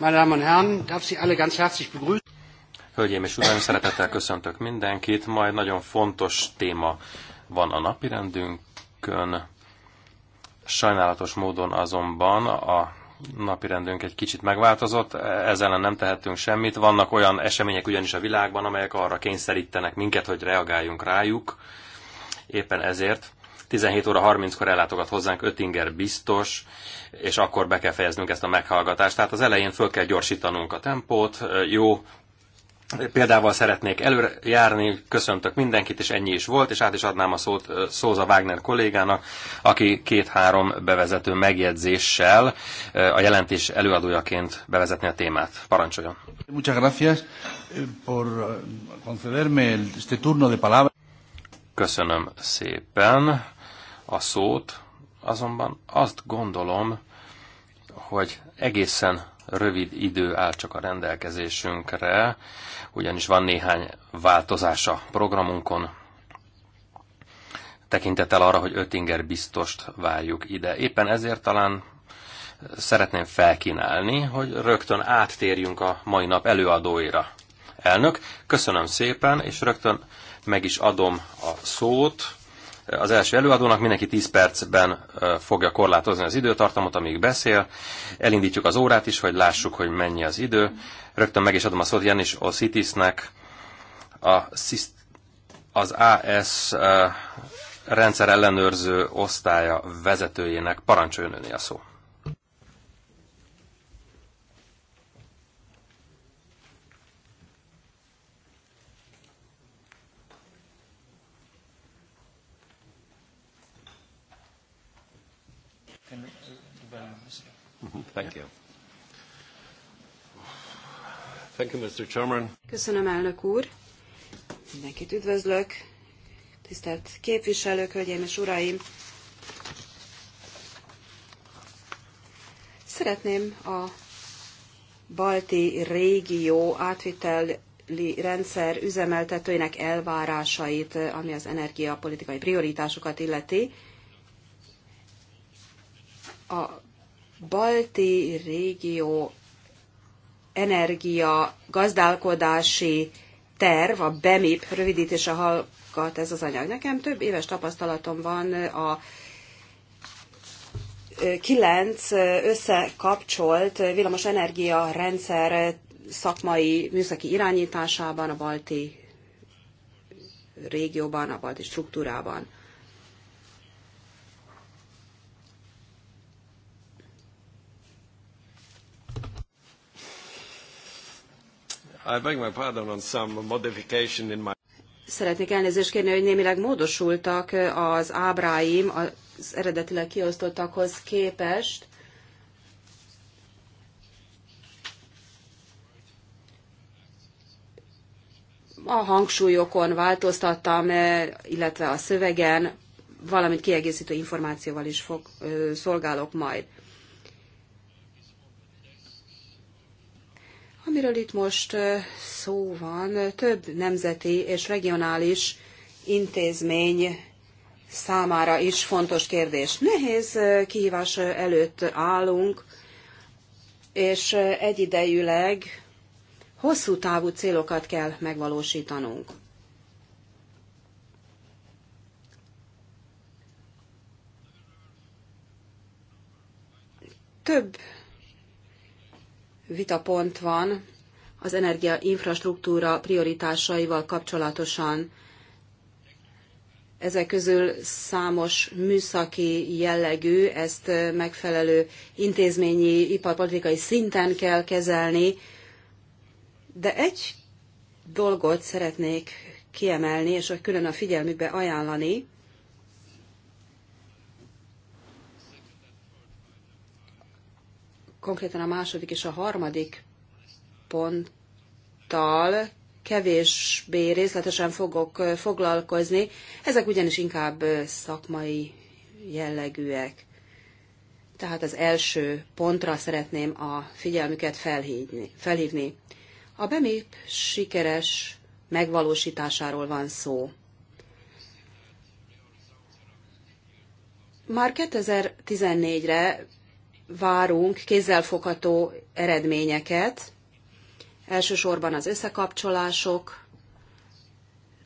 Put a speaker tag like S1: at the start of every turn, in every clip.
S1: Meine Damen und Herren, darf Sie alle ganz herzlich begrüßen.
S2: Hölgyeim és Uraim, szeretettel köszöntök mindenkit. egy nagyon fontos téma van a napirendünkön. Sajnálatos módon azonban a napirendünk egy kicsit megváltozott, ezzel ellen nem tehetünk semmit. Vannak olyan események ugyanis a világban, amelyek arra kényszerítenek minket, hogy reagáljunk rájuk. Éppen ezért 17 óra 30-kor ellátogat hozzánk Ötinger biztos, és akkor be kell fejeznünk ezt a meghallgatást. Tehát az elején föl kell gyorsítanunk a tempót, jó példával szeretnék előjárni, köszöntök mindenkit, és ennyi is volt, és át is adnám a szót Szóza Wagner kollégának, aki két-három bevezető megjegyzéssel a jelentés előadójaként bevezetni a témát. Parancsoljon!
S1: Muchas gracias
S2: eh, por eh, concederme este turno de palabra. Köszönöm szépen a szót, azonban azt gondolom, hogy egészen rövid idő áll csak a rendelkezésünkre, ugyanis van néhány változása programunkon, tekintettel arra, hogy Ötinger biztost várjuk ide. Éppen ezért talán szeretném felkínálni, hogy rögtön áttérjünk a mai nap előadóira. Elnök, köszönöm szépen, és rögtön meg is adom a szót az első előadónak, mindenki 10 percben fogja korlátozni az időtartamot, amíg beszél. Elindítjuk az órát is, hogy lássuk, hogy mennyi az idő. Rögtön meg is adom a szót Janis Ositisnek, a, az AS rendszer ellenőrző osztálya vezetőjének. Parancsoljon a szó. Thank you. Thank you, Mr. Chairman.
S3: Köszönöm, elnök úr. Mindenkit üdvözlök. Tisztelt képviselők, hölgyeim és uraim! Szeretném a balti régió átviteli rendszer üzemeltetőinek elvárásait, ami az energiapolitikai prioritásokat illeti. A balti régió energia gazdálkodási terv, a BEMIP rövidítése hallgat ez az anyag. Nekem több éves tapasztalatom van a kilenc összekapcsolt villamos energia rendszer szakmai műszaki irányításában, a balti régióban, a balti struktúrában. Szeretnék elnézést kérni, hogy némileg módosultak az ábráim az eredetileg kiosztottakhoz képest. A hangsúlyokon változtattam, illetve a szövegen, valamint kiegészítő információval is fog, szolgálok majd. Amiről itt most szó van, több nemzeti és regionális intézmény számára is fontos kérdés. Nehéz kihívás előtt állunk, és egyidejűleg hosszú távú célokat kell megvalósítanunk. Több vitapont van az energiainfrastruktúra prioritásaival kapcsolatosan. Ezek közül számos műszaki jellegű, ezt megfelelő intézményi, iparpolitikai szinten kell kezelni, de egy dolgot szeretnék kiemelni, és hogy külön a figyelmükbe ajánlani, konkrétan a második és a harmadik ponttal kevésbé részletesen fogok foglalkozni, ezek ugyanis inkább szakmai jellegűek. Tehát az első pontra szeretném a figyelmüket felhívni. felhívni. A BEMIP sikeres megvalósításáról van szó. Már 2014-re várunk kézzelfogható eredményeket, elsősorban az összekapcsolások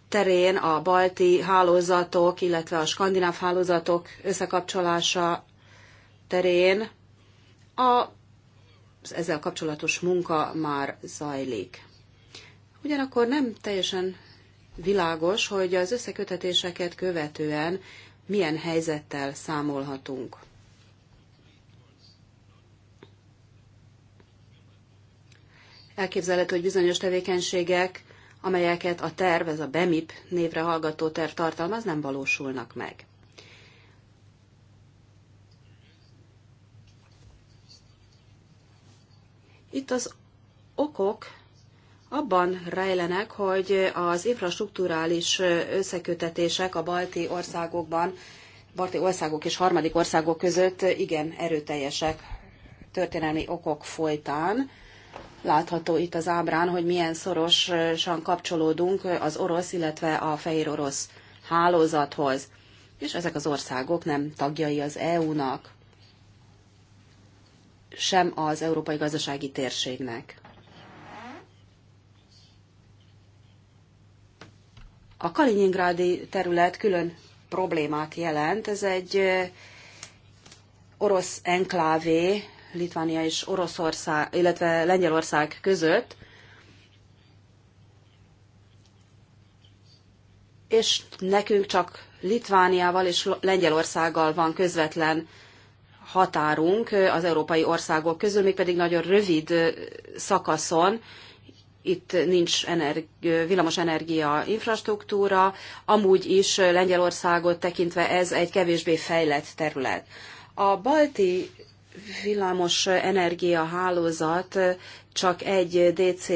S3: terén a balti hálózatok, illetve a skandináv hálózatok összekapcsolása terén a az ezzel kapcsolatos munka már zajlik. Ugyanakkor nem teljesen világos, hogy az összekötetéseket követően milyen helyzettel számolhatunk. Elképzelhető, hogy bizonyos tevékenységek, amelyeket a terv, ez a BEMIP névre hallgató terv tartalmaz, nem valósulnak meg. Itt az okok abban rejlenek, hogy az infrastruktúrális összekötetések a balti országokban, balti országok és harmadik országok között igen erőteljesek történelmi okok folytán. Látható itt az ábrán, hogy milyen szorosan kapcsolódunk az orosz, illetve a fehér orosz hálózathoz. És ezek az országok nem tagjai az EU-nak, sem az Európai Gazdasági Térségnek. A Kaliningrádi terület külön problémát jelent. Ez egy orosz enklávé, Litvánia és Oroszország, illetve Lengyelország között, és nekünk csak Litvániával és Lengyelországgal van közvetlen határunk az európai országok közül, mégpedig nagyon rövid szakaszon, itt nincs energi, villamos energia infrastruktúra, amúgy is Lengyelországot tekintve ez egy kevésbé fejlett terület. A balti villamos energia hálózat csak egy DC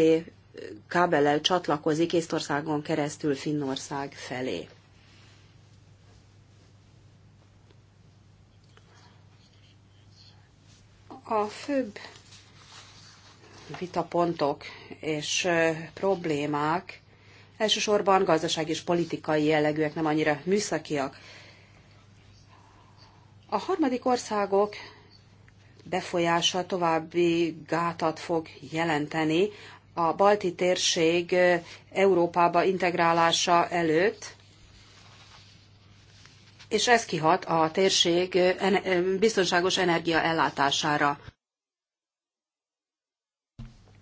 S3: kábellel csatlakozik Észtországon keresztül Finnország felé. A főbb vitapontok és problémák elsősorban gazdasági és politikai jellegűek, nem annyira műszakiak. A harmadik országok befolyása további gátat fog jelenteni a balti térség Európába integrálása előtt, és ez kihat a térség biztonságos energia ellátására.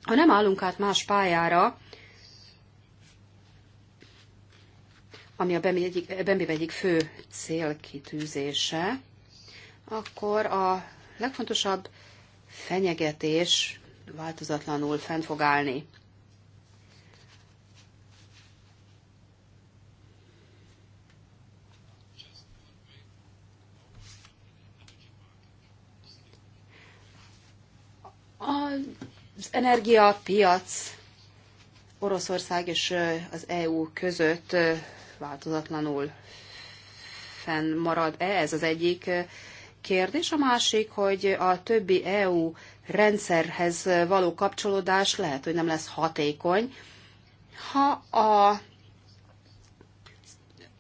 S3: Ha nem állunk át más pályára, ami a egyik, egyik fő célkitűzése, akkor a legfontosabb fenyegetés változatlanul fent fog állni. Az energiapiac Oroszország és az EU között változatlanul fennmarad-e? Ez az egyik kérdés, a másik, hogy a többi EU rendszerhez való kapcsolódás lehet, hogy nem lesz hatékony, ha a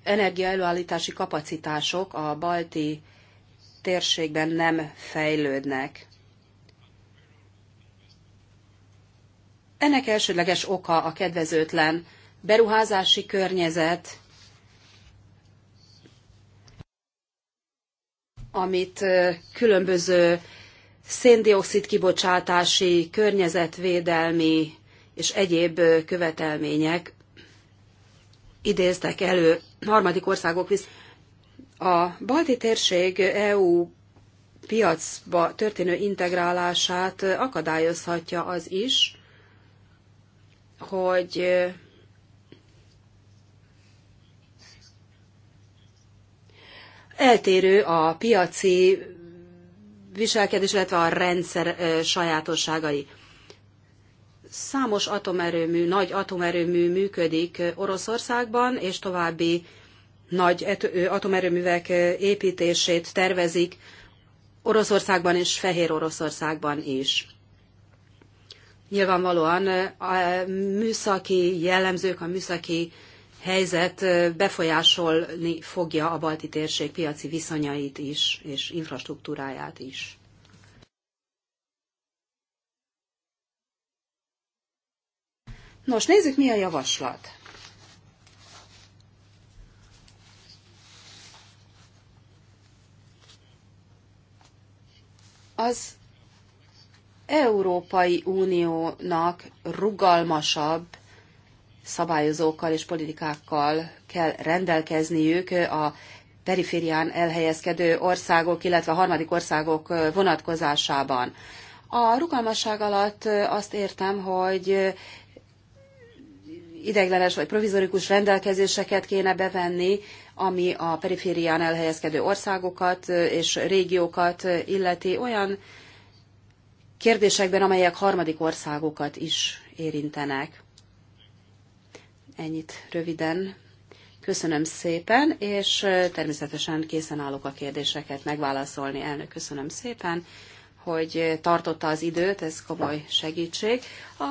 S3: energiaelőállítási kapacitások a balti térségben nem fejlődnek. Ennek elsődleges oka a kedvezőtlen beruházási környezet, amit különböző széndiokszid kibocsátási, környezetvédelmi és egyéb követelmények idéztek elő harmadik országok visz. A balti térség EU piacba történő integrálását akadályozhatja az is, hogy eltérő a piaci viselkedés, illetve a rendszer sajátosságai. Számos atomerőmű, nagy atomerőmű működik Oroszországban, és további nagy atomerőművek építését tervezik Oroszországban és Fehér Oroszországban is. Nyilvánvalóan a műszaki jellemzők, a műszaki helyzet befolyásolni fogja a balti térség piaci viszonyait is, és infrastruktúráját is. Nos, nézzük, mi a javaslat. Az Európai Uniónak rugalmasabb szabályozókkal és politikákkal kell rendelkezniük a periférián elhelyezkedő országok, illetve a harmadik országok vonatkozásában. A rugalmasság alatt azt értem, hogy ideiglenes vagy provizorikus rendelkezéseket kéne bevenni, ami a periférián elhelyezkedő országokat és régiókat illeti olyan kérdésekben, amelyek harmadik országokat is érintenek. Ennyit röviden. Köszönöm szépen, és természetesen készen állok a kérdéseket megválaszolni. Elnök, köszönöm szépen, hogy tartotta az időt, ez komoly segítség. A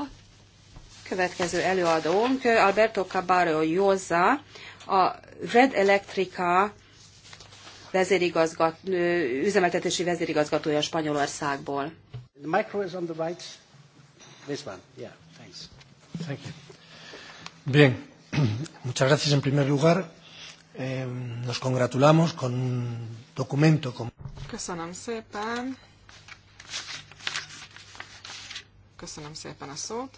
S3: következő előadónk Alberto Cabarro Józa, a Red Electrica vezérigazgat, üzemeltetési vezérigazgatója Spanyolországból.
S1: The micro is on the right. This one. Yeah, thanks. Thank you. Bien, muchas gracias en primer lugar. Eh, nos congratulamos con un documento. Con...
S4: Köszönöm szépen. Köszönöm szépen a szót.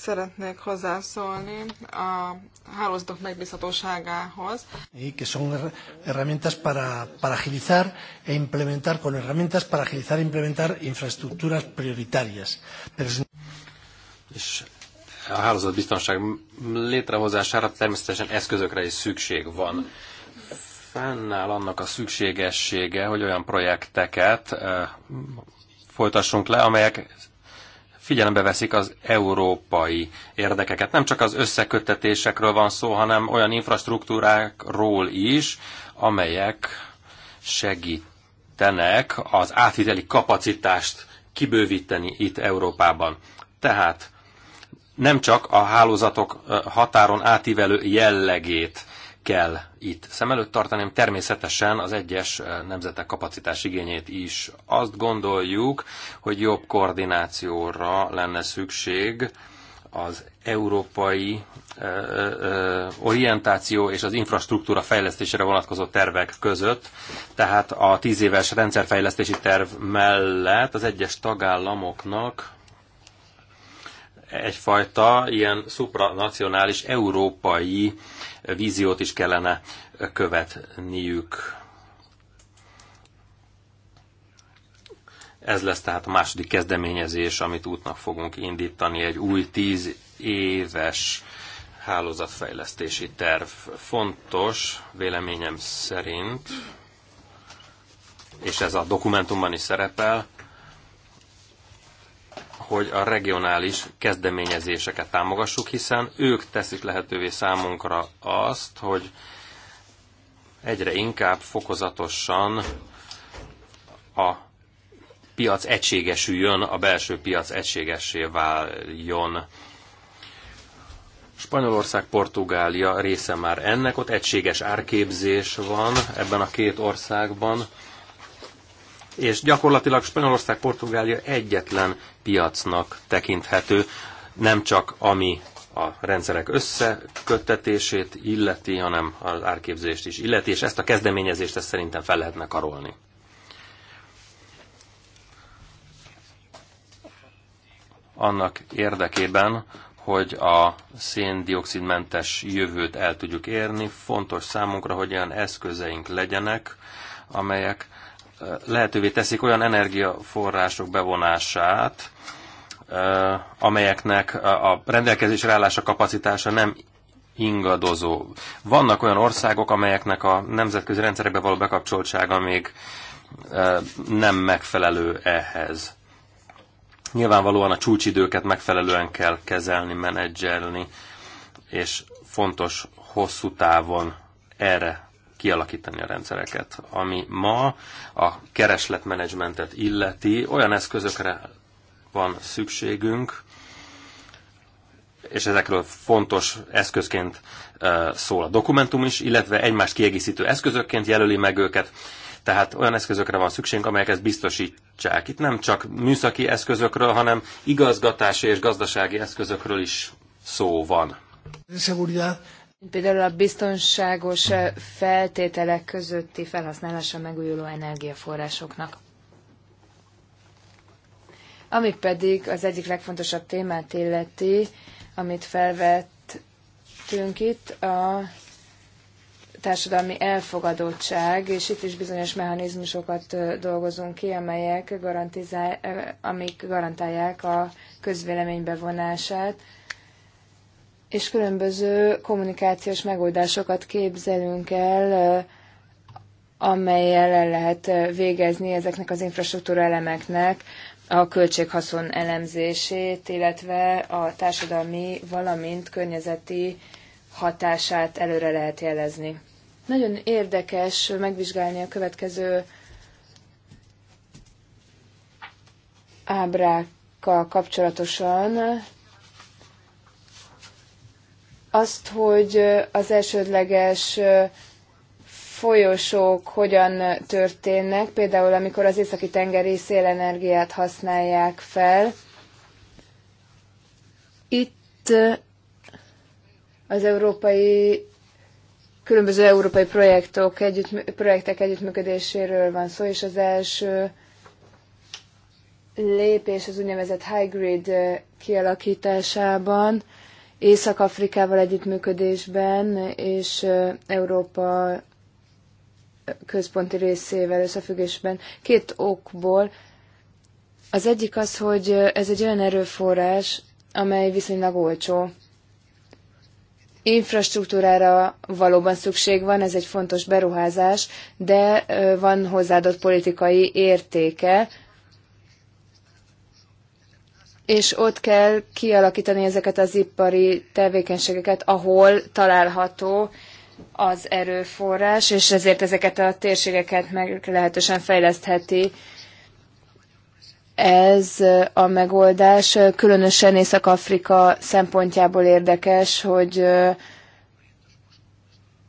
S4: szeretnék hozzászólni a hálózatok megbízhatóságához.
S1: que son herramientas para, para agilizar e implementar, con herramientas para agilizar e implementar infraestructuras prioritarias. Pero...
S2: És a hálózatbiztonság létrehozására természetesen eszközökre is szükség van. Fennáll annak a szükségessége, hogy olyan projekteket eh, folytassunk le, amelyek figyelembe veszik az európai érdekeket. Nem csak az összeköttetésekről van szó, hanem olyan infrastruktúrákról is, amelyek segítenek az átviteli kapacitást kibővíteni itt Európában. Tehát nem csak a hálózatok határon átívelő jellegét kell itt szem előtt tartani, természetesen az egyes eh, nemzetek kapacitás igényét is. Azt gondoljuk, hogy jobb koordinációra lenne szükség az európai ö, eh, ö, eh, orientáció és az infrastruktúra fejlesztésére vonatkozó tervek között. Tehát a tíz éves rendszerfejlesztési terv mellett az egyes tagállamoknak egyfajta ilyen supranacionális európai víziót is kellene követniük. Ez lesz tehát a második kezdeményezés, amit útnak fogunk indítani, egy új tíz éves hálózatfejlesztési terv. Fontos, véleményem szerint, és ez a dokumentumban is szerepel, hogy a regionális kezdeményezéseket támogassuk, hiszen ők teszik lehetővé számunkra azt, hogy egyre inkább fokozatosan a piac egységesüljön, a belső piac egységessé váljon. Spanyolország, Portugália része már ennek, ott egységes árképzés van ebben a két országban, és gyakorlatilag Spanyolország, Portugália egyetlen piacnak tekinthető, nem csak ami a rendszerek összeköttetését illeti, hanem az árképzést is illeti, és ezt a kezdeményezést ezt szerintem fel lehetne karolni. Annak érdekében, hogy a széndiokszidmentes jövőt el tudjuk érni, fontos számunkra, hogy olyan eszközeink legyenek, amelyek lehetővé teszik olyan energiaforrások bevonását, amelyeknek a rendelkezésre állása kapacitása nem ingadozó. Vannak olyan országok, amelyeknek a nemzetközi rendszerekbe való bekapcsoltsága még nem megfelelő ehhez. Nyilvánvalóan a csúcsidőket megfelelően kell kezelni, menedzselni, és fontos hosszú távon erre kialakítani a rendszereket. Ami ma a keresletmenedzsmentet illeti, olyan eszközökre van szükségünk, és ezekről fontos eszközként szól a dokumentum is, illetve egymást kiegészítő eszközökként jelöli meg őket. Tehát olyan eszközökre van szükségünk, amelyek ezt biztosítsák. Itt nem csak műszaki eszközökről, hanem igazgatási és gazdasági eszközökről is szó van.
S5: Például a biztonságos feltételek közötti felhasználása megújuló energiaforrásoknak. Ami pedig az egyik legfontosabb témát illeti, amit felvettünk itt, a társadalmi elfogadottság, és itt is bizonyos mechanizmusokat dolgozunk ki, amelyek amik garantálják a közvélemény bevonását és különböző kommunikációs megoldásokat képzelünk el, eh, amelyel el lehet eh, végezni ezeknek az infrastruktúra elemeknek a költséghaszon elemzését, illetve a társadalmi, valamint környezeti hatását előre lehet jelezni. Nagyon érdekes megvizsgálni a következő ábrákkal kapcsolatosan, azt, hogy az elsődleges folyosók hogyan történnek, például amikor az északi tengeri szélenergiát használják fel. Itt az európai különböző európai projektok, együtt, projektek együttműködéséről van szó, és az első lépés az úgynevezett high grid kialakításában, Észak-Afrikával együttműködésben és Európa központi részével összefüggésben két okból. Az egyik az, hogy ez egy olyan erőforrás, amely viszonylag olcsó. Infrastruktúrára valóban szükség van, ez egy fontos beruházás, de van hozzáadott politikai értéke, és ott kell kialakítani ezeket az ipari tevékenységeket, ahol található az erőforrás, és ezért ezeket a térségeket meg lehetősen fejlesztheti ez a megoldás. Különösen Észak-Afrika szempontjából érdekes, hogy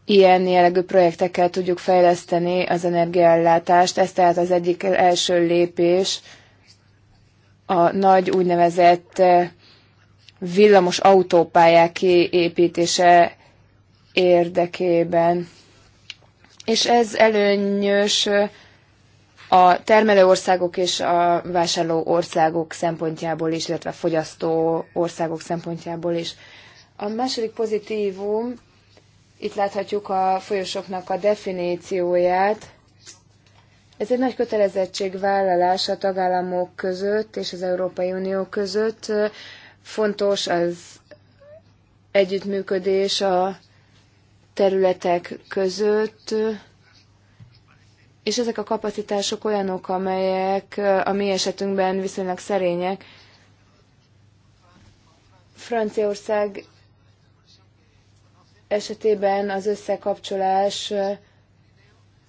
S5: ilyen jellegű projektekkel tudjuk fejleszteni az energiaellátást. Ez tehát az egyik első lépés, a nagy úgynevezett eh, villamos autópályák kiépítése érdekében. És ez előnyös eh, a termelő országok és a vásárló országok szempontjából is, illetve a fogyasztó országok szempontjából is. A második pozitívum, itt láthatjuk a folyosoknak a definícióját, ez egy nagy kötelezettségvállalás a tagállamok között és az Európai Unió között. Fontos az együttműködés a területek között, és ezek a kapacitások olyanok, amelyek a mi esetünkben viszonylag szerények. Franciaország esetében az összekapcsolás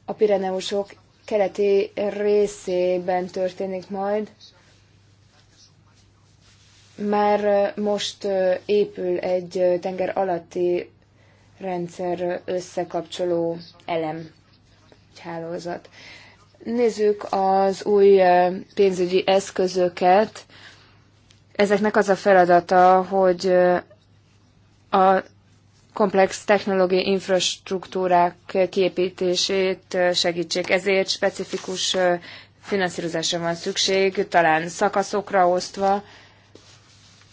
S5: a Pireneusok keleti részében történik majd. Már most épül egy tenger alatti rendszer összekapcsoló elem, egy hálózat. Nézzük az új pénzügyi eszközöket. Ezeknek az a feladata, hogy a komplex technológiai infrastruktúrák képítését segítsék. Ezért specifikus finanszírozásra van szükség, talán szakaszokra osztva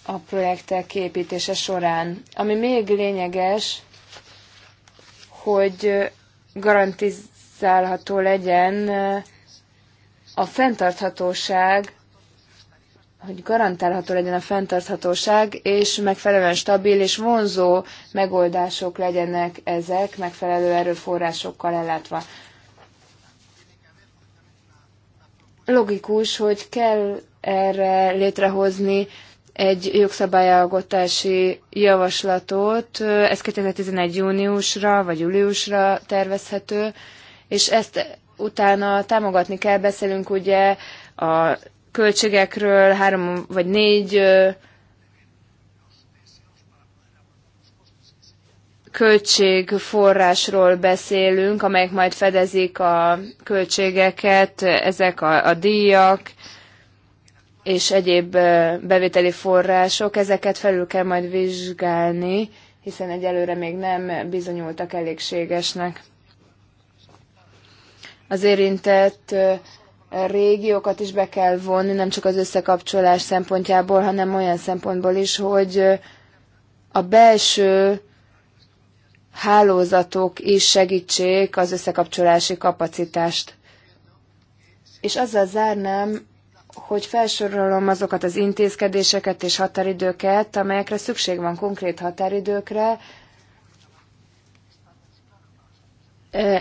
S5: a projektek képítése során. Ami még lényeges, hogy garantizálható legyen a fenntarthatóság hogy garantálható legyen a fenntarthatóság, és megfelelően stabil és vonzó megoldások legyenek ezek, megfelelő erőforrásokkal ellátva. Logikus, hogy kell erre létrehozni egy jogszabályalkotási javaslatot, ez 2011 júniusra vagy júliusra tervezhető, és ezt utána támogatni kell, beszélünk ugye a költségekről, három vagy négy költségforrásról beszélünk, amelyek majd fedezik a költségeket, ezek a, a díjak és egyéb bevételi források, ezeket felül kell majd vizsgálni, hiszen egyelőre még nem bizonyultak elégségesnek. Az érintett régiókat is be kell vonni, nem csak az összekapcsolás szempontjából, hanem olyan szempontból is, hogy a belső hálózatok is segítsék az összekapcsolási kapacitást. És azzal zárnám, hogy felsorolom azokat az intézkedéseket és határidőket, amelyekre szükség van konkrét határidőkre,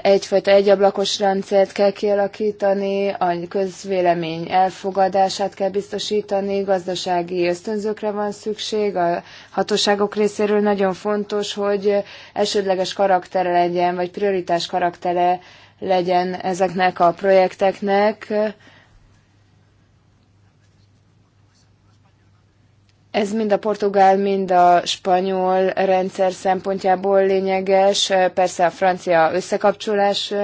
S5: egyfajta egyablakos rendszert kell kialakítani, a közvélemény elfogadását kell biztosítani, gazdasági ösztönzőkre van szükség, a hatóságok részéről nagyon fontos, hogy elsődleges karaktere legyen, vagy prioritás karaktere legyen ezeknek a projekteknek, Ez mind a portugál, mind a spanyol rendszer szempontjából lényeges, persze a francia összekapcsolás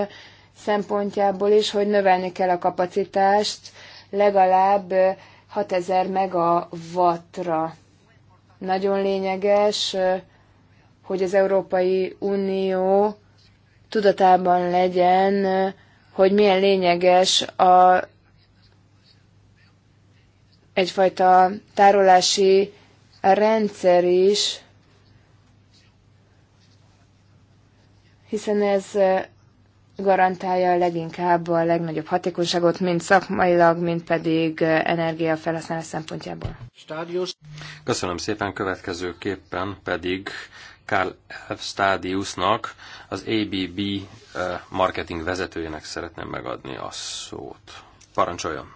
S5: szempontjából is, hogy növelni kell a kapacitást legalább 6000 megawattra. Nagyon lényeges, hogy az Európai Unió tudatában legyen, hogy milyen lényeges a egyfajta tárolási rendszer is, hiszen ez garantálja leginkább a legnagyobb hatékonyságot, mind szakmailag, mind pedig energiafelhasználás szempontjából.
S2: Stádius. Köszönöm szépen, következőképpen pedig Karl F. Stadiusnak, az ABB eh, marketing vezetőjének szeretném megadni a szót. Parancsoljon!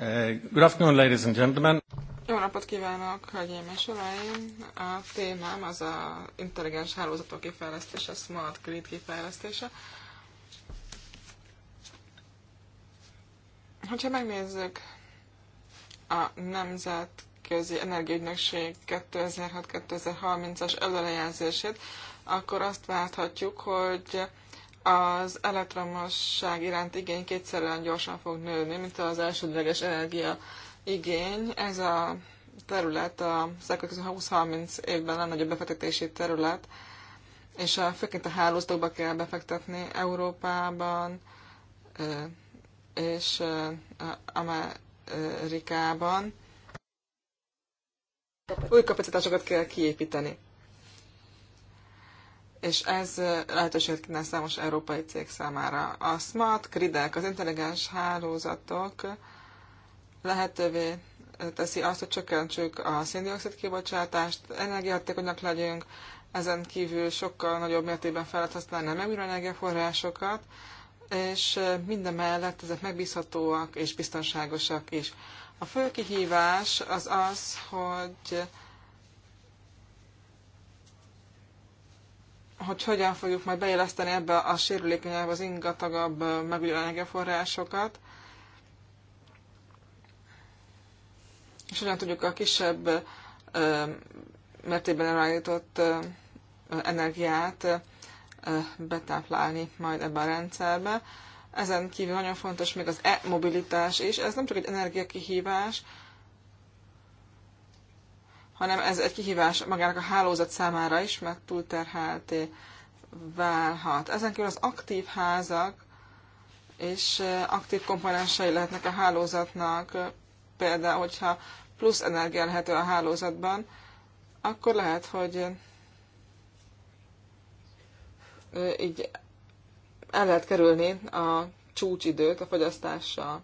S2: Uh, good afternoon, ladies and gentlemen.
S4: Jó napot kívánok, hölgyeim és uraim! A témám az a intelligens hálózatok kifejlesztése, smart grid kifejlesztése. Hogyha megnézzük a Nemzetközi Energiaügynökség 2006-2030-as előrejelzését, akkor azt láthatjuk, hogy az elektromosság iránt igény kétszerűen gyorsan fog nőni, mint az elsődleges energia igény. Ez a terület a elkövetkező 20-30 évben a nagyobb befektetési terület, és a, főként a hálózatokba kell befektetni Európában és Amerikában. Új kapacitásokat kell kiépíteni és ez lehetőséget kínál számos európai cég számára. A smart gridek, az intelligens hálózatok lehetővé teszi azt, hogy csökkentsük a széndiokszid kibocsátást, energiahatékonyak legyünk, ezen kívül sokkal nagyobb mértékben fel lehet használni a megújuló energiaforrásokat, és mellett ezek megbízhatóak és biztonságosak is. A fő kihívás az az, hogy hogy hogyan fogjuk majd beilleszteni ebbe a sérülékenyebb, az ingatagabb megújuló energiaforrásokat, és hogyan tudjuk a kisebb mértékben elállított energiát betáplálni majd ebbe a rendszerbe. Ezen kívül nagyon fontos még az e-mobilitás is. Ez nem csak egy energiakihívás, hanem ez egy kihívás magának a hálózat számára is, mert túlterhelté válhat. Ezen kívül az aktív házak és eh, aktív komponensei lehetnek a hálózatnak, például, hogyha plusz energia lehető a hálózatban, akkor lehet, hogy eh, így el lehet kerülni a csúcsidőt a fogyasztással.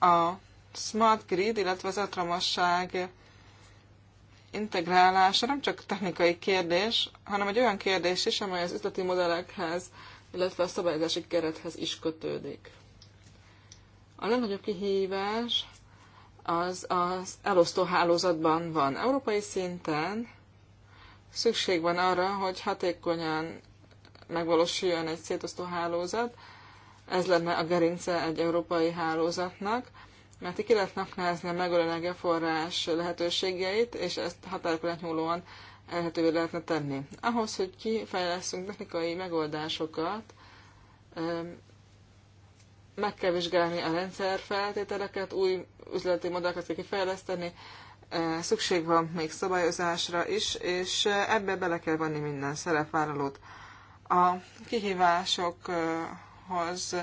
S4: A smart grid, illetve az elektromosság integrálása nem csak technikai kérdés, hanem egy olyan kérdés is, amely az üzleti modellekhez, illetve a szabályozási kerethez is kötődik. A legnagyobb kihívás az az elosztó hálózatban van. Európai szinten szükség van arra, hogy hatékonyan megvalósuljon egy szétosztó hálózat. Ez lenne a gerince egy európai hálózatnak mert ki lehet naknázni a megújuló forrás lehetőségeit, és ezt határokon nyúlóan elhetővé lehetne tenni. Ahhoz, hogy kifejlesztünk technikai megoldásokat, meg kell vizsgálni a rendszer feltételeket, új üzleti modellokat kell kifejleszteni, e, szükség van még szabályozásra is, és ebbe bele kell vanni minden szerepvállalót. A kihívásokhoz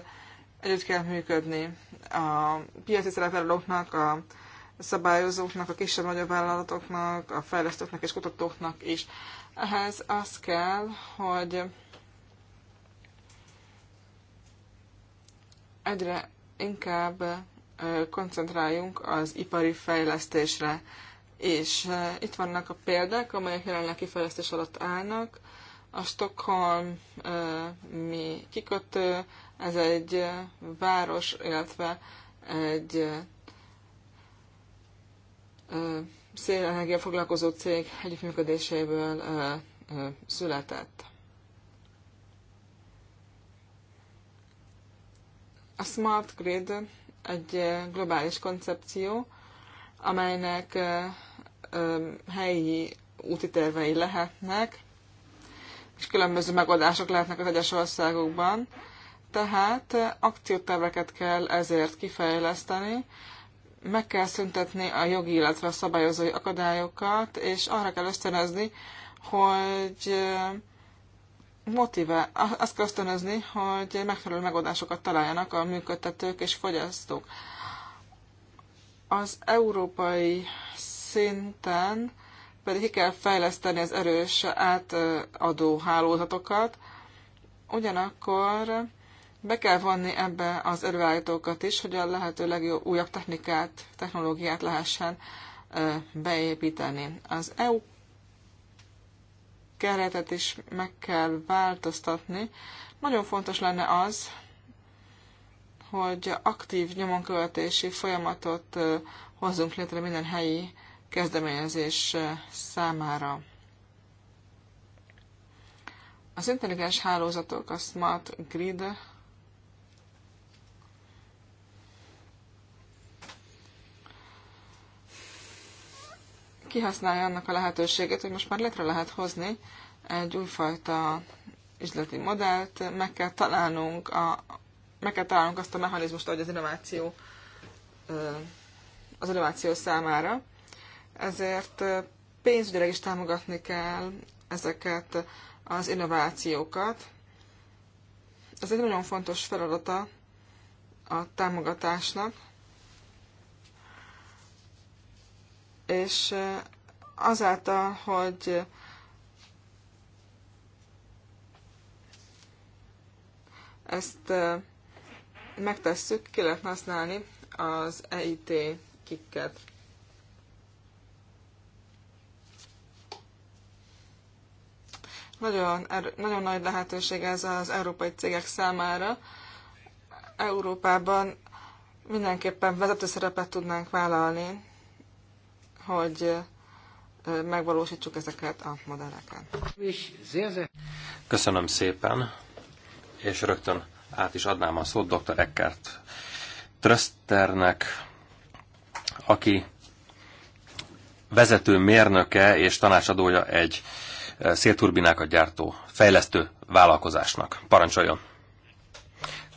S4: Együtt kell működni a piaci szereplőknek, a szabályozóknak, a kisebb-nagyobb vállalatoknak, a fejlesztőknek és kutatóknak is. Ehhez az kell, hogy egyre inkább koncentráljunk az ipari fejlesztésre. És itt vannak a példák, amelyek jelenleg kifejlesztés alatt állnak. A Stockholm mi kikötő, ez egy város, illetve egy szélenergia foglalkozó cég együttműködéséből született. A Smart Grid egy globális koncepció, amelynek helyi úti tervei lehetnek, és különböző megoldások lehetnek az egyes országokban. Tehát akcióterveket kell ezért kifejleszteni, meg kell szüntetni a jogi, illetve a szabályozói akadályokat, és arra kell ösztönözni, hogy motivál, azt kell ösztönözni, hogy megfelelő megoldásokat találjanak a működtetők és fogyasztók. Az európai szinten pedig ki kell fejleszteni az erős átadó hálózatokat, ugyanakkor be kell vonni ebbe az előállítókat is, hogy a lehető újabb technikát, technológiát lehessen beépíteni. Az EU keretet is meg kell változtatni. Nagyon fontos lenne az, hogy aktív nyomonkövetési folyamatot hozzunk létre minden helyi kezdeményezés számára. Az intelligens hálózatok, a smart grid kihasználja annak a lehetőséget, hogy most már létre lehet hozni egy újfajta üzleti modellt, meg kell találnunk, a, meg kell találnunk azt a mechanizmust, hogy az innováció az innováció számára. Ezért pénzügyileg is támogatni kell ezeket az innovációkat. Ez egy nagyon fontos feladata a támogatásnak, és azáltal, hogy ezt megtesszük, ki lehet használni az EIT kikket. Nagyon, er, nagyon nagy lehetőség ez az európai cégek számára. Európában mindenképpen vezető szerepet tudnánk vállalni hogy megvalósítsuk ezeket a modelleket.
S2: Köszönöm szépen, és rögtön át is adnám a szót dr. Eckert Trösternek, aki vezető mérnöke és tanácsadója egy szélturbinákat gyártó fejlesztő vállalkozásnak. Parancsoljon!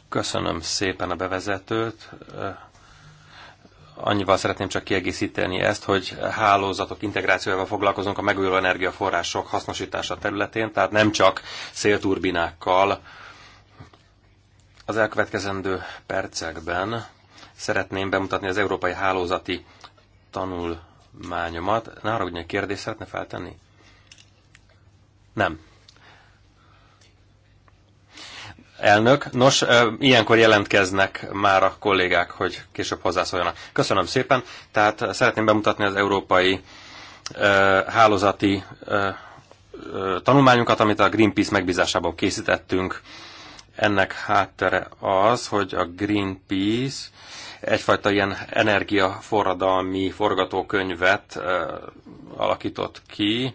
S2: Köszönöm szépen a bevezetőt annyival szeretném csak kiegészíteni ezt, hogy hálózatok integrációjával foglalkozunk a megújuló energiaforrások hasznosítása területén, tehát nem csak szélturbinákkal. Az elkövetkezendő percekben szeretném bemutatni az európai hálózati tanulmányomat. Ne egy kérdést szeretne feltenni? Nem. Elnök, nos, ilyenkor jelentkeznek már a kollégák, hogy később hozzászóljanak. Köszönöm szépen. Tehát szeretném bemutatni az európai hálózati tanulmányunkat, amit a Greenpeace megbízásából készítettünk. Ennek háttere az, hogy a Greenpeace egyfajta ilyen energiaforradalmi forgatókönyvet alakított ki,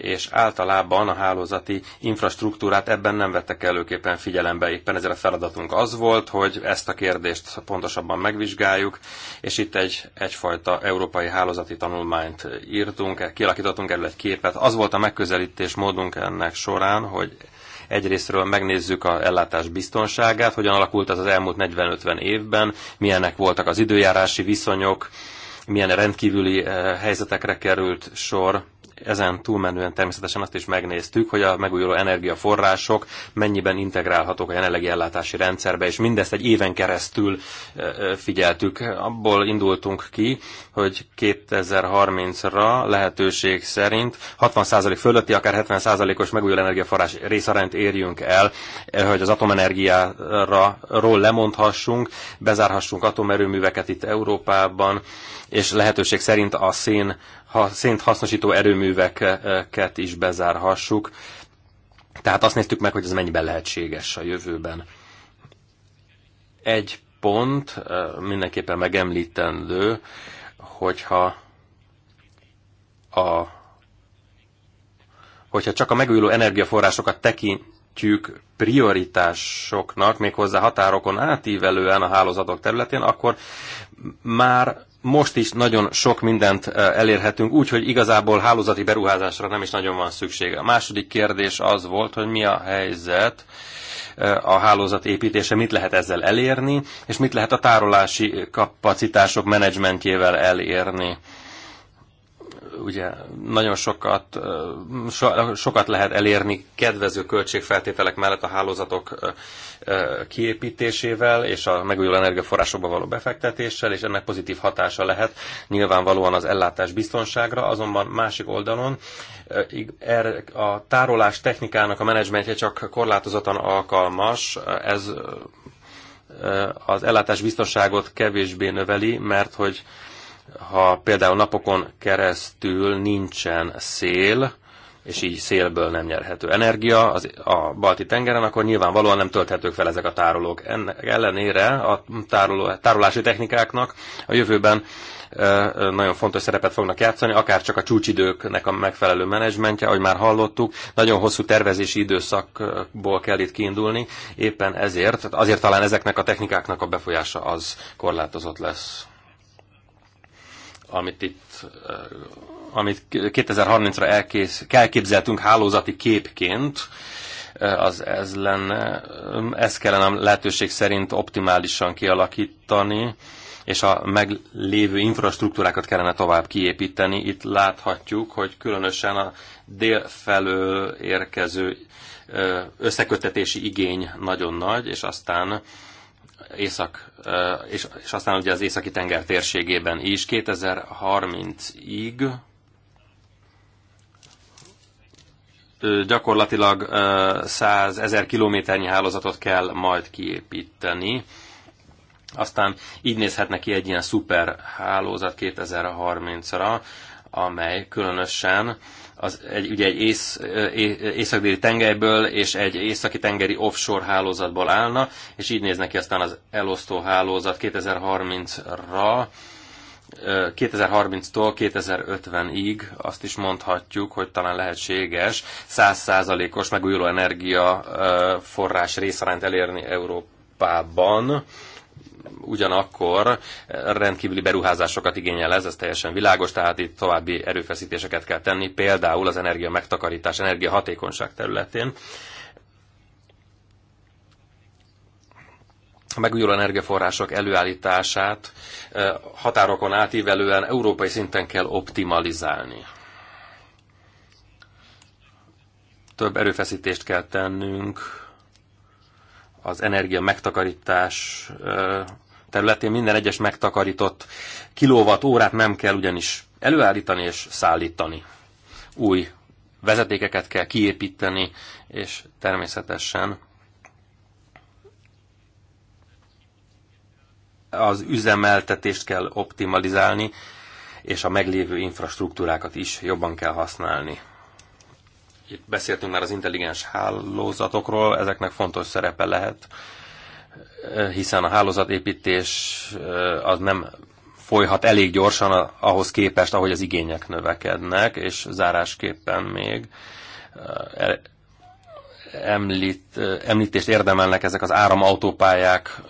S2: és általában a hálózati infrastruktúrát ebben nem vettek előképpen figyelembe. Éppen ezért a feladatunk az volt, hogy ezt a kérdést pontosabban megvizsgáljuk, és itt egy, egyfajta európai hálózati tanulmányt írtunk, kialakítottunk erről egy képet. Az volt a megközelítés módunk ennek során, hogy egyrésztről megnézzük a ellátás biztonságát, hogyan alakult ez az elmúlt 40-50 évben, milyenek voltak az időjárási viszonyok, milyen rendkívüli eh, helyzetekre került sor, ezen túlmenően természetesen azt is megnéztük, hogy a megújuló energiaforrások mennyiben integrálhatók a jelenlegi ellátási rendszerbe, és mindezt egy éven keresztül figyeltük. Abból indultunk ki, hogy 2030-ra lehetőség szerint 60% fölötti, akár 70%-os megújuló energiaforrás részarányt érjünk el, eh, hogy az atomenergiára ról lemondhassunk, bezárhassunk atomerőműveket itt Európában, és lehetőség szerint a szén ha szint hasznosító erőműveket is bezárhassuk. Tehát azt néztük meg, hogy ez mennyiben lehetséges a jövőben. Egy pont mindenképpen megemlítendő, hogyha a hogyha csak a megújuló energiaforrásokat tekint, tekintjük prioritásoknak, méghozzá határokon átívelően a hálózatok területén, akkor már most is nagyon sok mindent e, elérhetünk, úgyhogy igazából hálózati beruházásra nem is nagyon van szüksége. A második kérdés az volt, hogy mi a helyzet e, a hálózat építése, mit lehet ezzel elérni, és mit lehet a tárolási kapacitások menedzsmentjével elérni ugye nagyon sokat, so, sokat lehet elérni kedvező költségfeltételek mellett a hálózatok kiépítésével és a megújuló energiaforrásokba való befektetéssel, és ennek pozitív hatása lehet nyilvánvalóan az ellátás biztonságra, azonban másik oldalon er, a tárolás technikának a menedzsmentje csak korlátozatlan alkalmas, ez az ellátás biztonságot kevésbé növeli, mert hogy ha például napokon keresztül nincsen szél, és így szélből nem nyerhető energia az, a balti tengeren, akkor nyilvánvalóan nem tölthetők fel ezek a tárolók. Ennek ellenére a tároló, tárolási technikáknak a jövőben nagyon fontos szerepet fognak játszani, akár csak a csúcsidőknek a megfelelő menedzsmentje, ahogy már hallottuk, nagyon hosszú tervezési időszakból kell itt kiindulni, éppen ezért, azért talán ezeknek a technikáknak a befolyása az korlátozott lesz amit itt eh, amit 2030-ra elkész, elképzeltünk hálózati képként, eh, az ez lenne, eh, ezt kellene lehetőség szerint optimálisan kialakítani, és a meglévő infrastruktúrákat kellene tovább kiépíteni. Itt láthatjuk, hogy különösen a dél felől érkező összekötetési igény nagyon nagy, és aztán észak, és, és aztán ugye az északi tenger térségében is 2030-ig gyakorlatilag 100 ezer kilométernyi hálózatot kell majd kiépíteni. Aztán így nézhetne ki egy ilyen szuper hálózat 2030-ra, amely különösen az, egy, ugye egy ész, északdéli tengelyből és egy északi tengeri offshore hálózatból állna, és így néz neki aztán az elosztó hálózat 2030-ra, 2030-tól 2050-ig azt is mondhatjuk, hogy talán lehetséges 100%-os megújuló energia forrás részarányt elérni Európában ugyanakkor rendkívüli beruházásokat igényel ez, ez teljesen világos, tehát itt további erőfeszítéseket kell tenni, például az energia megtakarítás, energia hatékonyság területén. a megújuló energiaforrások előállítását határokon átívelően európai szinten kell optimalizálni. Több erőfeszítést kell tennünk az energia megtakarítás területén minden egyes megtakarított kilowatt órát nem kell ugyanis előállítani és szállítani. Új vezetékeket kell kiépíteni, és természetesen az üzemeltetést kell optimalizálni, és a meglévő infrastruktúrákat is jobban kell használni itt beszéltünk már az intelligens hálózatokról, ezeknek fontos szerepe lehet, eh, hiszen a hálózatépítés eh, az nem folyhat elég gyorsan ahhoz képest, ahogy az igények növekednek, és zárásképpen még eh, e- említ, említést érdemelnek ezek az áramautópályák,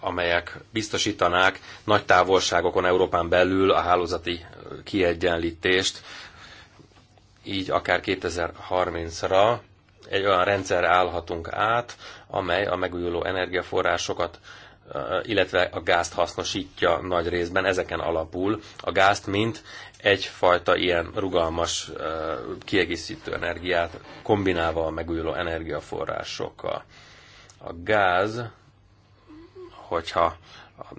S2: amelyek biztosítanák nagy távolságokon Európán belül a hálózati kiegyenlítést, így akár 2030-ra egy olyan rendszerre állhatunk át, amely a megújuló energiaforrásokat illetve a gázt hasznosítja nagy részben, ezeken alapul a gázt, mint egyfajta ilyen rugalmas kiegészítő energiát kombinálva a megújuló energiaforrásokkal. A gáz, hogyha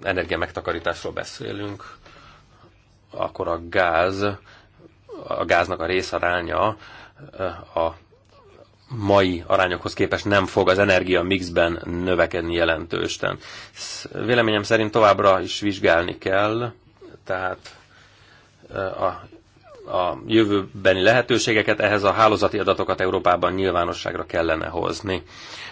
S2: energia megtakarításról beszélünk, akkor a gáz a gáznak a részaránya eh, a mai arányokhoz képest nem fog az energia mixben növekedni jelentősen. Véleményem szerint továbbra is vizsgálni kell, tehát eh, a a jövőbeni lehetőségeket, ehhez a hálózati adatokat Európában nyilvánosságra kellene hozni.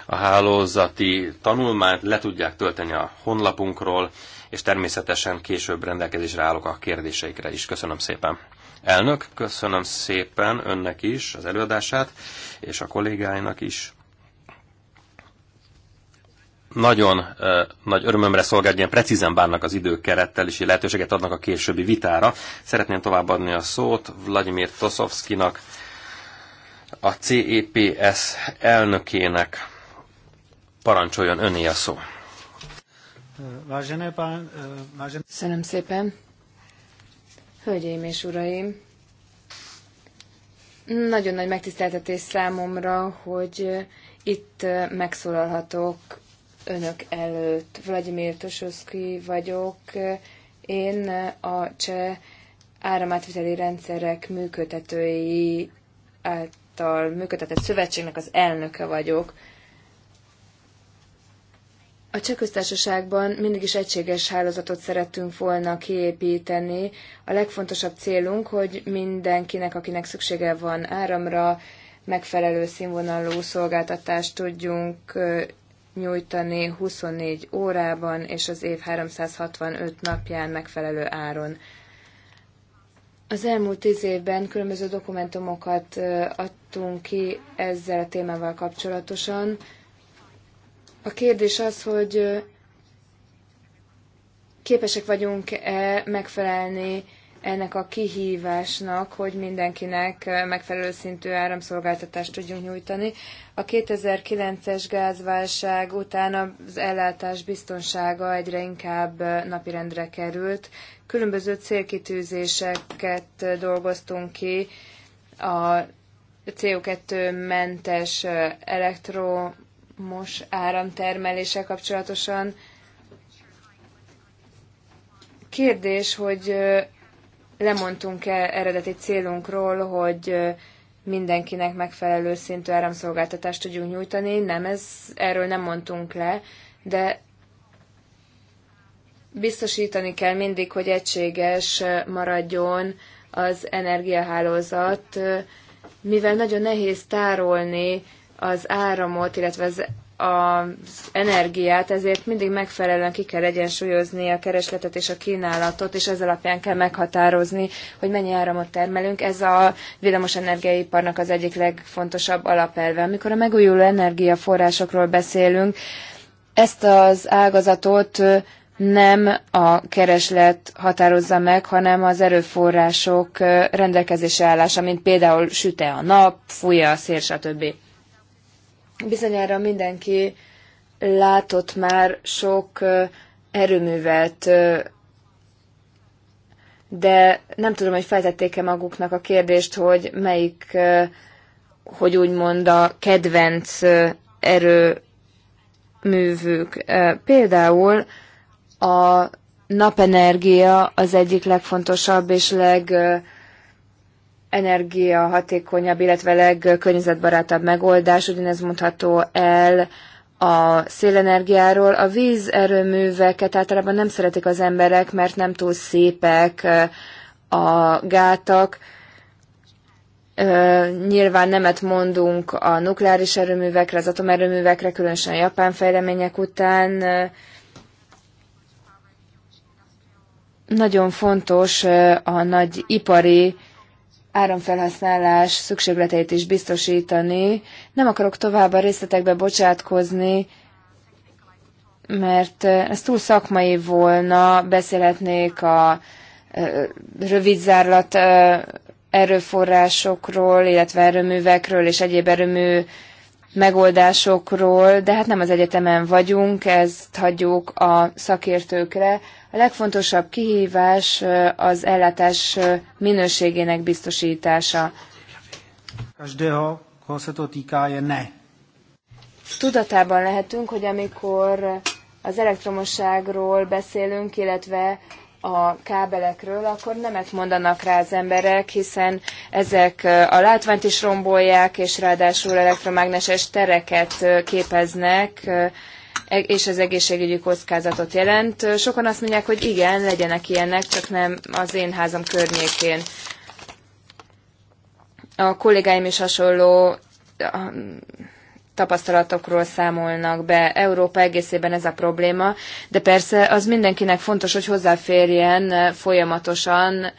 S2: A hálózati tanulmányt le tudják tölteni a honlapunkról, és természetesen később rendelkezésre állok a kérdéseikre is. Köszönöm szépen! Elnök, köszönöm szépen önnek is az előadását, és a kollégáinak is. Nagyon ö, nagy örömömre szolgál, ilyen precízen bánnak az időkerettel, és lehetőséget adnak a későbbi vitára. Szeretném továbbadni a szót Vladimir Toszovszkinak, a CEPS elnökének. Parancsoljon öné a szó.
S1: Köszönöm szépen.
S5: Hölgyeim és uraim! Nagyon nagy megtiszteltetés számomra, hogy itt megszólalhatok önök előtt. Vladimir Tososzki vagyok. Én a cseh áramátviteli rendszerek működtetői által működtetett szövetségnek az elnöke vagyok. A cseh köztársaságban mindig is egységes hálózatot szerettünk volna kiépíteni. A legfontosabb célunk, hogy mindenkinek, akinek szüksége van áramra, megfelelő színvonalú szolgáltatást tudjunk nyújtani 24 órában és az év 365 napján megfelelő áron. Az elmúlt tíz évben különböző dokumentumokat adtunk ki ezzel a témával kapcsolatosan. A kérdés az, hogy képesek vagyunk-e megfelelni ennek a kihívásnak, hogy mindenkinek megfelelő szintű áramszolgáltatást tudjunk nyújtani. A 2009-es gázválság után az ellátás biztonsága egyre inkább napirendre került. Különböző célkitűzéseket dolgoztunk ki a CO2-mentes elektro most áramtermelése kapcsolatosan. Kérdés, hogy lemondtunk-e eredeti célunkról, hogy mindenkinek megfelelő szintű áramszolgáltatást tudjunk nyújtani. Nem, ez, erről nem mondtunk le, de biztosítani kell mindig, hogy egységes maradjon az energiahálózat, mivel nagyon nehéz tárolni az áramot, illetve az, az energiát, ezért mindig megfelelően ki kell egyensúlyozni a keresletet és a kínálatot, és ez alapján kell meghatározni, hogy mennyi áramot termelünk. Ez a villamos energiaiparnak az egyik legfontosabb alapelve. Amikor a megújuló energiaforrásokról beszélünk, ezt az ágazatot nem a kereslet határozza meg, hanem az erőforrások rendelkezésre állása, mint például süte a nap, fújja a szél, stb. Bizonyára mindenki látott már sok erőművet, de nem tudom, hogy feltették-e maguknak a kérdést, hogy melyik, hogy úgymond a kedvenc erőművük. Például a napenergia az egyik legfontosabb és leg energiahatékonyabb, illetve legkörnyezetbarátabb megoldás, ugyanez mondható el a szélenergiáról. A vízerőműveket általában nem szeretik az emberek, mert nem túl szépek a gátak. Nyilván nemet mondunk a nukleáris erőművekre, az atomerőművekre, különösen a japán fejlemények után. Nagyon fontos a nagy ipari áramfelhasználás szükségleteit is biztosítani. Nem akarok tovább a részletekbe bocsátkozni, mert eh, ez túl szakmai volna, beszélhetnék a eh, rövidzárlat eh, erőforrásokról, illetve erőművekről és egyéb erőmű megoldásokról, de hát nem az egyetemen vagyunk, ezt hagyjuk a szakértőkre. A legfontosabb kihívás az ellátás minőségének biztosítása.
S1: Každého, koho se to týká, je ne.
S5: Tudatában lehetünk, hogy amikor az elektromosságról beszélünk, illetve a kábelekről, akkor nemet mondanak rá az emberek, hiszen ezek a látványt is rombolják, és ráadásul elektromágneses tereket képeznek E- és az egészségügyi kockázatot jelent. Sokan azt mondják, hogy igen, legyenek ilyenek, csak nem az én házam környékén. A kollégáim is hasonló tapasztalatokról számolnak be. Európa egészében ez a probléma, de persze az mindenkinek fontos, hogy hozzáférjen folyamatosan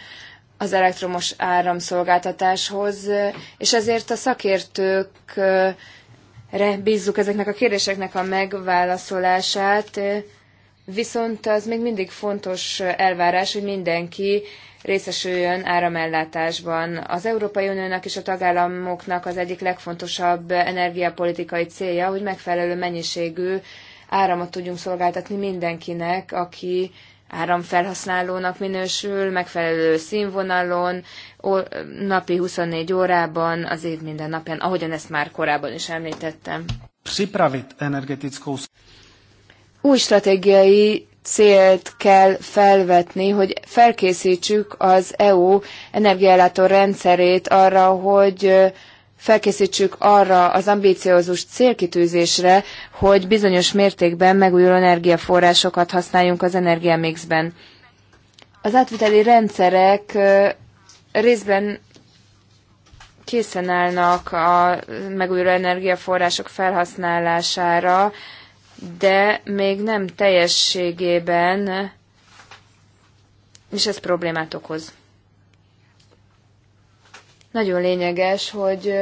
S5: az elektromos áramszolgáltatáshoz, és ezért a szakértők re bízzuk ezeknek a kérdéseknek a megválaszolását, viszont az még mindig fontos elvárás, hogy mindenki részesüljön áramellátásban. Az Európai Uniónak és a tagállamoknak az egyik legfontosabb energiapolitikai célja, hogy megfelelő mennyiségű áramot tudjunk szolgáltatni mindenkinek, aki áramfelhasználónak minősül, megfelelő színvonalon, napi 24 órában, az év minden napján, ahogyan ezt már korábban is említettem.
S1: Připravit energetickou... Új
S5: stratégiai célt kell felvetni, hogy felkészítsük az EU energiállátó rendszerét arra, hogy felkészítsük arra az ambíciózus célkitűzésre, hogy bizonyos mértékben megújuló energiaforrásokat használjunk az energiamixben. Az átviteli rendszerek részben készen állnak a megújuló energiaforrások felhasználására, de még nem teljességében, és ez problémát okoz. Nagyon lényeges, hogy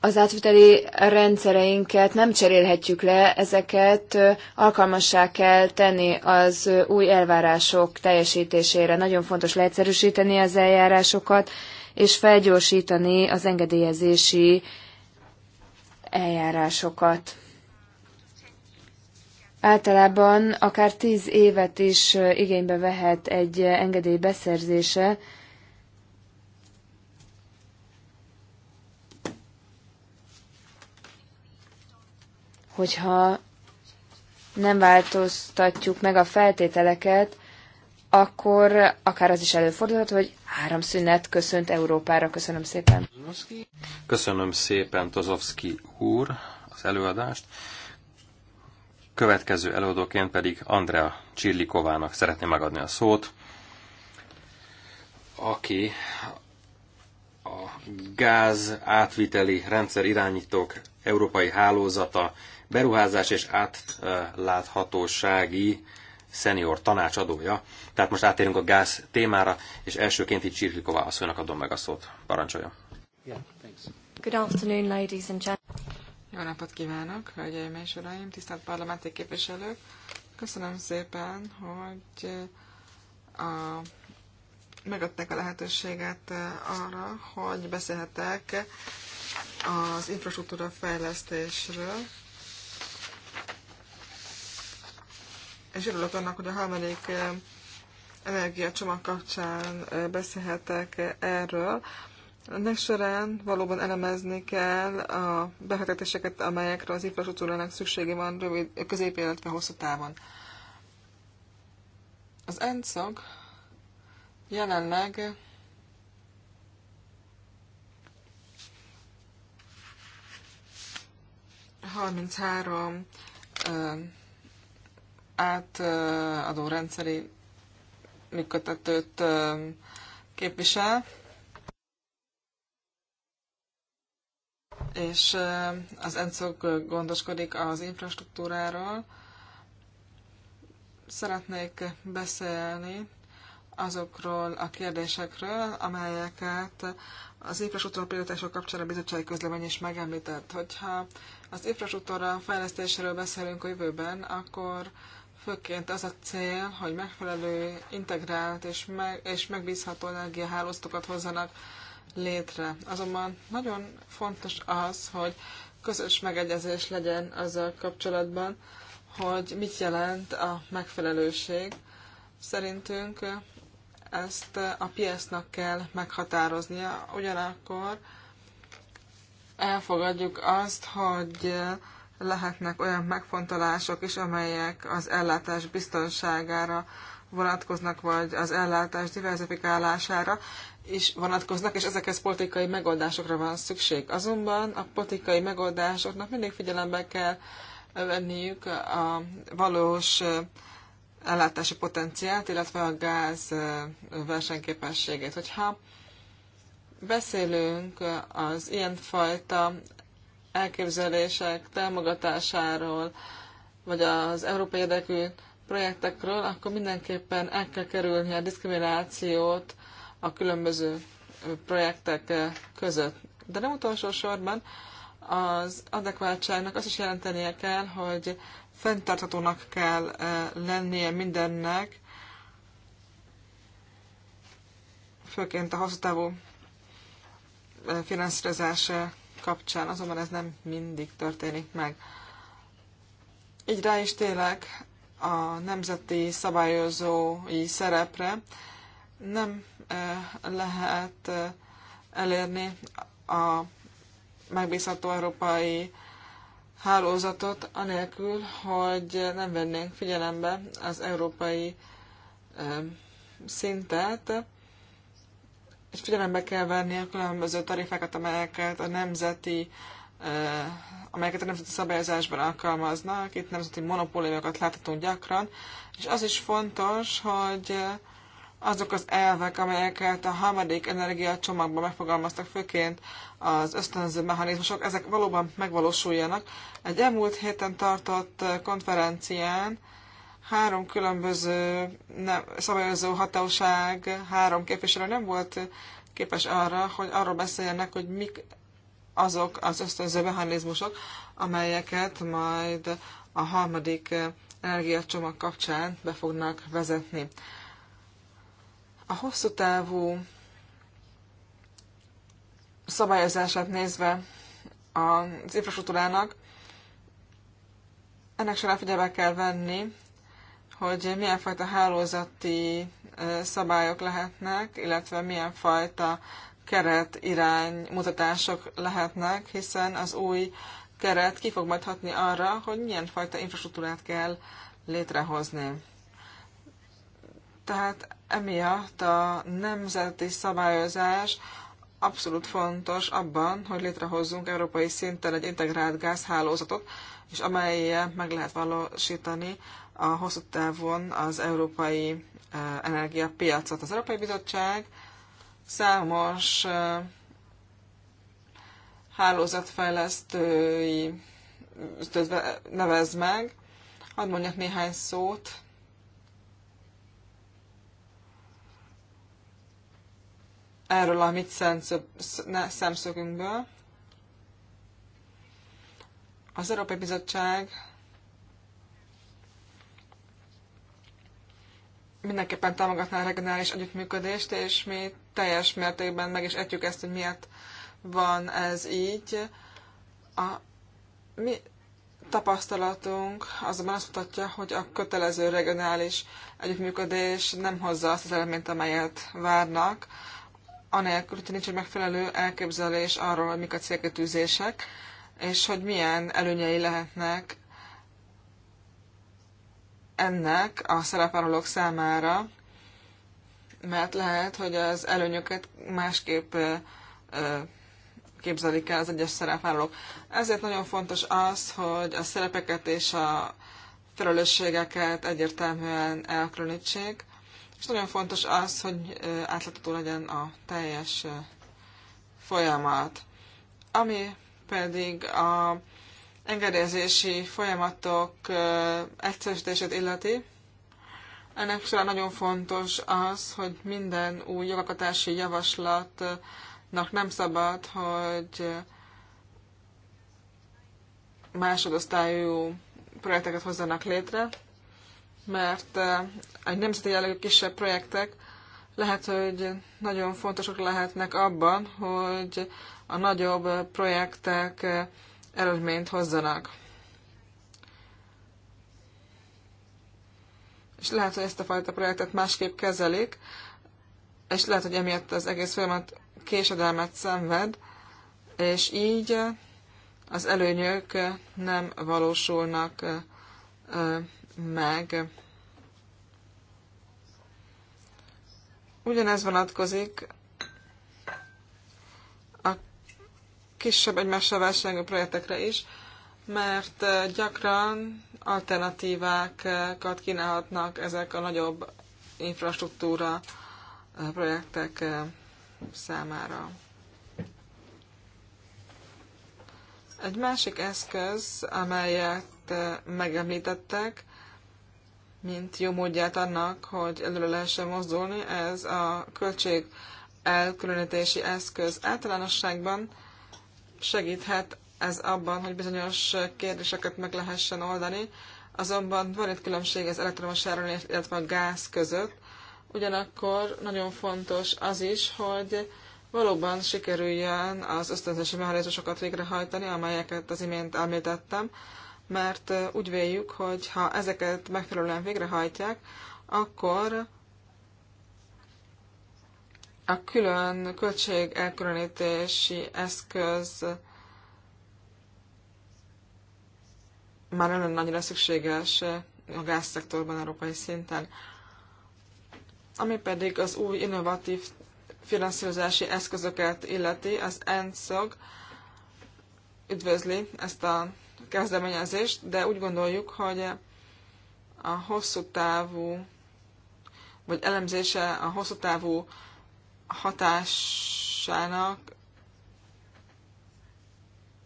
S5: az átviteli rendszereinket nem cserélhetjük le, ezeket alkalmassá kell tenni az új elvárások teljesítésére. Nagyon fontos leegyszerűsíteni az eljárásokat, és felgyorsítani az engedélyezési eljárásokat. Általában akár tíz évet is igénybe vehet egy engedély beszerzése, hogyha nem változtatjuk meg a feltételeket, akkor akár az is előfordulhat, hogy szünet köszönt Európára. Köszönöm szépen.
S2: Köszönöm szépen, Tozovski úr, az előadást. Következő előadóként pedig Andrea Csillikovának szeretném megadni a szót, aki a gáz átviteli rendszer irányítók európai hálózata beruházás és átláthatósági szenior tanácsadója. Tehát most átérünk a gáz témára, és elsőként itt Csirkikova asszonynak adom meg a szót. Parancsoljon.
S4: Good afternoon, ladies and gentlemen. Jó napot kívánok, hölgyeim és uraim, tisztelt parlamenti képviselők! Köszönöm szépen, hogy eh, a, megadták a lehetőséget eh, arra, hogy beszélhetek az infrastruktúra fejlesztésről. és örülök annak, hogy a harmadik eh, energiacsomag kapcsán eh, beszélhetek eh, erről. Ennek során valóban elemezni kell a befektetéseket, amelyekre az infrastruktúrának szüksége van rövid, közép, illetve hosszú távon. Az ENCOG jelenleg harminchárom átadó rendszeri működtetőt képvisel, és az ENCOG gondoskodik az infrastruktúráról. Szeretnék beszélni azokról a kérdésekről, amelyeket az infrastruktúra prioritások kapcsán a bizottsági közlemény is megemlített. Hogyha az infrastruktúra fejlesztéséről beszélünk a jövőben, akkor Főként az a cél, hogy megfelelő, integrált és, meg, és megbízható energiahálózatokat hozzanak létre. Azonban nagyon fontos az, hogy közös megegyezés legyen azzal kapcsolatban, hogy mit jelent a megfelelőség. Szerintünk ezt a piacnak kell meghatároznia, ugyanakkor elfogadjuk azt, hogy lehetnek olyan megfontolások is, amelyek az ellátás biztonságára vonatkoznak, vagy az ellátás diversifikálására is vonatkoznak, és ezekhez politikai megoldásokra van szükség. Azonban a politikai megoldásoknak mindig figyelembe kell venniük a valós ellátási potenciált, illetve a gáz versenyképességét. Hogyha beszélünk az ilyenfajta elképzelések támogatásáról, vagy az európai érdekű projektekről, akkor mindenképpen el kell kerülni a diszkriminációt a különböző projektek között. De nem utolsó sorban az adekváltságnak azt is jelentenie kell, hogy fenntarthatónak kell eh, lennie mindennek, főként a hosszú távú eh, finanszírozás eh, kapcsán, azonban ez nem mindig történik meg. Így rá is télek a nemzeti szabályozói szerepre. Nem eh, lehet eh, elérni a megbízható európai hálózatot, anélkül, hogy nem vennénk figyelembe az európai eh, szintet és figyelembe kell venni a különböző tarifákat, amelyeket a nemzeti amelyeket a nemzeti szabályozásban alkalmaznak, itt nemzeti monopóliumokat láthatunk gyakran, és az is fontos, hogy azok az elvek, amelyeket a harmadik energia csomagban megfogalmaztak, főként az ösztönző mechanizmusok, ezek valóban megvalósuljanak. Egy elmúlt héten tartott konferencián három különböző nem, szabályozó hatóság, három képviselő nem volt képes arra, hogy arról beszéljenek, hogy mik azok az ösztönző mechanizmusok, amelyeket majd a harmadik energiacsomag kapcsán be fognak vezetni. A hosszú távú szabályozását nézve az infrastruktúrának, ennek során figyelme kell venni hogy milyen fajta hálózati szabályok lehetnek, illetve milyen fajta keret irány mutatások lehetnek, hiszen az új keret ki fog majd hatni arra, hogy milyen fajta infrastruktúrát kell létrehozni. Tehát emiatt a nemzeti szabályozás abszolút fontos abban, hogy létrehozzunk európai szinten egy integrált gázhálózatot, és amelyet meg lehet valósítani a hosszú távon az európai eh, energiapiacot. Az Európai Bizottság számos eh, hálózatfejlesztői eh, nevez meg. Hadd mondjak néhány szót erről a mit szemszögünkből. Az Európai Bizottság mindenképpen támogatná a regionális együttműködést, és mi teljes mértékben meg is etjük ezt, hogy miért van ez így. A mi tapasztalatunk azonban azt mutatja, hogy a kötelező regionális együttműködés nem hozza azt az eredményt, amelyet várnak anélkül, hogy nincs egy megfelelő elképzelés arról, hogy mik a célkötűzések, és hogy milyen előnyei lehetnek ennek a szerepvállalók számára, mert lehet, hogy az előnyöket másképp képzelik el az egyes szerepvállalók. Ezért nagyon fontos az, hogy a szerepeket és a felelősségeket egyértelműen elkülönítsék, és nagyon fontos az, hogy átlátható legyen a teljes folyamat. Ami pedig a engedélyezési folyamatok egyszerűsítését illeti, ennek során nagyon fontos az, hogy minden új jogalkotási javaslatnak nem szabad, hogy másodosztályú projekteket hozzanak létre, mert eh, egy nemzeti jellegű kisebb projektek lehet, hogy nagyon fontosak lehetnek abban, hogy a nagyobb projektek eh, eredményt hozzanak. És lehet, hogy ezt a fajta projektet másképp kezelik, és lehet, hogy emiatt az egész folyamat késedelmet szenved, és így az előnyök nem valósulnak eh, meg. Ugyanez vonatkozik a kisebb egymással versenyű projektekre is, mert gyakran alternatívákat kínálhatnak ezek a nagyobb infrastruktúra projektek számára. Egy másik eszköz, amelyet megemlítettek, mint jó módját annak, hogy előre lehessen mozdulni, ez a költség elkülönítési eszköz általánosságban segíthet ez abban, hogy bizonyos kérdéseket meg lehessen oldani, azonban van itt különbség az elektromos áron, illetve a gáz között. Ugyanakkor nagyon fontos az is, hogy valóban sikerüljön az ösztönzési mechanizmusokat végrehajtani, amelyeket az imént említettem, mert úgy véljük, hogy ha ezeket megfelelően végrehajtják, akkor a külön költség elkülönítési eszköz már nem lenne annyira szükséges a gázszektorban európai szinten. Ami pedig az új innovatív finanszírozási eszközöket illeti, az ENSZOG üdvözli ezt a kezdeményezést, de úgy gondoljuk, hogy a hosszú távú, vagy elemzése a hosszú távú hatásának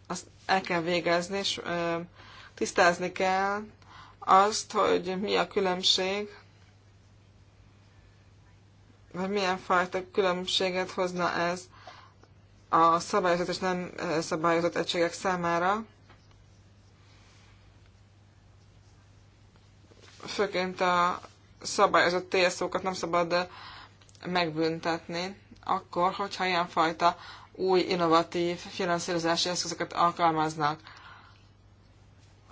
S4: azt el kell végezni, és tisztázni kell azt, hogy mi a különbség, vagy milyen fajta különbséget hozna ez a szabályozott és nem szabályozott egységek számára. főként a szabályozott TSZ-okat nem szabad megbüntetni, akkor, hogyha ilyenfajta új, innovatív finanszírozási eszközöket alkalmaznak.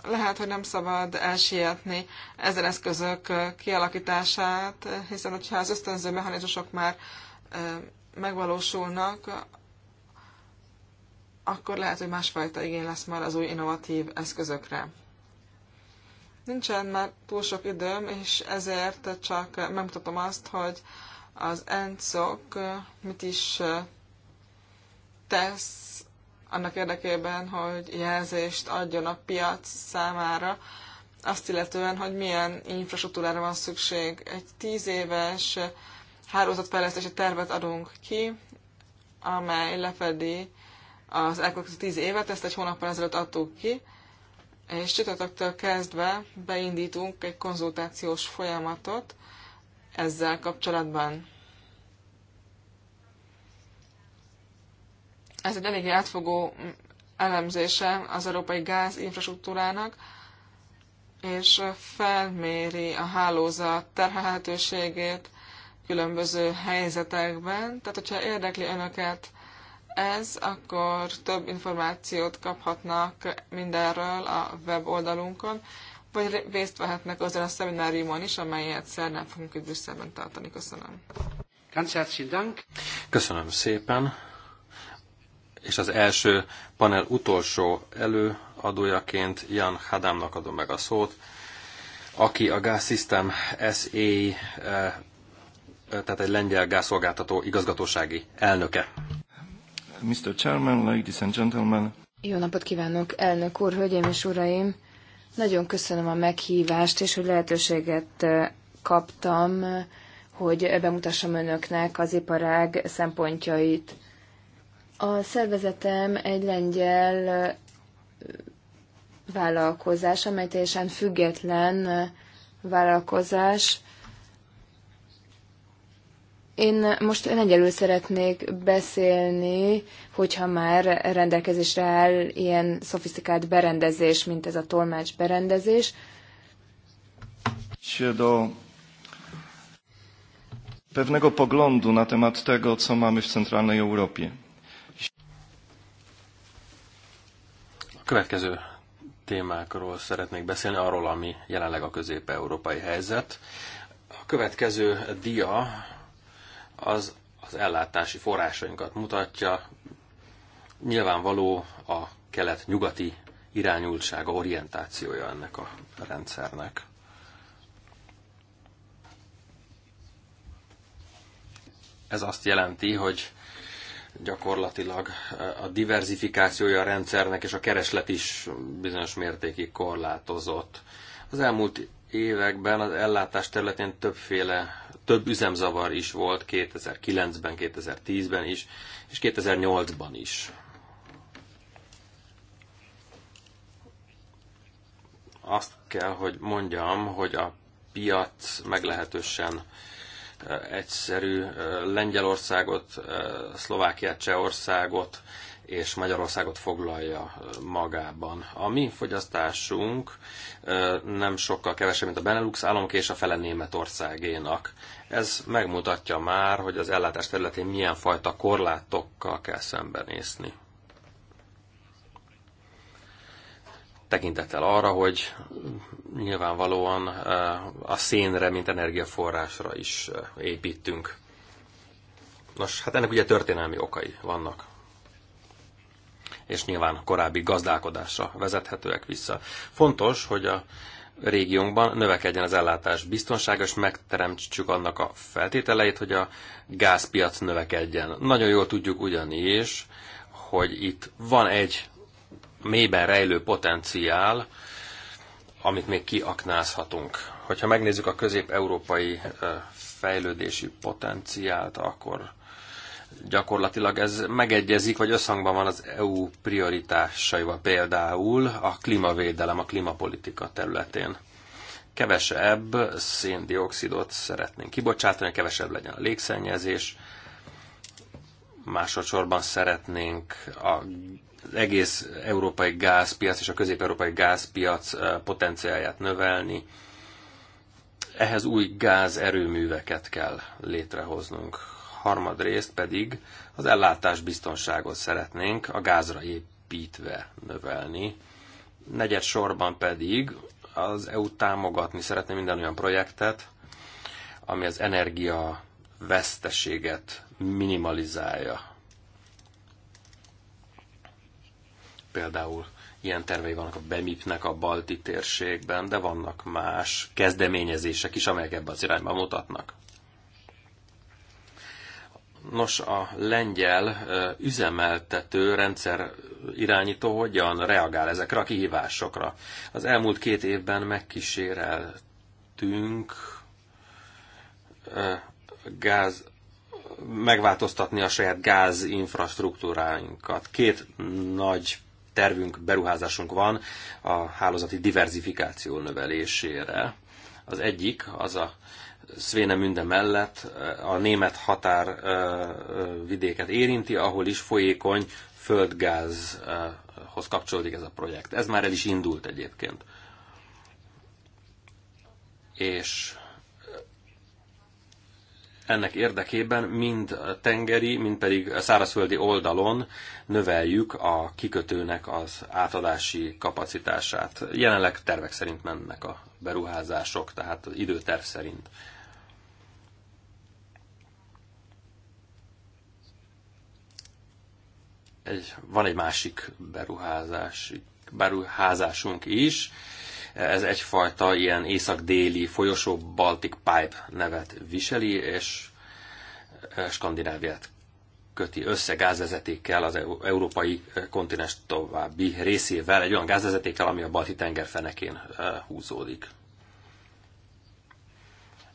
S4: Lehet, hogy nem szabad elsietni ezen eszközök kialakítását, hiszen hogyha az ösztönző mechanizmusok már megvalósulnak, akkor lehet, hogy másfajta igény lesz már az új innovatív eszközökre. Nincsen már túl sok időm, és ezért csak megmutatom azt, hogy az ENCOK mit is tesz annak érdekében, hogy jelzést adjon a piac számára, azt illetően, hogy milyen infrastruktúrára van szükség. Egy tíz éves hálózatfejlesztési tervet adunk ki, amely lefedi az elkövetkező tíz évet, ezt egy hónappal ezelőtt adtuk ki, és csütörtöktől kezdve beindítunk egy konzultációs folyamatot ezzel kapcsolatban. Ez egy eléggé átfogó elemzése az európai gáz infrastruktúrának, és felméri a hálózat terhelhetőségét különböző helyzetekben. Tehát, hogyha érdekli önöket ez, akkor több információt kaphatnak mindenről a weboldalunkon, vagy részt vehetnek azon a szemináriumon is, amelyet szerdán fogunk itt Brüsszelben tartani. Köszönöm.
S2: Köszönöm szépen. És az első panel utolsó előadójaként Jan Hadámnak adom meg a szót, aki a Gas System SA, eh, eh, tehát egy lengyel gázszolgáltató igazgatósági elnöke.
S4: Mr. Chairman, ladies and gentlemen.
S5: Jó napot kívánok, elnök úr, hölgyeim és uraim! Nagyon köszönöm a meghívást, és hogy lehetőséget eh, kaptam, hogy bemutassam önöknek az iparág szempontjait. A szervezetem egy lengyel eh, vállalkozás, amely teljesen független eh, vállalkozás, én most lengyelül szeretnék beszélni, hogyha már rendelkezésre áll ilyen szofisztikált berendezés, mint ez a tolmács berendezés.
S4: Do pewnego poglądu na temat tego, co mamy w centralnej Europie.
S2: A következő témákról szeretnék beszélni, arról, ami jelenleg a közép-európai helyzet. A következő dia az az ellátási forrásainkat mutatja. Nyilvánvaló a kelet-nyugati irányultsága, orientációja ennek a rendszernek. Ez azt jelenti, hogy gyakorlatilag a diversifikációja a rendszernek, és a kereslet is bizonyos mértékig korlátozott. Az elmúlt években az ellátás területén többféle, több üzemzavar is volt 2009-ben, 2010-ben is, és 2008-ban is. Azt kell, hogy mondjam, hogy a piac meglehetősen eh, egyszerű. Eh, Lengyelországot, eh, Szlovákiát, Csehországot és Magyarországot foglalja magában. A mi fogyasztásunk nem sokkal kevesebb, mint a Benelux államok és a fele Németországénak. Ez megmutatja már, hogy az ellátás területén milyen fajta korlátokkal kell szembenézni. Tekintettel arra, hogy nyilvánvalóan a szénre, mint energiaforrásra is építünk. Nos, hát ennek ugye történelmi okai vannak és nyilván korábbi gazdálkodásra vezethetőek vissza. Fontos, hogy a régiónkban növekedjen az ellátás biztonsága, és megteremtsük annak a feltételeit, hogy a gázpiac növekedjen. Nagyon jól tudjuk ugyanis, hogy itt van egy mélyben rejlő potenciál, amit még kiaknázhatunk. Hogyha megnézzük a közép-európai fejlődési potenciált, akkor gyakorlatilag ez megegyezik, vagy összhangban van az EU prioritásaival, például a klímavédelem, a klímapolitika területén. Kevesebb széndiokszidot szeretnénk kibocsátani, kevesebb legyen a légszennyezés, másodszorban szeretnénk a az egész európai gázpiac és a közép-európai gázpiac eh, potenciáját növelni. Ehhez új gázerőműveket kell létrehoznunk harmad részt pedig az ellátás biztonságot szeretnénk a gázra építve növelni. Negyed sorban pedig az EU támogatni szeretné minden olyan projektet, ami az energia veszteséget minimalizálja. Például ilyen tervei vannak a BEMIP-nek a balti térségben, de vannak más kezdeményezések is, amelyek ebbe az irányba mutatnak. Nos, a lengyel üzemeltető rendszer irányító hogyan reagál ezekre a kihívásokra? Az elmúlt két évben megkíséreltünk gáz megváltoztatni a saját gáz infrastruktúráinkat. Két nagy tervünk, beruházásunk van a hálózati diversifikáció növelésére. Az egyik az a Szvéne minden mellett eh, a német határ eh, eh, vidéket érinti, ahol is folyékony földgázhoz kapcsolódik ez a projekt. Ez már el is indult egyébként. És ennek érdekében mind tengeri, mind pedig szárazföldi oldalon növeljük a kikötőnek az átadási kapacitását. Jelenleg tervek szerint mennek a beruházások, tehát az időterv szerint. egy, van egy másik beruházás, beruházásunk is, ez egyfajta ilyen észak-déli folyosó Baltic Pipe nevet viseli, és e, Skandináviát köti össze gázvezetékkel az európai e, kontinens további részével, egy olyan gázvezetékkel, ami a balti tenger fenekén e, húzódik.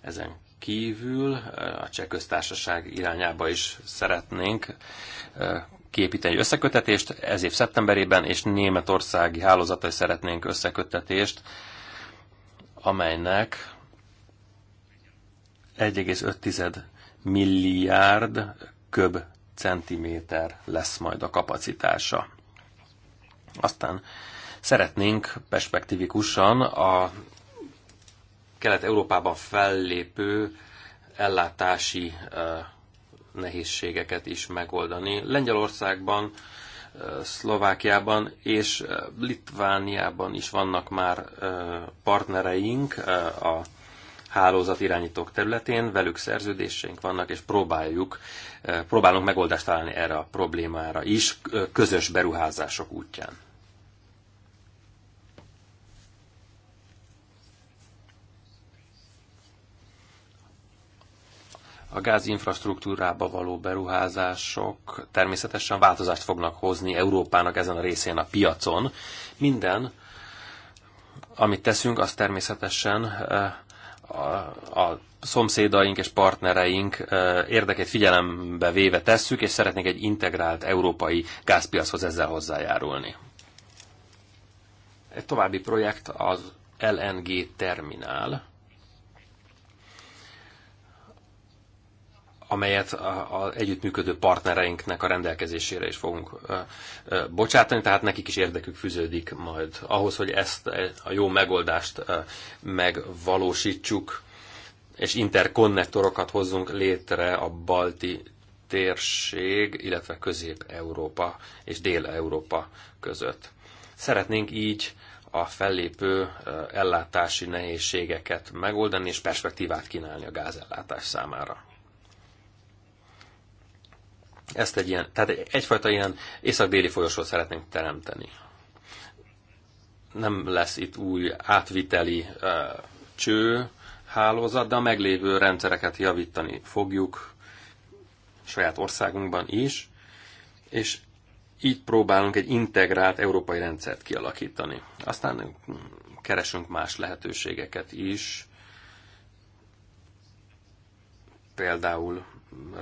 S2: Ezen kívül a cseh köztársaság irányába is szeretnénk kiépíteni összekötetést ez év szeptemberében, és németországi hálózatai szeretnénk összekötetést, amelynek 1,5 milliárd köb centiméter lesz majd a kapacitása. Aztán szeretnénk perspektívikusan a Kelet-Európában fellépő ellátási nehézségeket is megoldani. Lengyelországban, Szlovákiában és Litvániában is vannak már partnereink a hálózat irányítók területén, velük szerződéseink vannak, és próbáljuk, próbálunk megoldást találni erre a problémára is, közös beruházások útján. A gázinfrastruktúrába való beruházások természetesen változást fognak hozni Európának ezen a részén a piacon. Minden, amit teszünk, az természetesen eh, a, a szomszédaink és partnereink eh, érdekét figyelembe véve tesszük, és szeretnék egy integrált európai gázpiachoz ezzel hozzájárulni. Egy további projekt az LNG terminál. amelyet az együttműködő partnereinknek a rendelkezésére is fogunk bocsátani, tehát nekik is érdekük fűződik majd ahhoz, hogy ezt a jó megoldást megvalósítsuk, és interkonnektorokat hozzunk létre a balti térség, illetve Közép-Európa és Dél-Európa között. Szeretnénk így a fellépő ellátási nehézségeket megoldani és perspektívát kínálni a gázellátás számára. Ezt egy ilyen, tehát egyfajta ilyen észak-déli folyosót szeretnénk teremteni. Nem lesz itt új átviteli uh, cső, hálózat, de a meglévő rendszereket javítani fogjuk saját országunkban is, és így próbálunk egy integrált európai rendszert kialakítani. Aztán keresünk más lehetőségeket is, Például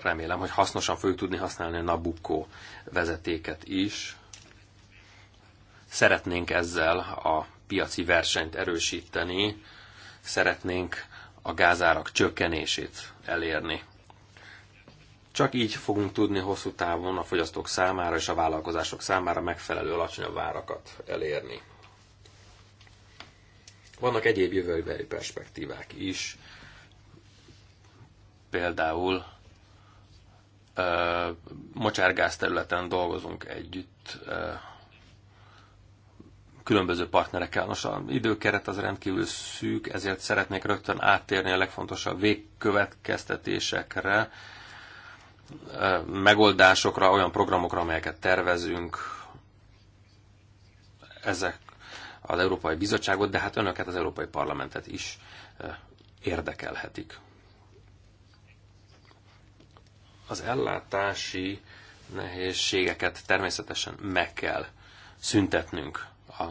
S2: remélem, hogy hasznosan fogjuk tudni használni a Nabucco vezetéket is. Szeretnénk ezzel a piaci versenyt erősíteni, szeretnénk a gázárak csökkenését elérni. Csak így fogunk tudni hosszú távon a fogyasztók számára és a vállalkozások számára megfelelő alacsonyabb várakat elérni. Vannak egyéb jövőbeli perspektívák is, például mocsárgáz területen dolgozunk együtt különböző partnerekkel. Nos, az időkeret az rendkívül szűk, ezért szeretnék rögtön áttérni a legfontosabb végkövetkeztetésekre, megoldásokra, olyan programokra, amelyeket tervezünk, ezek az Európai Bizottságot, de hát önöket, az Európai Parlamentet is érdekelhetik. Az ellátási nehézségeket természetesen meg kell szüntetnünk a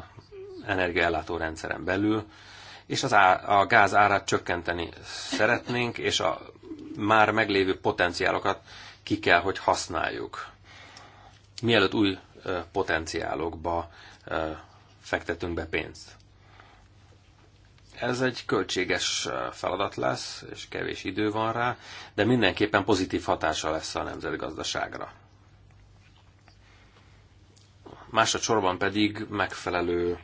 S2: energiaellátó rendszeren belül, és az á, a gáz árát csökkenteni szeretnénk, és a már meglévő potenciálokat ki kell, hogy használjuk. Mielőtt új potenciálokba fektetünk be pénzt. Ez egy költséges feladat lesz, és kevés idő van rá, de mindenképpen pozitív hatása lesz a nemzetgazdaságra. Másodszorban pedig megfelelő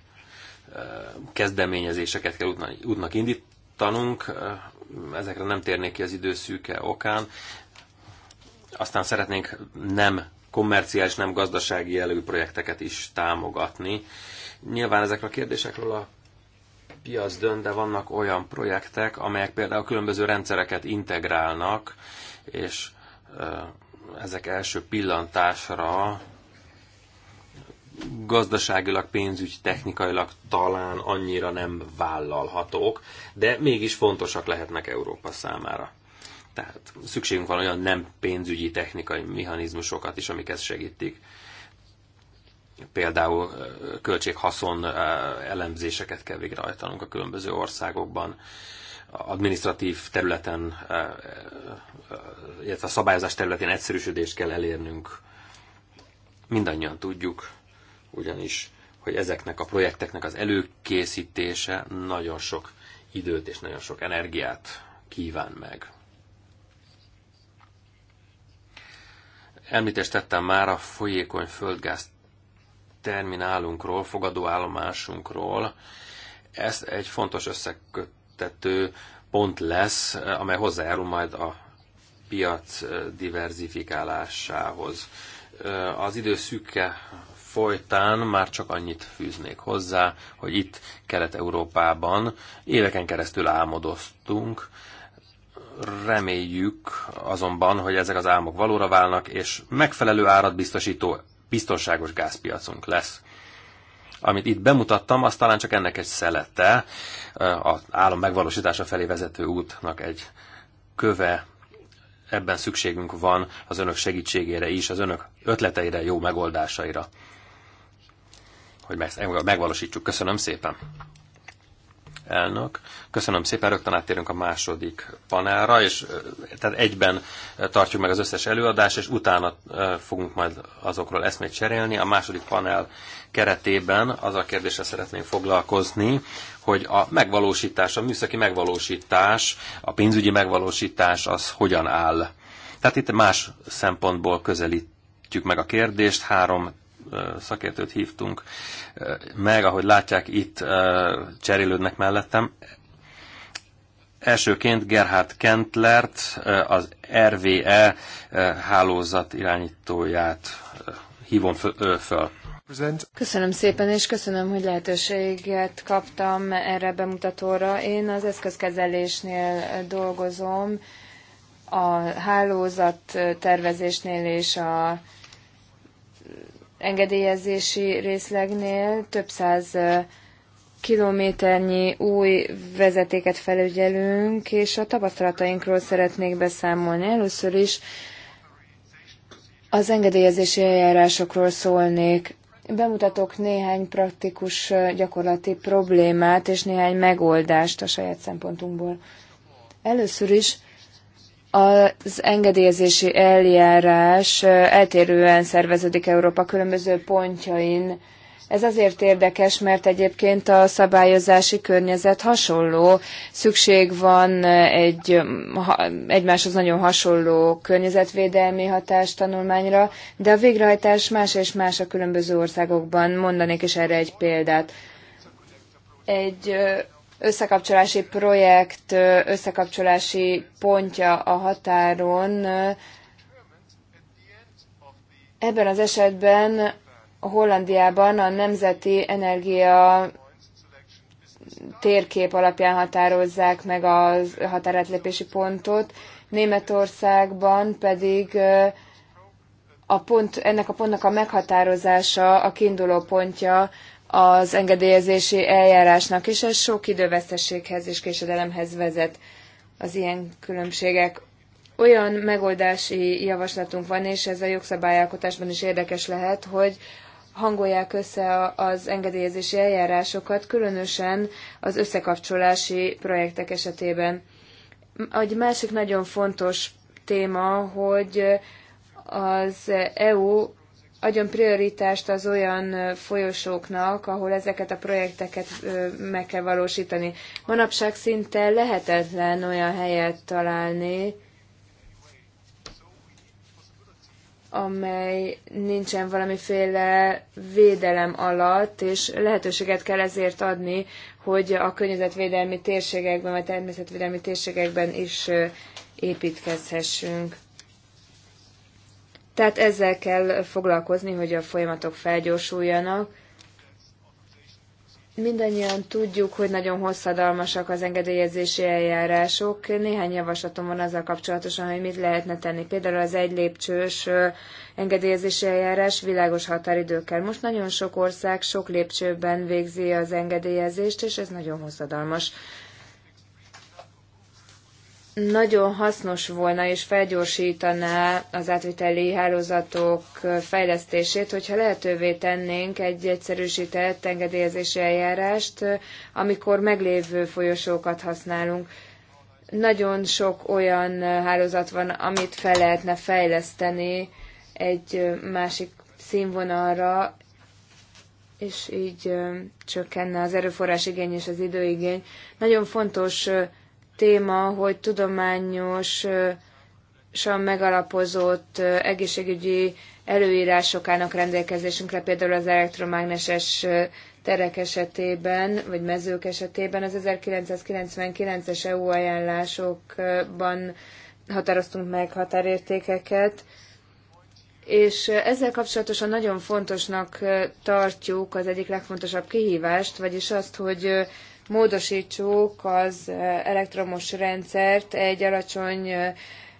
S2: kezdeményezéseket kell útnak indítanunk, ezekre nem térnék ki az időszűke okán. Aztán szeretnénk nem kommerciális, nem gazdasági jellegű projekteket is támogatni. Nyilván ezekről a kérdésekről a piac dönt, de vannak olyan projektek, amelyek például különböző rendszereket integrálnak, és ezek első pillantásra gazdaságilag, pénzügy, technikailag talán annyira nem vállalhatók, de mégis fontosak lehetnek Európa számára. Tehát szükségünk van olyan nem pénzügyi technikai mechanizmusokat is, amik ezt segítik például költséghaszon elemzéseket kell végrehajtanunk a különböző országokban, administratív területen, illetve a szabályozás területén egyszerűsödést kell elérnünk. Mindannyian tudjuk, ugyanis, hogy ezeknek a projekteknek az előkészítése nagyon sok időt és nagyon sok energiát kíván meg. Említést tettem már a folyékony földgáz terminálunkról, fogadóállomásunkról. ez egy fontos összeköttető pont lesz, amely hozzájárul majd a piac diverzifikálásához. Az idő szükke folytán már csak annyit fűznék hozzá, hogy itt Kelet-Európában éveken keresztül álmodoztunk, reméljük azonban, hogy ezek az álmok valóra válnak, és megfelelő árat biztosító biztonságos gázpiacunk lesz. Amit itt bemutattam, az talán csak ennek egy szelette, az állam megvalósítása felé vezető útnak egy köve, ebben szükségünk van az önök segítségére is, az önök ötleteire, jó megoldásaira, hogy megvalósítsuk. Köszönöm szépen! elnök. Köszönöm szépen, rögtön áttérünk a második panelra, és tehát egyben tartjuk meg az összes előadást, és utána fogunk majd azokról eszmét cserélni. A második panel keretében az a kérdésre szeretném foglalkozni, hogy a megvalósítás, a műszaki megvalósítás, a pénzügyi megvalósítás az hogyan áll. Tehát itt más szempontból közelít meg a kérdést, három szakértőt hívtunk meg, ahogy látják, itt cserélődnek mellettem. Elsőként Gerhard Kentlert, az RVE hálózat irányítóját hívom föl.
S5: Köszönöm szépen, és köszönöm, hogy lehetőséget kaptam erre bemutatóra. Én az eszközkezelésnél dolgozom, a hálózat tervezésnél és a engedélyezési részlegnél több száz kilométernyi új vezetéket felügyelünk, és a tapasztalatainkról szeretnék beszámolni. Először is az engedélyezési eljárásokról szólnék. Bemutatok néhány praktikus gyakorlati problémát és néhány megoldást a saját szempontunkból. Először is az engedélyezési eljárás eltérően szerveződik Európa különböző pontjain. Ez azért érdekes, mert egyébként a szabályozási környezet hasonló. Szükség van egy egymáshoz nagyon hasonló környezetvédelmi hatástanulmányra, de a végrehajtás más és más a különböző országokban. Mondanék is erre egy példát. Egy összekapcsolási projekt összekapcsolási pontja a határon. Ebben az esetben a Hollandiában a Nemzeti Energia térkép alapján határozzák meg a határátlépési pontot, Németországban pedig a pont, ennek a pontnak a meghatározása a kiinduló pontja az engedélyezési eljárásnak, és ez sok idővesztességhez és késedelemhez vezet az ilyen különbségek. Olyan megoldási javaslatunk van, és ez a jogszabályalkotásban is érdekes lehet, hogy hangolják össze az engedélyezési eljárásokat, különösen az összekapcsolási projektek esetében. Egy másik nagyon fontos téma, hogy az EU adjon prioritást az olyan folyosóknak, ahol ezeket a projekteket meg kell valósítani. Manapság szinte lehetetlen olyan helyet találni, amely nincsen valamiféle védelem alatt, és lehetőséget kell ezért adni, hogy a környezetvédelmi térségekben, vagy természetvédelmi térségekben is építkezhessünk. Tehát ezzel kell foglalkozni, hogy a folyamatok felgyorsuljanak. Mindannyian tudjuk, hogy nagyon hosszadalmasak az engedélyezési eljárások. Néhány javaslatom van azzal kapcsolatosan, hogy mit lehetne tenni. Például az egy lépcsős engedélyezési eljárás világos határidőkkel. Most nagyon sok ország sok lépcsőben végzi az engedélyezést, és ez nagyon hosszadalmas nagyon hasznos volna és felgyorsítaná az átviteli hálózatok fejlesztését, hogyha lehetővé tennénk egy egyszerűsített engedélyezési eljárást, amikor meglévő folyosókat használunk. Nagyon sok olyan hálózat van, amit fel lehetne fejleszteni egy másik színvonalra, és így csökkenne az erőforrás igény és az időigény. Nagyon fontos téma, hogy tudományosan megalapozott egészségügyi előírásokának rendelkezésünkre, például az elektromágneses terek esetében, vagy mezők esetében az 1999-es EU ajánlásokban határoztunk meg határértékeket, és ezzel kapcsolatosan nagyon fontosnak tartjuk az egyik legfontosabb kihívást, vagyis azt, hogy módosítsuk az elektromos rendszert, egy alacsony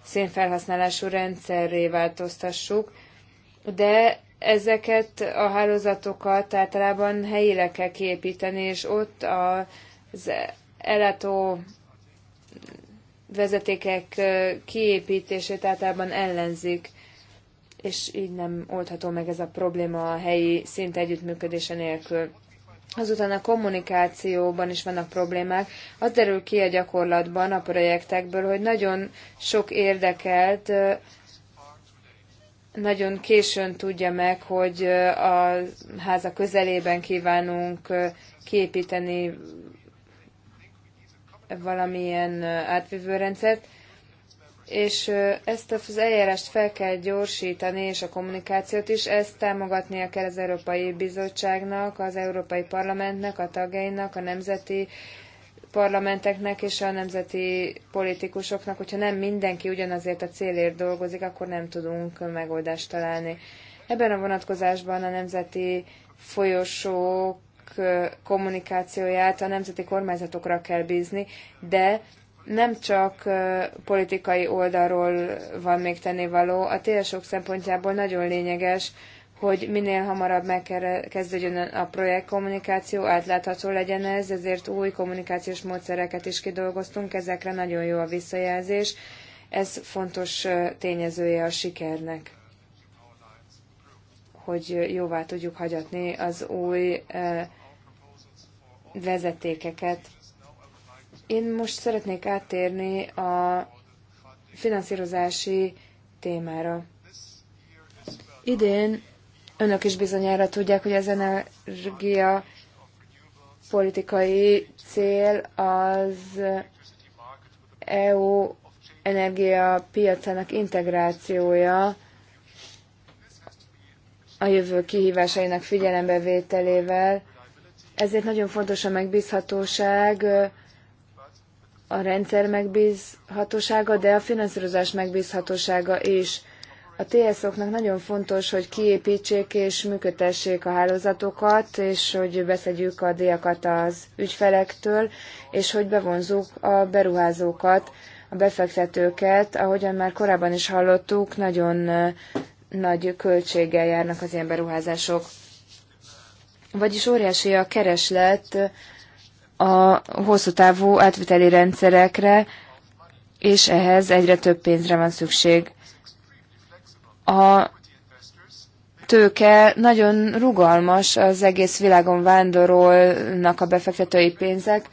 S5: szénfelhasználású rendszerré változtassuk, de ezeket a hálózatokat általában helyileg kell kiépíteni, és ott az elátó vezetékek kiépítését általában ellenzik, és így nem oldható meg ez a probléma a helyi szint együttműködése nélkül. Azután a kommunikációban is vannak problémák. Az derül ki a gyakorlatban a projektekből, hogy nagyon sok érdekelt nagyon későn tudja meg, hogy a háza közelében kívánunk képíteni valamilyen átvívő rendszert és ezt az eljárást fel kell gyorsítani, és a kommunikációt is, ezt támogatnia kell az Európai Bizottságnak, az Európai Parlamentnek, a tagjainak, a nemzeti parlamenteknek és a nemzeti politikusoknak, hogyha nem mindenki ugyanazért a célért dolgozik, akkor nem tudunk megoldást találni. Ebben a vonatkozásban a nemzeti folyosók kommunikációját a nemzeti kormányzatokra kell bízni, de nem csak politikai oldalról van még tennivaló, a TSO szempontjából nagyon lényeges, hogy minél hamarabb megkezdődjön a projekt kommunikáció, átlátható legyen ez, ezért új kommunikációs módszereket is kidolgoztunk, ezekre nagyon jó a visszajelzés. Ez fontos tényezője a sikernek, hogy jóvá tudjuk hagyatni az új vezetékeket én most szeretnék áttérni a finanszírozási témára. Idén önök is bizonyára tudják, hogy az energia politikai cél az EU energia piacának integrációja a jövő kihívásainak figyelembevételével. Ezért nagyon fontos a megbízhatóság, a rendszer megbízhatósága, de a finanszírozás megbízhatósága is. A TSZ-oknak nagyon fontos, hogy kiépítsék és működtessék a hálózatokat, és hogy beszedjük a diakat az ügyfelektől, és hogy bevonzuk a beruházókat, a befektetőket. Ahogyan már korábban is hallottuk, nagyon nagy költséggel járnak az ilyen beruházások. Vagyis óriási a kereslet a hosszú távú átviteli rendszerekre, és ehhez egyre több pénzre van szükség. A tőke nagyon rugalmas, az egész világon vándorolnak a befektetői pénzek,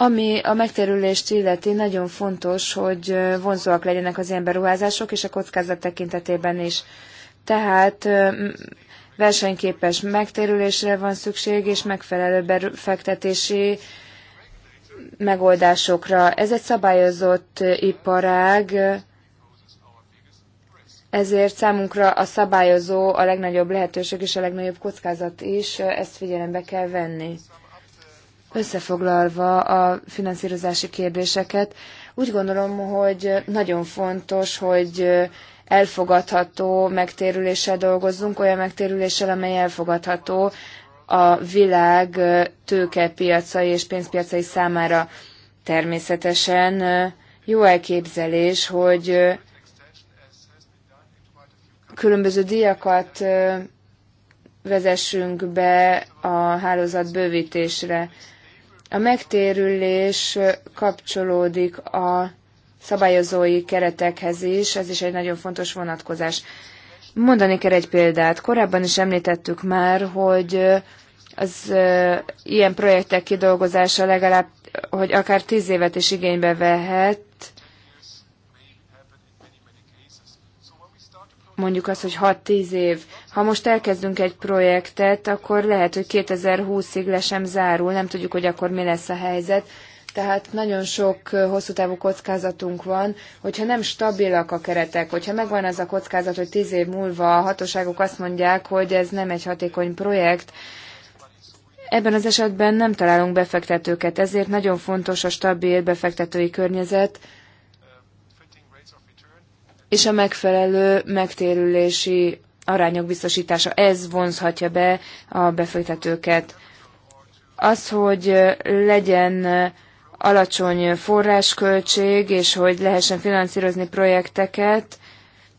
S5: ami a megterülést illeti, nagyon fontos, hogy vonzóak legyenek az ilyen beruházások, és a kockázat tekintetében is. Tehát versenyképes megtérülésre van szükség, és megfelelő befektetési megoldásokra. Ez egy szabályozott iparág, ezért számunkra a szabályozó a legnagyobb lehetőség és a legnagyobb kockázat is, ezt figyelembe kell venni. Összefoglalva a finanszírozási kérdéseket, úgy gondolom, hogy nagyon fontos, hogy elfogadható megtérüléssel dolgozzunk, olyan megtérüléssel, amely elfogadható a világ tőkepiacai és pénzpiacai számára. Természetesen jó elképzelés, hogy különböző díjakat vezessünk be a hálózat bővítésre. A megtérülés kapcsolódik a szabályozói keretekhez is, ez is egy nagyon fontos vonatkozás. Mondani kell egy példát. Korábban is említettük már, hogy az ilyen projektek kidolgozása legalább, hogy akár tíz évet is igénybe vehet, mondjuk azt, hogy 6-10 év. Ha most elkezdünk egy projektet, akkor lehet, hogy 2020-ig le sem zárul, nem tudjuk, hogy akkor mi lesz a helyzet tehát nagyon sok hosszú távú kockázatunk van, hogyha nem stabilak a keretek, hogyha megvan az a kockázat, hogy tíz év múlva a hatóságok azt mondják, hogy ez nem egy hatékony projekt, Ebben az esetben nem találunk befektetőket, ezért nagyon fontos a stabil befektetői környezet és a megfelelő megtérülési arányok biztosítása. Ez vonzhatja be a befektetőket. Az, hogy legyen alacsony forrásköltség, és hogy lehessen finanszírozni projekteket.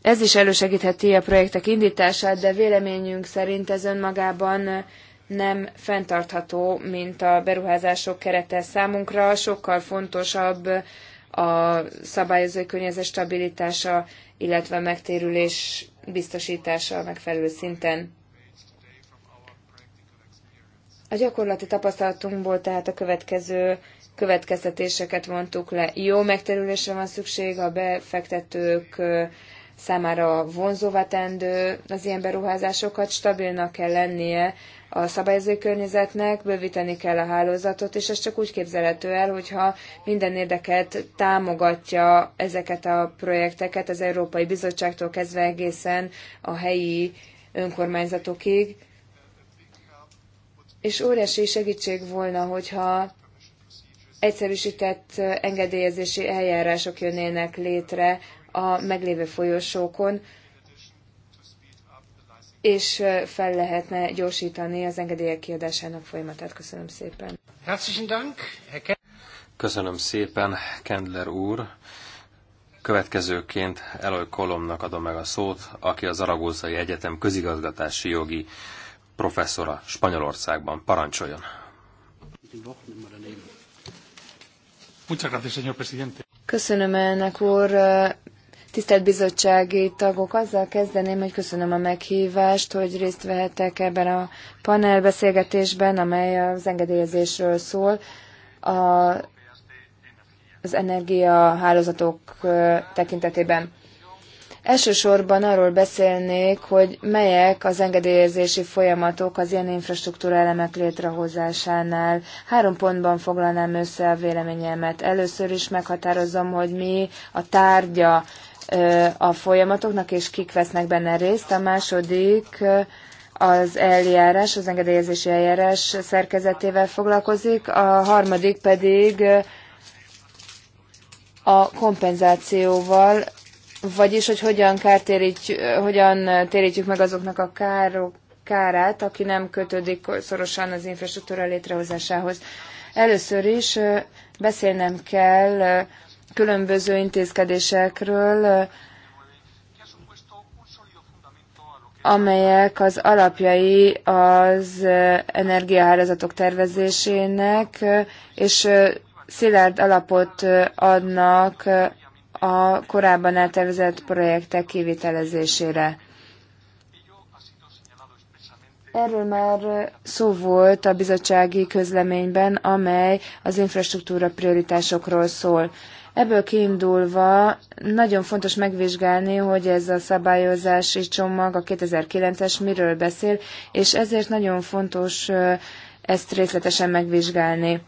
S5: Ez is elősegítheti a projektek indítását, de véleményünk szerint ez önmagában nem fenntartható, mint a beruházások kerete számunkra. Sokkal fontosabb a szabályozói környezet stabilitása, illetve a megtérülés biztosítása a megfelelő szinten. A gyakorlati tapasztalatunkból tehát a következő következtetéseket vontuk le. Jó megterülésre van szükség, a befektetők számára vonzóvá tendő az ilyen beruházásokat, stabilnak kell lennie a szabályozói környezetnek, bővíteni kell a hálózatot, és ez csak úgy képzelhető el, hogyha minden érdeket támogatja ezeket a projekteket az Európai Bizottságtól kezdve egészen a helyi önkormányzatokig és óriási segítség volna, hogyha egyszerűsített engedélyezési eljárások jönnének létre a meglévő folyosókon, és fel lehetne gyorsítani az engedélyek kiadásának folyamatát. Köszönöm szépen.
S2: Köszönöm szépen, Kendler úr. Következőként Eloy Kolomnak adom meg a szót, aki az Aragózai Egyetem közigazgatási jogi professzora Spanyolországban. Parancsoljon!
S5: Köszönöm elnök úr. Tisztelt bizottsági tagok, azzal kezdeném, hogy köszönöm a meghívást, hogy részt vehetek ebben a panelbeszélgetésben, amely az engedélyezésről szól. A, az energiahálózatok tekintetében. Elsősorban arról beszélnék, hogy melyek az engedélyezési folyamatok az ilyen infrastruktúra elemek létrehozásánál. Három pontban foglalnám össze a véleményemet. Először is meghatározom, hogy mi a tárgya a folyamatoknak, és kik vesznek benne részt. A második az eljárás, az engedélyezési eljárás szerkezetével foglalkozik, a harmadik pedig a kompenzációval, vagyis, hogy hogyan, kártérít, hogyan térítjük meg azoknak a károk, kárát, aki nem kötődik szorosan az infrastruktúra létrehozásához. Először is beszélnem kell különböző intézkedésekről, amelyek az alapjai az energiahálózatok tervezésének, és szilárd alapot adnak a korábban eltervezett projektek kivitelezésére. Erről már szó volt a bizottsági közleményben, amely az infrastruktúra prioritásokról szól. Ebből kiindulva nagyon fontos megvizsgálni, hogy ez a szabályozási csomag, a 2009-es miről beszél, és ezért nagyon fontos ezt részletesen megvizsgálni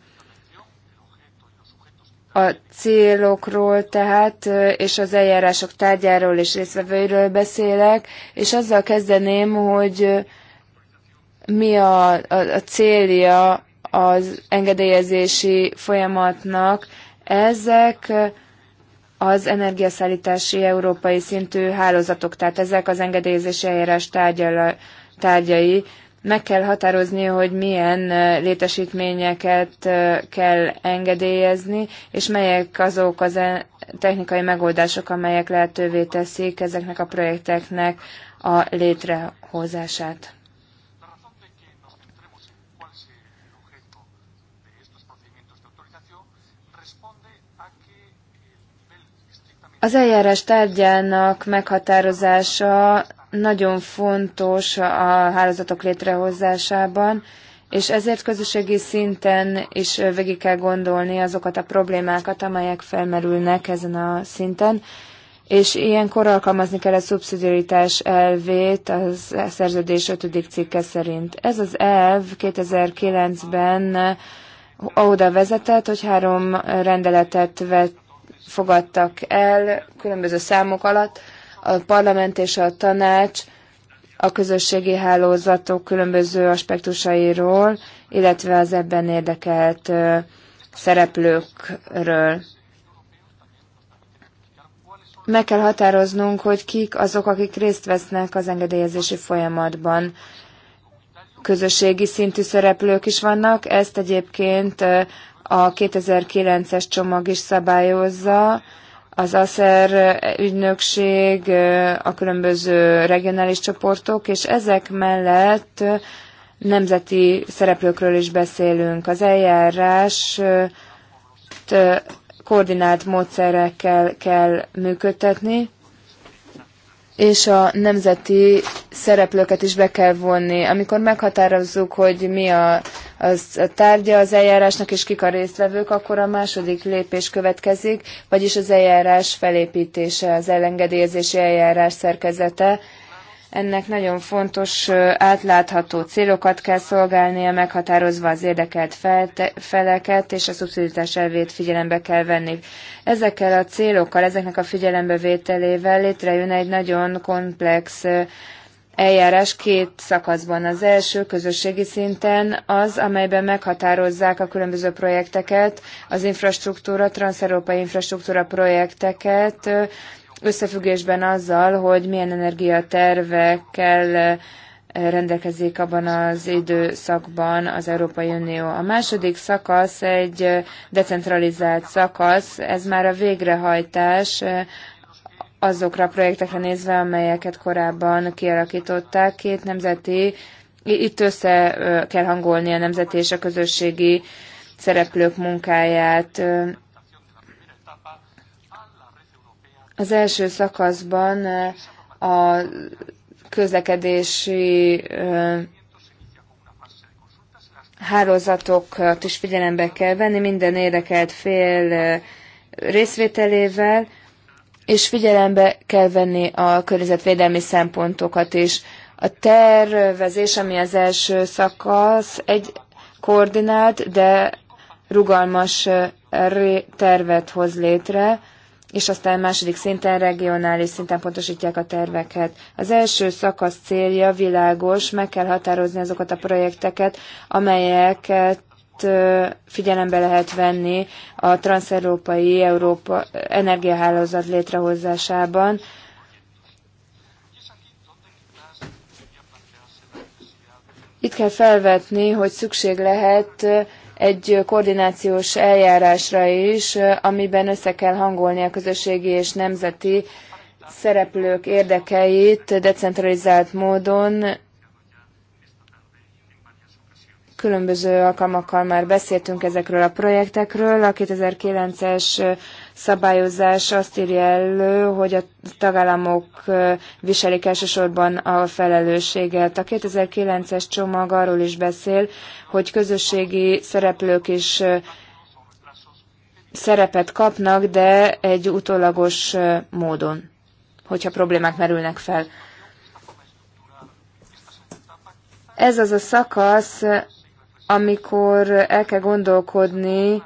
S5: a célokról tehát, és az eljárások tárgyáról és részvevőiről beszélek, és azzal kezdeném, hogy mi a, a, a célja az engedélyezési folyamatnak. Ezek az energiaszállítási európai szintű hálózatok, tehát ezek az engedélyezési eljárás tárgyal tárgyai meg kell határozni, hogy milyen létesítményeket kell engedélyezni, és melyek azok az technikai megoldások, amelyek lehetővé teszik ezeknek a projekteknek a létrehozását. Az eljárás tárgyának meghatározása nagyon fontos a hálózatok létrehozásában, és ezért közösségi szinten is végig kell gondolni azokat a problémákat, amelyek felmerülnek ezen a szinten, és ilyenkor alkalmazni kell a szubszidiaritás elvét a szerződés 5. cikke szerint. Ez az elv 2009-ben oda vezetett, hogy három rendeletet vett, fogadtak el különböző számok alatt, a parlament és a tanács a közösségi hálózatok különböző aspektusairól, illetve az ebben érdekelt szereplőkről. Meg kell határoznunk, hogy kik azok, akik részt vesznek az engedélyezési folyamatban. Közösségi szintű szereplők is vannak, ezt egyébként a 2009-es csomag is szabályozza, az ASZER ügynökség, a különböző regionális csoportok, és ezek mellett nemzeti szereplőkről is beszélünk. Az eljárás koordinált módszerekkel kell működtetni, és a nemzeti szereplőket is be kell vonni. Amikor meghatározzuk, hogy mi a, az a tárgya az eljárásnak, és kik a résztvevők, akkor a második lépés következik, vagyis az eljárás felépítése, az elengedélyezési eljárás szerkezete, ennek nagyon fontos átlátható célokat kell szolgálnia, meghatározva az érdekelt feleket, és a szubszidítás elvét figyelembe kell venni. Ezekkel a célokkal, ezeknek a figyelembevételével létrejön egy nagyon komplex eljárás két szakaszban. Az első közösségi szinten az, amelyben meghatározzák a különböző projekteket, az infrastruktúra, transzeurópai infrastruktúra projekteket, összefüggésben azzal, hogy milyen energiatervekkel eh, rendelkezik abban az időszakban az Európai Unió. A második szakasz egy eh, decentralizált szakasz, ez már a végrehajtás eh, azokra a projektekre nézve, amelyeket korábban kialakították. Két nemzeti, itt össze kell hangolni a nemzeti és a közösségi szereplők munkáját. Az első szakaszban a közlekedési hálózatokat is figyelembe kell venni, minden érdekelt fél részvételével, és figyelembe kell venni a környezetvédelmi szempontokat is. A tervezés, ami az első szakasz, egy koordinált, de rugalmas tervet hoz létre, és aztán második szinten, regionális szinten pontosítják a terveket. Az első szakasz célja világos, meg kell határozni azokat a projekteket, amelyeket figyelembe lehet venni a transzeurópai Európa energiahálózat létrehozásában. Itt kell felvetni, hogy szükség lehet egy koordinációs eljárásra is, amiben össze kell hangolni a közösségi és nemzeti szereplők érdekeit decentralizált módon. Különböző alkalmakkal már beszéltünk ezekről a projektekről. A 2009-es szabályozás azt írja elő, hogy a tagállamok viselik elsősorban a felelősséget. A 2009-es csomag arról is beszél, hogy közösségi szereplők is szerepet kapnak, de egy utólagos módon, hogyha problémák merülnek fel. Ez az a szakasz, amikor el kell gondolkodni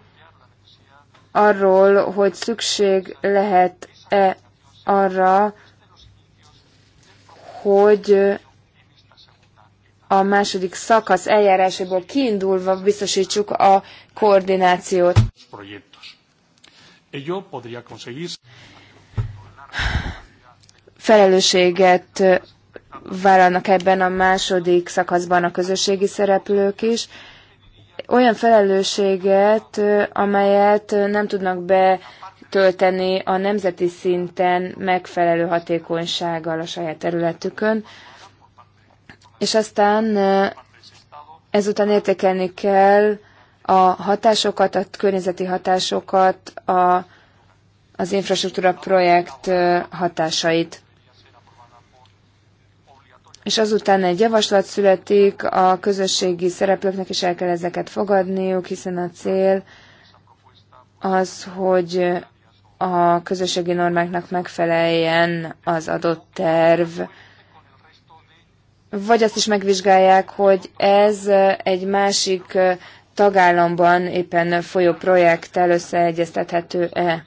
S5: arról, hogy szükség lehet-e arra, hogy a második szakasz eljárásából kiindulva biztosítsuk a koordinációt. Felelősséget vállalnak ebben a második szakaszban a közösségi szereplők is, olyan felelősséget, amelyet nem tudnak betölteni a nemzeti szinten megfelelő hatékonysággal a saját területükön, és aztán ezután értékelni kell a hatásokat, a környezeti hatásokat, a, az infrastruktúra projekt hatásait és azután egy javaslat születik, a közösségi szereplőknek is el kell ezeket fogadniuk, hiszen a cél az, hogy a közösségi normáknak megfeleljen az adott terv, vagy azt is megvizsgálják, hogy ez egy másik tagállamban éppen folyó projekttel összeegyeztethető-e.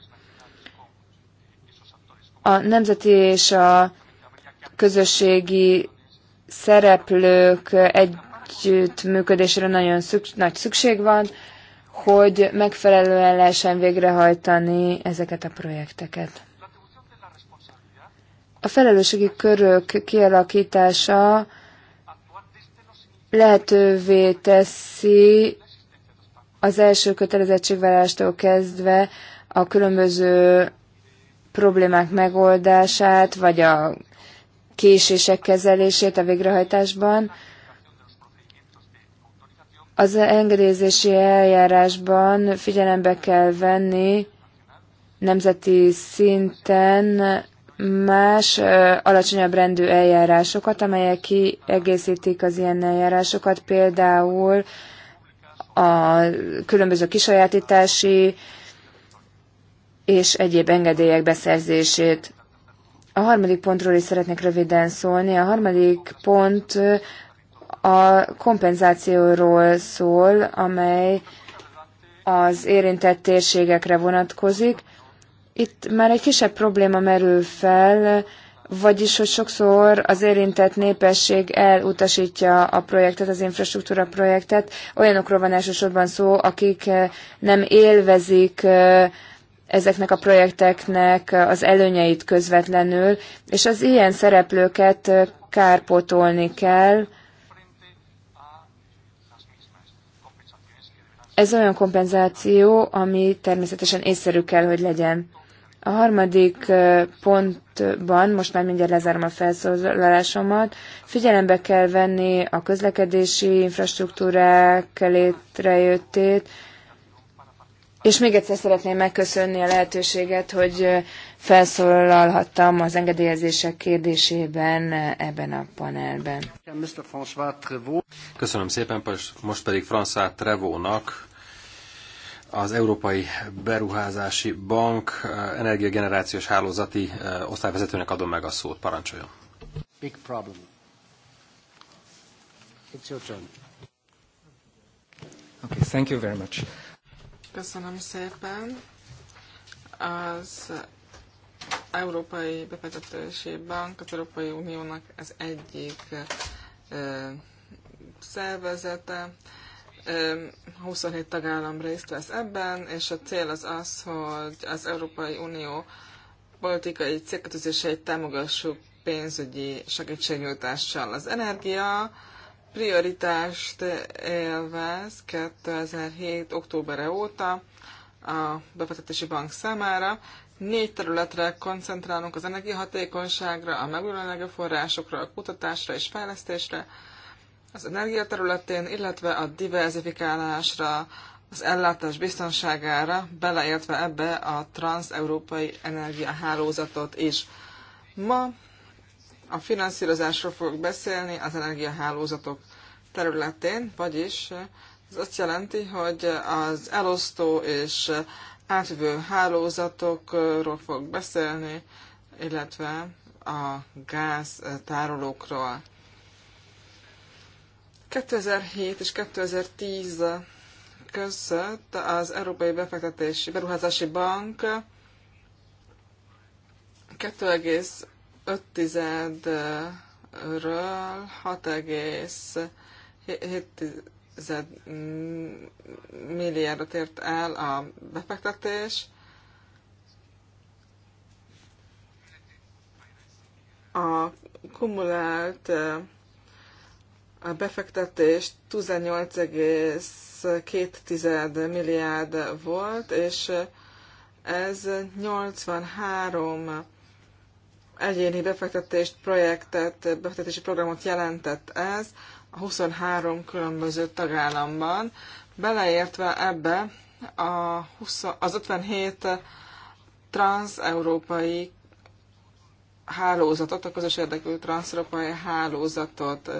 S5: A nemzeti és a közösségi szereplők együttműködésre nagyon szük, nagy szükség van, hogy megfelelően lehessen végrehajtani ezeket a projekteket. A felelősségi körök kialakítása lehetővé teszi az első kötelezettségvállalástól kezdve a különböző problémák megoldását, vagy a késések kezelését a végrehajtásban. Az engedélyezési eljárásban figyelembe kell venni nemzeti szinten más alacsonyabb rendű eljárásokat, amelyek kiegészítik az ilyen eljárásokat, például a különböző kisajátítási és egyéb engedélyek beszerzését. A harmadik pontról is szeretnék röviden szólni. A harmadik pont a kompenzációról szól, amely az érintett térségekre vonatkozik. Itt már egy kisebb probléma merül fel, vagyis, hogy sokszor az érintett népesség elutasítja a projektet, az infrastruktúra projektet. Olyanokról van elsősorban szó, akik nem élvezik ezeknek a projekteknek az előnyeit közvetlenül, és az ilyen szereplőket kárpotolni kell. Ez olyan kompenzáció, ami természetesen észszerű kell, hogy legyen. A harmadik pontban, most már mindjárt lezárom a felszólalásomat, figyelembe kell venni a közlekedési infrastruktúrák létrejöttét, és még egyszer szeretném megköszönni a lehetőséget, hogy felszólalhattam az engedélyezések kérdésében ebben a panelben.
S2: Köszönöm szépen, most pedig François Trevónak az Európai Beruházási Bank eh, energiagenerációs hálózati eh, osztályvezetőnek adom meg a szót. Parancsoljon. Big problem. It's your turn. Okay, thank you very much.
S4: Köszönöm szépen. Az Európai Befektetési Bank az Európai Uniónak az egyik ö, szervezete. 27 tagállam részt vesz ebben, és a cél az az, hogy az Európai Unió politikai célkötözéseit támogassuk pénzügyi segítségnyújtással. Az energia, prioritást élvez 2007. októberre óta a befektetési bank számára. Négy területre koncentrálunk az energiahatékonyságra, a megújuló energiaforrásokra, a kutatásra és fejlesztésre, az energia területén, illetve a diversifikálásra, az ellátás biztonságára, beleértve ebbe a transeurópai energiahálózatot is. Ma a finanszírozásról fogok beszélni az energiahálózatok területén, vagyis ez azt jelenti, hogy az elosztó és átvevő hálózatokról fogok beszélni, illetve a gáztárolókról. 2007 és 2010 között az Európai Befektetési Beruházási Bank 5-ről 6,7 milliárdot ért el a befektetés. A kumulált eh, a befektetés 18,2 milliárd volt, és ez 83 egyéni befektetést, projektet, befektetési programot jelentett ez a 23 különböző tagállamban, beleértve ebbe a 20, az 57 transeurópai hálózatot, a közös érdekű transeurópai hálózatot,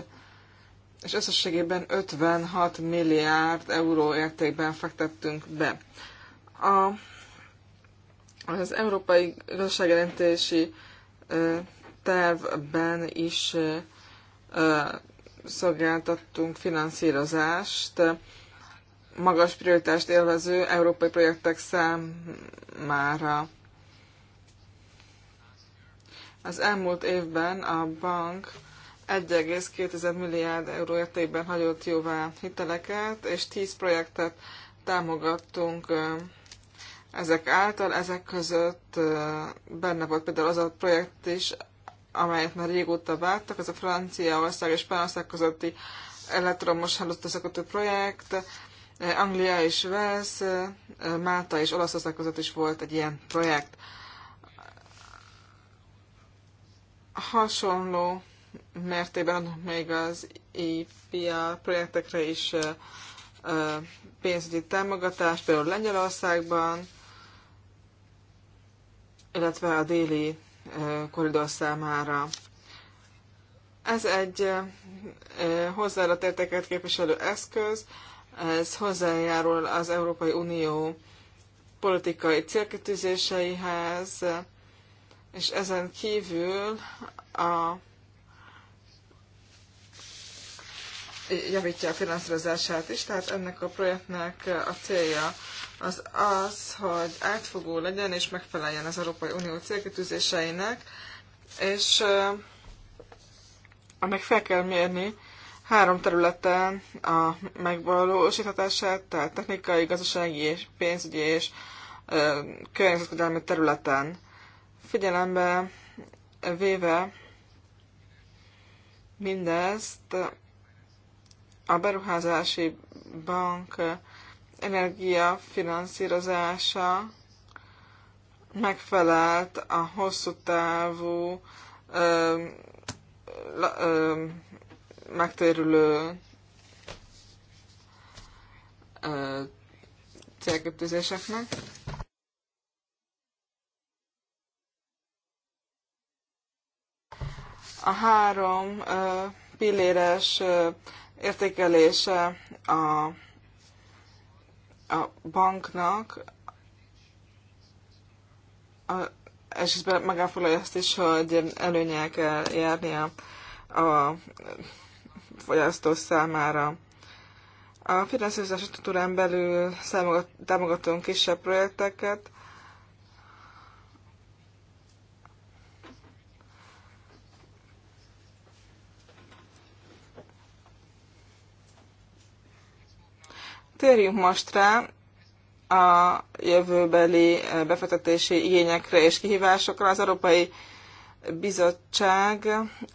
S4: és összességében 56 milliárd euró értékben fektettünk be. A, az Európai Gazdaságjelentési tervben is szolgáltattunk finanszírozást magas prioritást élvező európai projektek számára. Az elmúlt évben a bank 1,2 milliárd euró értékben hagyott jóvá hiteleket, és 10 projektet támogattunk ezek által. Ezek között benne volt például az a projekt is, amelyet már régóta vártak, ez a Franciaország és Spanyolország közötti elektromos hálózatokat projekt, Anglia és Wales, Málta és Olaszország között is volt egy ilyen projekt. Hasonló mértében adunk még az IPA projektekre is pénzügyi támogatást, például Lengyelországban, illetve a déli koridor számára. Ez egy hozzáadott értéket képviselő eszköz, ez hozzájárul az Európai Unió politikai célkitűzéseihez, és ezen kívül a javítja a finanszírozását is, tehát ennek a projektnek a célja az az, hogy átfogó legyen és megfeleljen az Európai Unió célkitűzéseinek, és meg fel kell mérni három területen a megvalósíthatását, tehát technikai, gazdasági és pénzügyi és környezetvédelmi területen. Figyelembe véve mindezt a beruházási bank energia finanszírozása megfelelt a hosszú távú ö, ö, megtérülő célkötőzéseknek. A három ö, pilléres ö, értékelése a a banknak, a, és ez megállapodja azt is, hogy előnyel kell járnia a fogyasztó számára. A finanszírozási struktúrán belül támogatunk kisebb projekteket, Térjünk most rá a jövőbeli eh, befektetési igényekre és kihívásokra. Az Európai Bizottság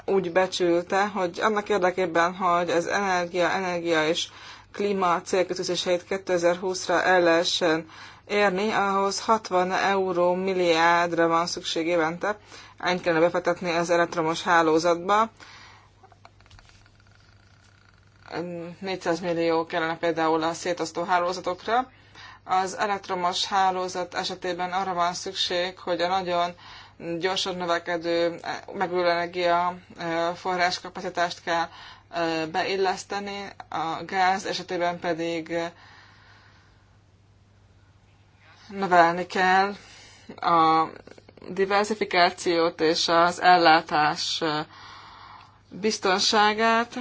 S4: úgy becsülte, hogy annak érdekében, hogy az energia, energia és klíma célkötőzéseit 2020-ra el lehessen érni, ahhoz 60 euró milliárdra van szükség évente, ennyit kellene befektetni az elektromos hálózatba. 400 millió kellene például a szétosztó hálózatokra. Az elektromos hálózat esetében arra van szükség, hogy a nagyon gyorsan növekedő megújuló energia forráskapacitást kell beilleszteni, a gáz esetében pedig növelni kell a diversifikációt és az ellátás biztonságát.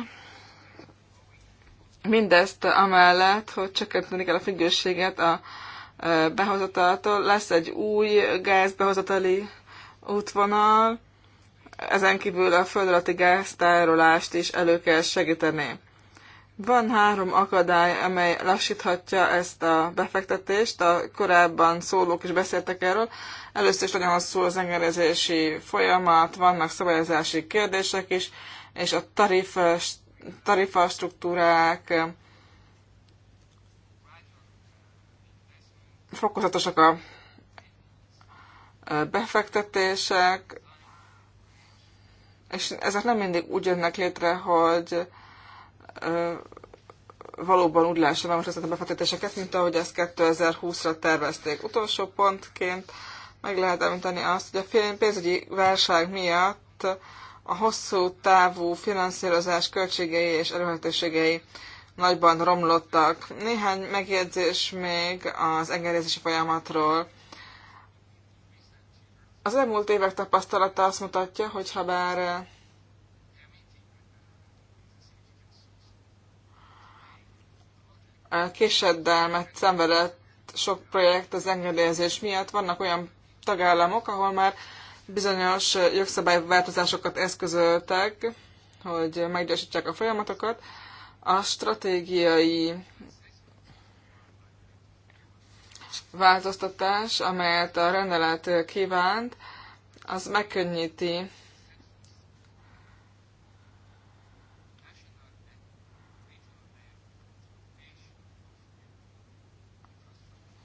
S4: Mindezt amellett, hogy csökkenteni kell a függőséget a behozataltól, lesz egy új gázbehozatali útvonal, ezen kívül a föld alatti gáztárolást is elő kell segíteni. Van három akadály, amely lassíthatja ezt a befektetést, a korábban szólók is beszéltek erről. Először is nagyon hosszú az engedezési folyamat, vannak szabályozási kérdések is, és a tarifest tarifastruktúrák, fokozatosak a befektetések, és ezek nem mindig úgy jönnek létre, hogy valóban úgy lehessen megmutatatni a befektetéseket, mint ahogy ezt 2020-ra tervezték. Utolsó pontként meg lehet említeni azt, hogy a pénzügyi válság miatt a hosszú távú finanszírozás költségei és előhetőségei nagyban romlottak. Néhány megjegyzés még az engedélyezési folyamatról. Az elmúlt évek tapasztalata azt mutatja, hogy ha bár eh, késeddelmet szenvedett sok projekt az engedélyezés miatt, vannak olyan tagállamok, ahol már bizonyos jogszabályváltozásokat eszközöltek, hogy meggyorsítsák a folyamatokat. A stratégiai változtatás, amelyet a rendelet kívánt, az megkönnyíti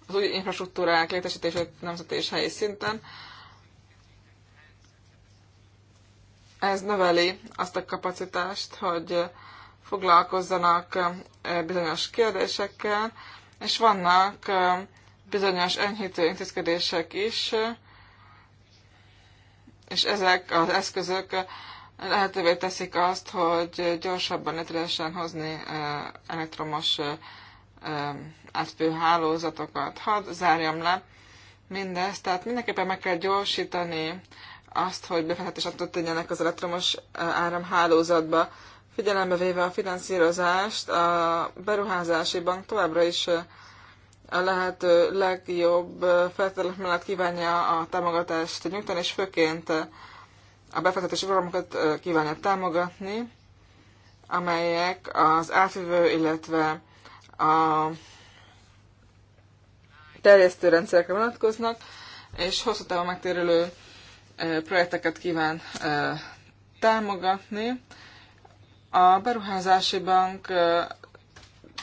S4: az új infrastruktúrák létesítését nemzeti és helyi szinten, Ez növeli azt a kapacitást, hogy foglalkozzanak bizonyos kérdésekkel, és vannak bizonyos enyhítő intézkedések is, és ezek az eszközök lehetővé teszik azt, hogy gyorsabban lehessen hozni elektromos átfő hálózatokat. Hadd zárjam le mindezt, tehát mindenképpen meg kell gyorsítani azt, hogy befektetések tegyenek az elektromos áramhálózatba. Figyelembe véve a finanszírozást, a beruházási bank továbbra is a lehető legjobb feltételek mellett kívánja a támogatást nyújtani, és főként a befektetési programokat kívánja támogatni, amelyek az átjövő, illetve a terjesztő rendszerekre vonatkoznak, és hosszú távon megtérülő projekteket kíván támogatni. A Beruházási Bank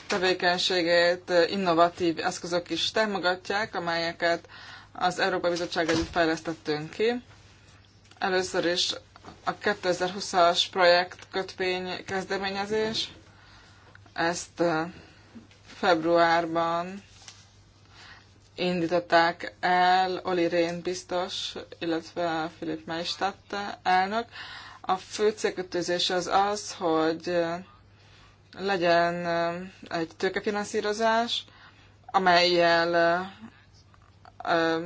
S4: tevékenységét innovatív eszközök is támogatják, amelyeket az Európai Bizottság együtt fejlesztettünk ki. Először is a 2020-as projekt kötvény kezdeményezés. Ezt februárban indították el Oli Rén biztos, illetve Filip Meistadt elnök. A fő célkötőzés az az, hogy legyen eh, egy tőkefinanszírozás, amelyel eh,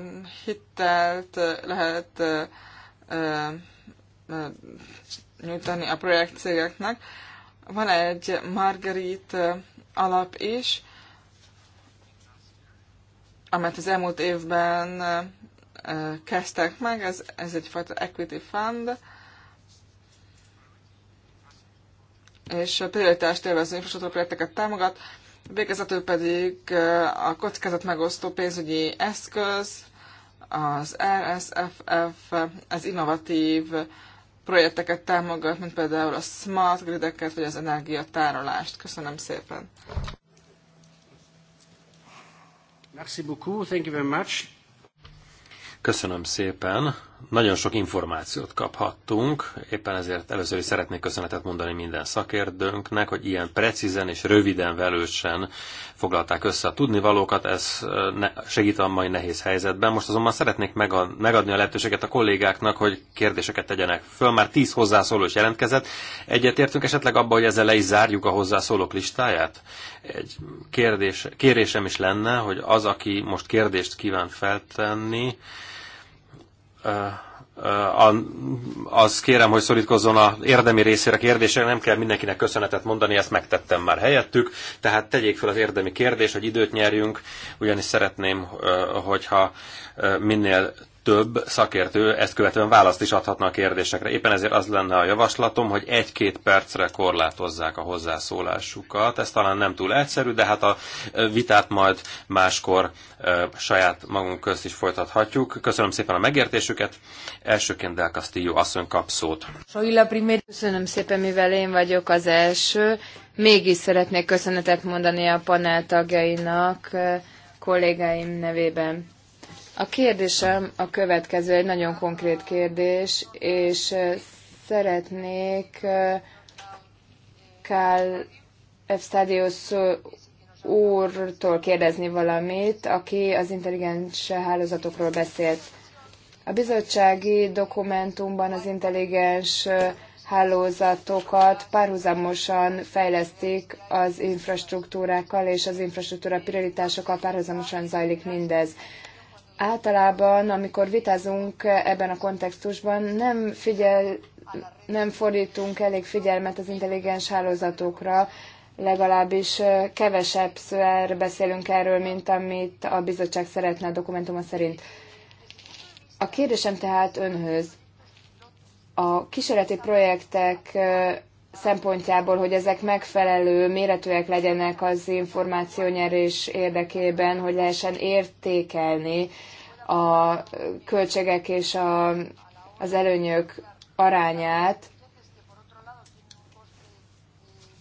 S4: hitelt eh, lehet nyújtani a cégeknek. Van egy Margarit alap is, amelyet az elmúlt évben kezdtek meg, ez, ez egyfajta equity fund, és a prioritást élvező infrastruktúra projekteket támogat, végezetül pedig a kockázat megosztó pénzügyi eszköz, az RSFF, az innovatív projekteket támogat, mint például a smart grideket, vagy az energiatárolást. Köszönöm szépen!
S1: Merci beaucoup, thank you very much.
S2: Köszönöm szépen. Nagyon sok információt kaphattunk, éppen ezért először is szeretnék köszönetet mondani minden szakértőnknek, hogy ilyen precízen és röviden velősen foglalták össze a tudnivalókat, ez segít a mai nehéz helyzetben. Most azonban szeretnék megadni a lehetőséget a kollégáknak, hogy kérdéseket tegyenek föl. Már tíz hozzászóló is jelentkezett. Egyetértünk esetleg abba, hogy ezzel le is zárjuk a hozzászólók listáját? Egy kérdés, kérésem is lenne, hogy az, aki most kérdést kíván feltenni, az kérem, hogy szorítkozzon a érdemi részére kérdésre, nem kell mindenkinek köszönetet mondani, ezt megtettem már helyettük, tehát tegyék fel az érdemi kérdés, hogy időt nyerjünk, ugyanis szeretném, hogyha minél több szakértő ezt követően választ is adhatna a kérdésekre. Éppen ezért az lenne a javaslatom, hogy egy-két percre korlátozzák a hozzászólásukat. Ez talán nem túl egyszerű, de hát a vitát majd máskor e, saját magunk közt is folytathatjuk. Köszönöm szépen a megértésüket. Elsőként Del Castillo asszony kap szót.
S5: Köszönöm szépen, mivel én vagyok az első. Mégis szeretnék köszönetet mondani a panel tagjainak kollégáim nevében a kérdésem a következő, egy nagyon konkrét kérdés, és szeretnék Kál F. Stadios úrtól kérdezni valamit, aki az intelligens hálózatokról beszélt. A bizottsági dokumentumban az intelligens hálózatokat párhuzamosan fejlesztik az infrastruktúrákkal, és az infrastruktúra prioritásokkal párhuzamosan zajlik mindez általában, amikor vitázunk ebben a kontextusban, nem figyel, nem fordítunk elég figyelmet az intelligens hálózatokra, legalábbis kevesebb szőr beszélünk erről, mint amit a bizottság szeretne a dokumentuma szerint. A kérdésem tehát önhöz. A kísérleti projektek szempontjából, hogy ezek megfelelő méretűek legyenek az információnyerés érdekében, hogy lehessen értékelni a költségek és a, az előnyök arányát,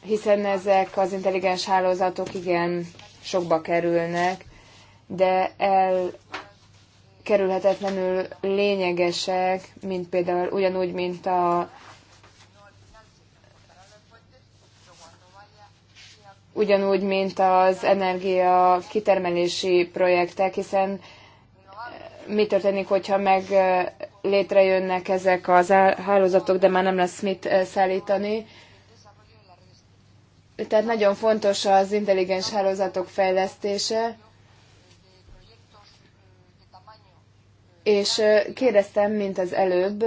S5: hiszen ezek az intelligens hálózatok igen sokba kerülnek, de el kerülhetetlenül lényegesek, mint például ugyanúgy, mint a ugyanúgy, mint az energia kitermelési projektek, hiszen eh, mi történik, hogyha meg eh, létrejönnek ezek az hálózatok, de már nem lesz mit eh, szállítani. Tehát nagyon fontos az intelligens hálózatok fejlesztése. És kérdeztem, mint az előbb,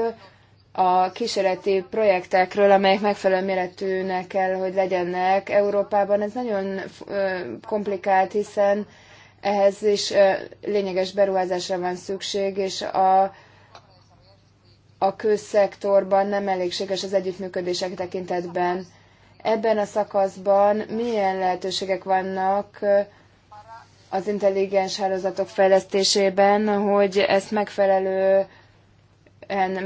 S5: a kísérleti projektekről, amelyek megfelelő méretűnek kell, hogy legyenek Európában. Ez nagyon komplikált, hiszen ehhez is lényeges beruházásra van szükség, és a, a közszektorban nem elégséges az együttműködések tekintetben. Ebben a szakaszban milyen lehetőségek vannak az intelligens hálózatok fejlesztésében, hogy ezt megfelelő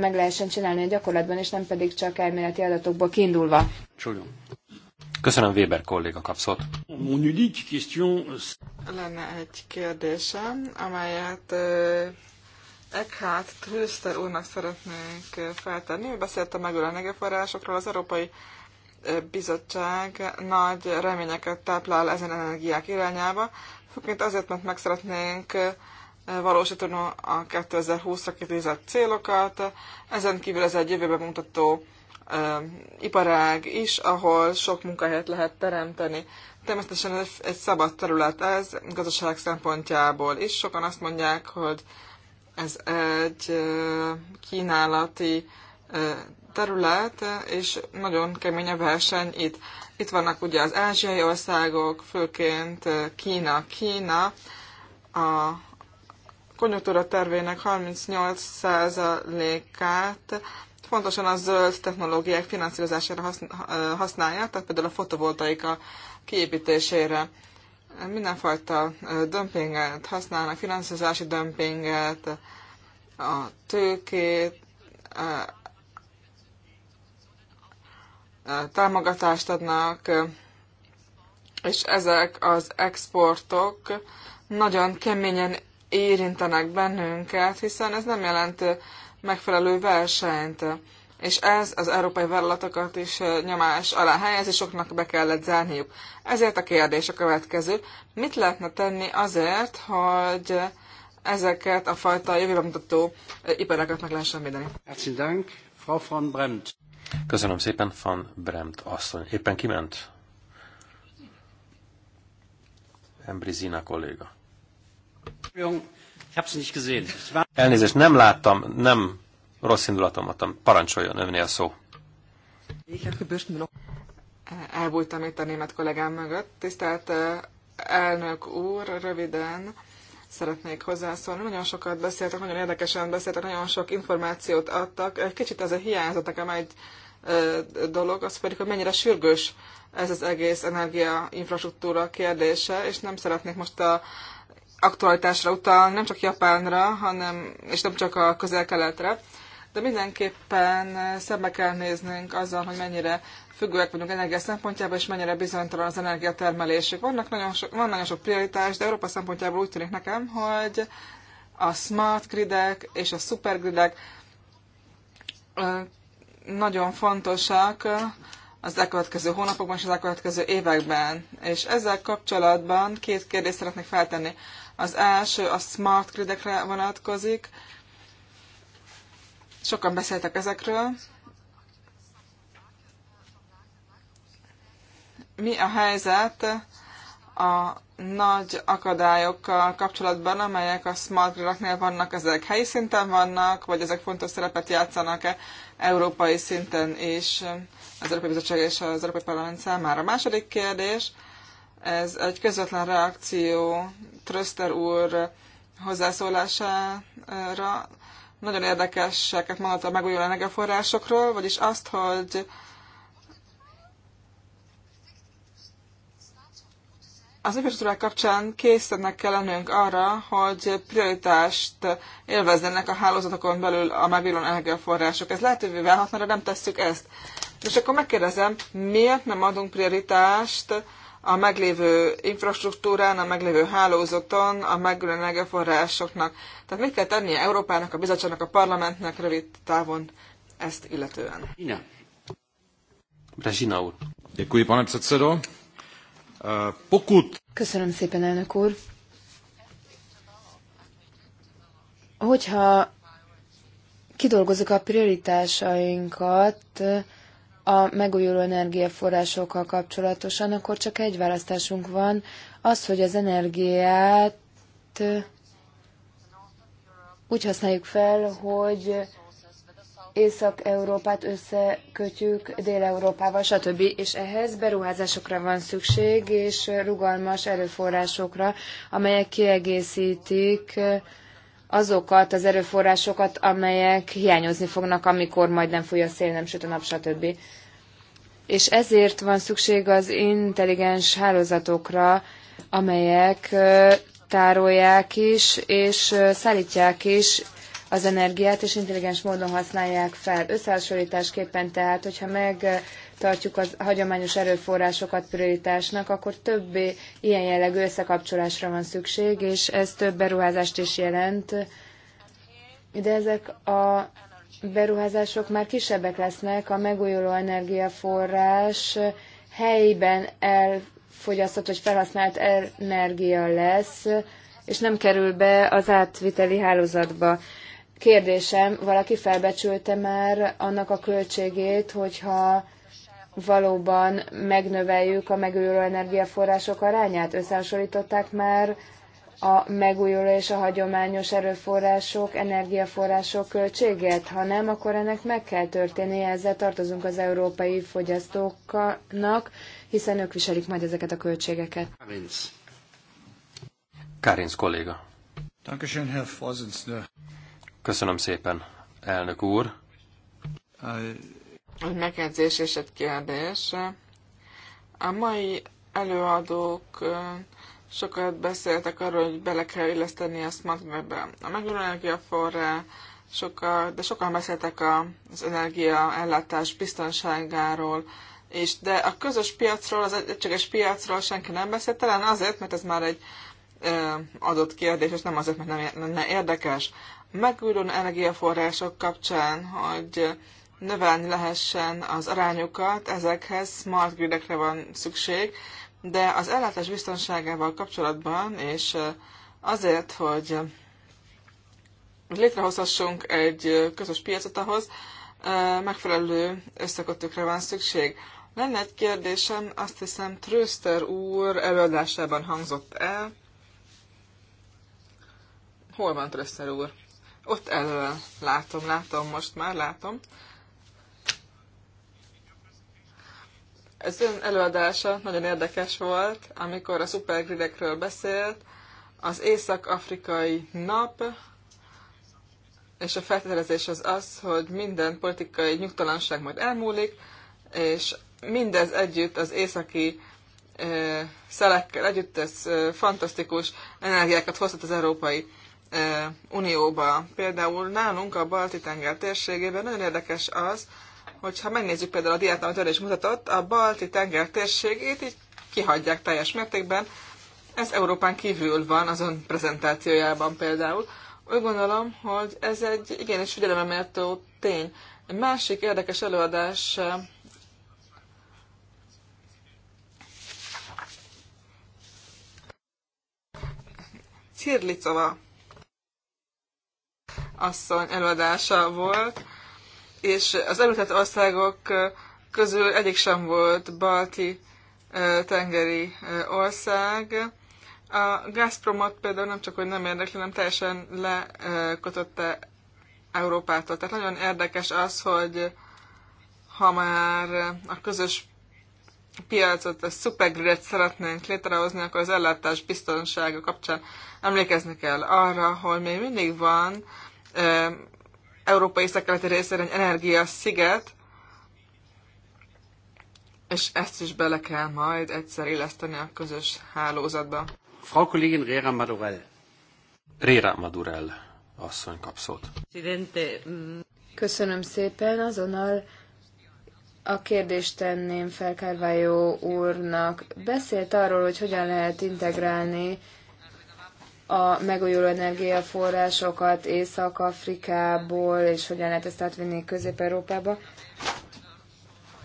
S5: meg lehessen csinálni a gyakorlatban, és nem pedig csak elméleti adatokból kiindulva.
S2: Csúlyom. Köszönöm Weber kolléga kapszott. Euh,
S5: Lenne egy kérdésem, amelyet
S4: Eckhart Trüster úrnak szeretnék feltenni. Beszéltem beszélt a megújuló Az Európai Bizottság nagy reményeket táplál ezen energiák irányába, főként azért, mert meg szeretnénk valósítani a 2020-ra kitűzett célokat. Ezen kívül ez egy jövőbe mutató iparág is, ahol sok munkahelyet lehet teremteni. Természetesen egy, egy szabad terület ez, gazdaság szempontjából is. Sokan azt mondják, hogy ez egy kínálati terület, és nagyon kemény a verseny itt. Itt vannak ugye az ázsiai országok, főként Kína. Kína a konjunktúra tervének 38%-át fontosan a zöld technológiák finanszírozására használják, tehát például a fotovoltaika kiépítésére. Mindenfajta dömpinget használnak, finanszírozási dömpinget, a tőkét, támogatást adnak, és ezek az exportok nagyon keményen érintenek bennünket, hiszen ez nem jelent megfelelő versenyt. És ez az európai vállalatokat is nyomás alá helyez, és soknak be kellett zárniuk. Ezért a kérdés a következő. Mit lehetne tenni azért, hogy ezeket a fajta jövőben mutató iparákat meg lehessen védeni?
S1: Frau von Bremt.
S2: Köszönöm szépen, van Bremt asszony. Éppen kiment? Embrizina kolléga. Elnézést, nem láttam, nem rossz indulatom adtam. Parancsoljon, önné a szó.
S4: Elbújtam itt a német kollégám mögött. Tisztelt elnök úr, röviden szeretnék hozzászólni. Nagyon sokat beszéltek, nagyon érdekesen beszéltek, nagyon sok információt adtak. Kicsit kicsit a hiányzott nekem egy dolog, az pedig, hogy mennyire sürgős ez az egész energia infrastruktúra kérdése, és nem szeretnék most a aktualitásra utal, nem csak Japánra, hanem, és nem csak a közel-keletre, de mindenképpen szembe kell néznünk azzal, hogy mennyire függőek vagyunk energia szempontjából, és mennyire bizonytalan az energiatermelésük. Vannak nagyon sok, van nagyon sok prioritás, de Európa szempontjából úgy tűnik nekem, hogy a smart gridek és a super gridek nagyon fontosak az elkövetkező hónapokban és az elkövetkező években. És ezzel kapcsolatban két kérdést szeretnék feltenni. Az első a smart gridekre vonatkozik. Sokan beszéltek ezekről. Mi a helyzet a nagy akadályokkal kapcsolatban, amelyek a smart gridoknél vannak, ezek helyi szinten vannak, vagy ezek fontos szerepet játszanak-e európai szinten is az Európai Bizottság és az Európai Parlament számára. A második kérdés, ez egy közvetlen reakció Tröster úr hozzászólására. Nagyon érdekeseket mondott a megújuló energiaforrásokról, vagyis azt, hogy az infrastruktúrák kapcsán készítenek kell lennünk arra, hogy prioritást élvezzenek a hálózatokon belül a megújuló energiaforrások. Ez lehetővé válhat, de nem tesszük ezt. És akkor megkérdezem, miért nem adunk prioritást a meglévő infrastruktúrán, a meglévő hálózaton, a megülő energiaforrásoknak. Tehát mit kell tennie Európának, a bizottságnak, a parlamentnek rövid távon ezt illetően?
S1: Ina.
S2: Brezsina úr. Děkuji, pane předsedo. Eh, pokud...
S5: Köszönöm szépen, elnök úr. Hogyha kidolgozok a prioritásainkat, a megújuló energiaforrásokkal kapcsolatosan, akkor csak egy választásunk van, az, hogy az energiát úgy használjuk fel, hogy Észak-Európát összekötjük Dél-Európával, stb. És ehhez beruházásokra van szükség, és rugalmas erőforrásokra, amelyek kiegészítik azokat az erőforrásokat, amelyek hiányozni fognak, amikor majd nem fúj a szél, nem süt a nap, stb. És ezért van szükség az intelligens hálózatokra, amelyek tárolják is, és szállítják is az energiát, és intelligens módon használják fel. Összehasonlításképpen tehát, hogyha meg tartjuk az hagyományos erőforrásokat prioritásnak, akkor több ilyen jellegű összekapcsolásra van szükség, és ez több beruházást is jelent. De ezek a beruházások már kisebbek lesznek, a megújuló energiaforrás helyben elfogyasztott vagy felhasznált energia lesz, és nem kerül be az átviteli hálózatba. Kérdésem, valaki felbecsülte már annak a költségét, hogyha valóban megnöveljük a megújuló energiaforrások arányát? Összehasonlították már a megújuló és a hagyományos erőforrások, energiaforrások költséget? Ha nem, akkor ennek meg kell történnie, ezzel tartozunk az európai fogyasztóknak, hiszen ők viselik majd ezeket a költségeket.
S2: Karinz. Karinz kolléga. Köszönöm szépen, elnök úr
S4: egy megjegyzés és egy kérdés. A mai előadók sokat beszéltek arról, hogy bele kell illeszteni a smart webbe. A megújuló energiaforrá, sokkal, de sokan beszéltek a, az energiaellátás biztonságáról, és de a közös piacról, az egységes piacról senki nem beszélt, talán azért, mert ez már egy ö, adott kérdés, és nem azért, mert nem érdekes. Megújuló energiaforrások kapcsán, hogy növelni lehessen az arányokat, ezekhez smart gridekre van szükség, de az ellátás biztonságával kapcsolatban, és azért, hogy létrehozhassunk egy közös piacot ahhoz, megfelelő összekötőkre van szükség. Lenne egy kérdésem, azt hiszem Tröster úr előadásában hangzott el. Hol van Tröster úr? Ott elő látom, látom, most már látom. ez ön előadása nagyon érdekes volt, amikor a szupergridekről beszélt, az észak-afrikai nap, és a feltételezés az az, hogy minden politikai nyugtalanság majd elmúlik, és mindez együtt az északi ö, szelekkel együtt ez ö, fantasztikus energiákat hozhat az Európai ö, Unióba. Például nálunk a Balti-tenger térségében nagyon érdekes az, Hogyha megnézzük például a diát, amit ön is mutatott, a balti tenger térségét így kihagyják teljes mértékben. Ez Európán kívül van azon prezentációjában például. Úgy gondolom, hogy ez egy igenis figyelememértő tény. Egy másik érdekes előadás Cirlicova asszony előadása volt, és az említett országok közül egyik sem volt balti tengeri ország. A Gazpromot például nem csak, hogy nem érdekli, hanem teljesen lekötötte Európától. Tehát nagyon érdekes az, hogy ha már a közös piacot, a szupergridet szeretnénk létrehozni, akkor az ellátás biztonsága kapcsán emlékezni kell arra, hogy még mindig van Európai északkeleti részén egy energia sziget, és ezt is bele kell majd egyszer illeszteni a közös
S2: hálózatba. Frau Kollégin Réra Madurell. Réra Madurell asszony kap szót.
S5: Mm. Köszönöm szépen, azonnal a kérdést tenném fel Kárvájó úrnak. Beszélt arról, hogy hogyan lehet integrálni a megújuló energiaforrásokat Észak-Afrikából, és hogyan lehet ezt átvinni Közép-Európába,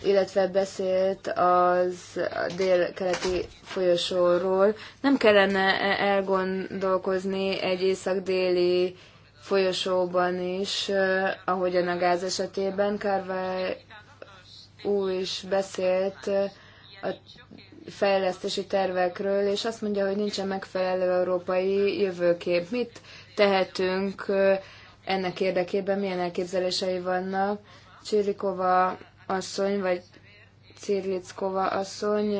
S5: illetve beszélt az dél-keleti folyosóról. Nem kellene elgondolkozni egy észak-déli folyosóban is, eh, ahogyan a gáz esetében. Kárvály úr is beszélt eh, a fejlesztési tervekről, és azt mondja, hogy nincsen megfelelő európai jövőkép. Mit tehetünk ennek érdekében, milyen elképzelései vannak? Csirikova asszony, vagy Cirlickova asszony,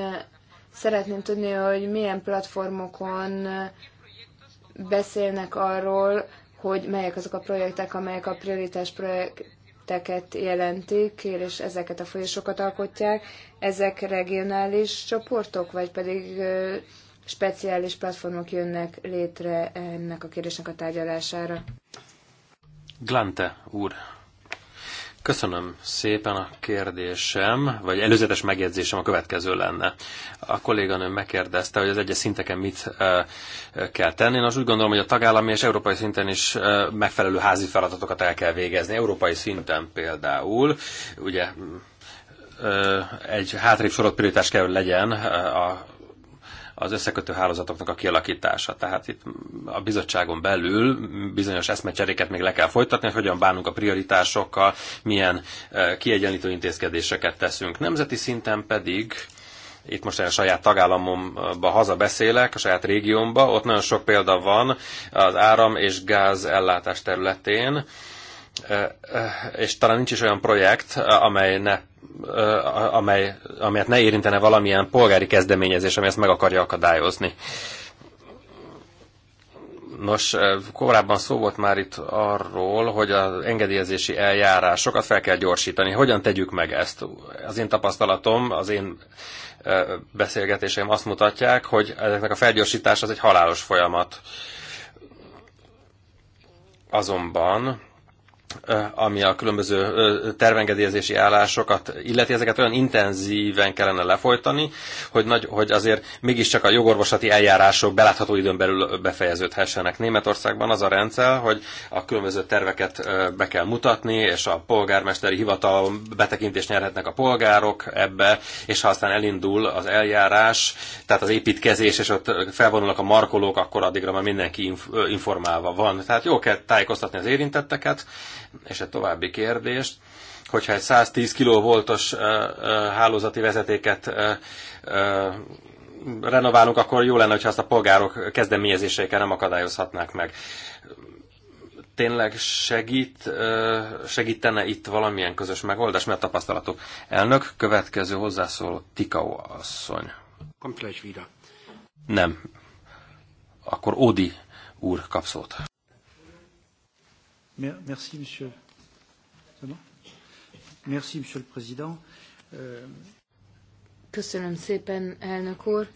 S5: szeretném tudni, hogy milyen platformokon beszélnek arról, hogy melyek azok a projektek, amelyek a prioritás projekt, területeket jelentik, és ezeket a folyosokat alkotják. Ezek regionális csoportok, vagy pedig speciális platformok jönnek létre ennek a kérdésnek a tárgyalására?
S2: Glante úr, Köszönöm szépen a kérdésem, vagy előzetes megjegyzésem a következő lenne. A kolléganőm megkérdezte, hogy az egyes szinteken mit kell tenni. Én azt úgy gondolom, hogy a tagállami és európai szinten is megfelelő házi feladatokat el kell végezni. Európai szinten például, ugye egy hátrébb sorok prioritás kell, hogy legyen a az összekötő hálózatoknak a kialakítása. Tehát itt a bizottságon belül bizonyos eszmecseréket még le kell folytatni, hogy hogyan bánunk a prioritásokkal, milyen kiegyenlítő intézkedéseket teszünk. Nemzeti szinten pedig itt most a saját tagállamomba hazabeszélek, a saját régiómba, ott nagyon sok példa van az áram és gáz ellátás területén, és talán nincs is olyan projekt, amely ne amely, amelyet ne érintene valamilyen polgári kezdeményezés, ami ezt meg akarja akadályozni. Nos, korábban szó volt már itt arról, hogy az engedélyezési eljárásokat fel kell gyorsítani. Hogyan tegyük meg ezt? Az én tapasztalatom, az én beszélgetéseim azt mutatják, hogy ezeknek a felgyorsítás az egy halálos folyamat. Azonban ami a különböző tervengedélyezési állásokat illeti, ezeket olyan intenzíven kellene lefolytani, hogy, nagy, hogy azért mégiscsak a jogorvoslati eljárások belátható időn belül befejeződhessenek. Németországban az a rendszer, hogy a különböző terveket be kell mutatni, és a polgármesteri hivatal betekintést nyerhetnek a polgárok ebbe, és ha aztán elindul az eljárás, tehát az építkezés, és ott felvonulnak a markolók, akkor addigra már mindenki informálva van. Tehát jó kell tájékoztatni az érintetteket, és egy további kérdést, hogyha egy 110 kilovoltos hálózati vezetéket renoválunk, akkor jó lenne, hogyha azt a polgárok kezdeményezéseikkel nem akadályozhatnák meg. Tényleg segít, segítene itt valamilyen közös megoldás, mert tapasztalatok. Elnök, következő hozzászóló Tikao asszony.
S1: Komplett vida.
S2: Nem. Akkor Odi úr kapszót.
S1: Merci, monsieur. Merci, monsieur le président. Euh, Köszönöm szépen, elnök úr.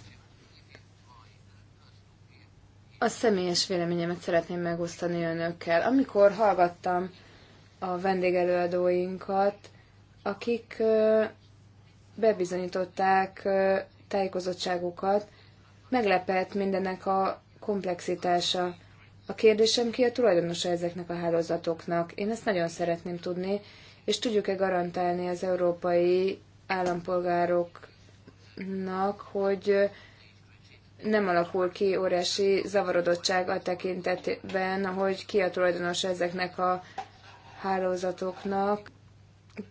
S5: A személyes véleményemet szeretném megosztani önökkel. Amikor hallgattam a vendégelőadóinkat, akik bebizonyították tájékozottságukat, meglepett mindennek a komplexitása. A kérdésem ki a tulajdonosa ezeknek a hálózatoknak. Én ezt nagyon szeretném tudni, és tudjuk-e garantálni az európai állampolgároknak, hogy nem alakul ki óriási zavarodottság a tekintetben, hogy ki a tulajdonos ezeknek a hálózatoknak,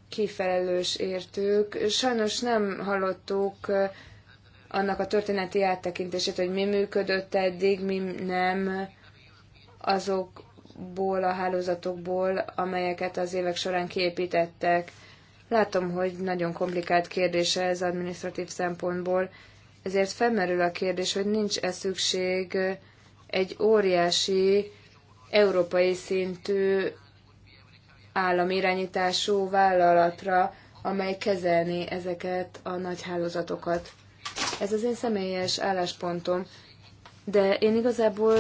S5: kifelelős értük. Sajnos nem hallottuk eh, annak a történeti áttekintését, hogy mi működött eddig, mi nem azokból a hálózatokból, amelyeket az évek során kiépítettek. Látom, hogy nagyon komplikált kérdése ez administratív szempontból, ezért felmerül a kérdés, hogy nincs-e szükség egy óriási európai szintű államirányítású vállalatra, amely kezelni ezeket a nagy hálózatokat. Ez az én személyes álláspontom, de én igazából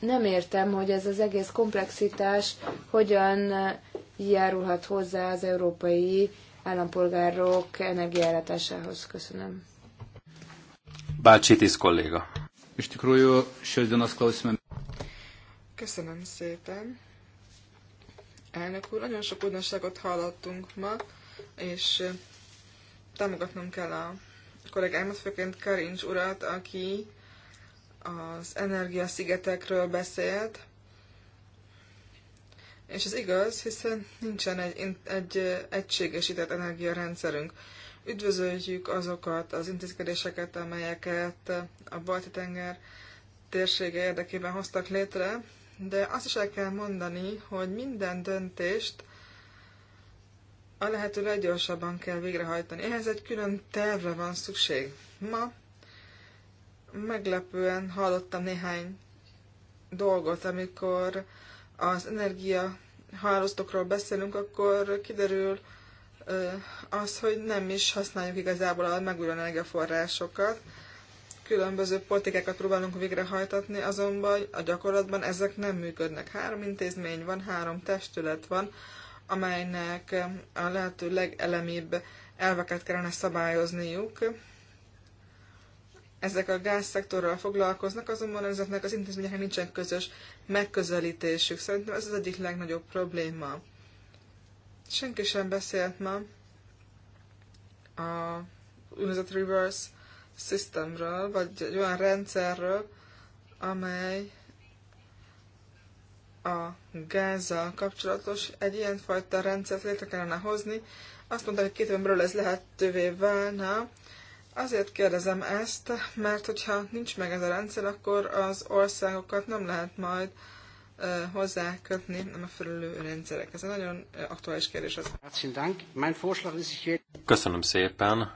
S5: nem értem, hogy ez az egész komplexitás hogyan eh, járulhat hozzá az európai állampolgárok energiállátásához. Köszönöm.
S2: Bácsi tíz kolléga.
S5: Köszönöm szépen.
S4: Elnök úr, nagyon sok újdonságot hallottunk ma, és eh, támogatnom kell a kollégámat, főként Karincs urat, aki az energiaszigetekről beszélt, és ez igaz, hiszen nincsen egy, egy egységesített energiarendszerünk. Üdvözöljük azokat az intézkedéseket, amelyeket a Balti-tenger térsége érdekében hoztak létre, de azt is el kell mondani, hogy minden döntést a lehető leggyorsabban kell végrehajtani. Ehhez egy külön tervre van szükség. Ma meglepően hallottam néhány dolgot, amikor az energia hálóztokról beszélünk, akkor kiderül az, hogy nem is használjuk igazából a megújuló energiaforrásokat. Különböző politikákat próbálunk végrehajtatni, azonban a gyakorlatban ezek nem működnek. Három intézmény van, három testület van, amelynek a lehető legelemibb elveket kellene szabályozniuk, ezek a gázszektorral foglalkoznak, azonban ezeknek az intézményeknek nincsen közös megközelítésük. Szerintem ez az egyik legnagyobb probléma. Senki sem beszélt ma a úgynevezett reverse systemről, vagy egy olyan rendszerről, amely a gázzal kapcsolatos egy ilyenfajta rendszert létre kellene hozni. Azt mondta, hogy két évben belül ez lehetővé válna, Azért kérdezem ezt, mert hogyha nincs meg ez a rendszer, akkor az országokat nem lehet majd hozzákötni nem a megfelelő rendszerek. Ez egy nagyon aktuális kérdés az.
S2: Köszönöm szépen.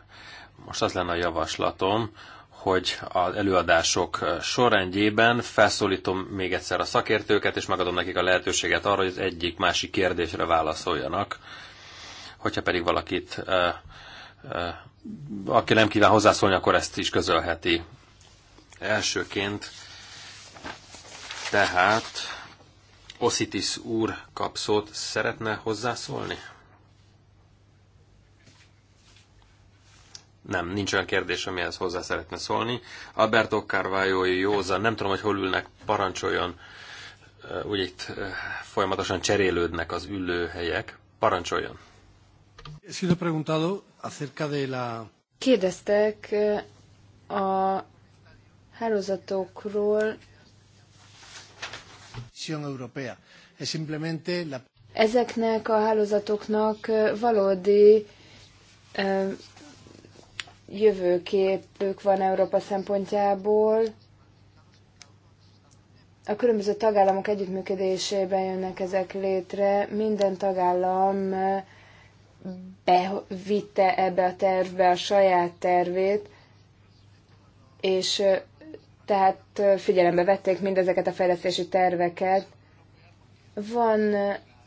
S2: Most az lenne a javaslatom, hogy az előadások sorrendjében felszólítom még egyszer a szakértőket, és megadom nekik a lehetőséget arra, hogy az egyik másik kérdésre válaszoljanak. Hogyha pedig valakit aki nem kíván hozzászólni, akkor ezt is közölheti. Elsőként tehát Oszitis úr kap szót. Szeretne hozzászólni? Nem, nincs olyan kérdés, amihez hozzá szeretne szólni. Alberto Carvalho Józa, nem tudom, hogy hol ülnek, parancsoljon. Úgy itt folyamatosan cserélődnek az ülőhelyek. Parancsoljon.
S1: He sido preguntado
S5: Kérdeztek eh, a hálózatokról. Ezeknek a hálózatoknak eh, valódi eh, jövőképük van Európa szempontjából. A különböző tagállamok együttműködésében jönnek ezek létre. Minden tagállam bevitte ebbe a tervbe a saját tervét, és tehát figyelembe vették mindezeket a fejlesztési terveket. Van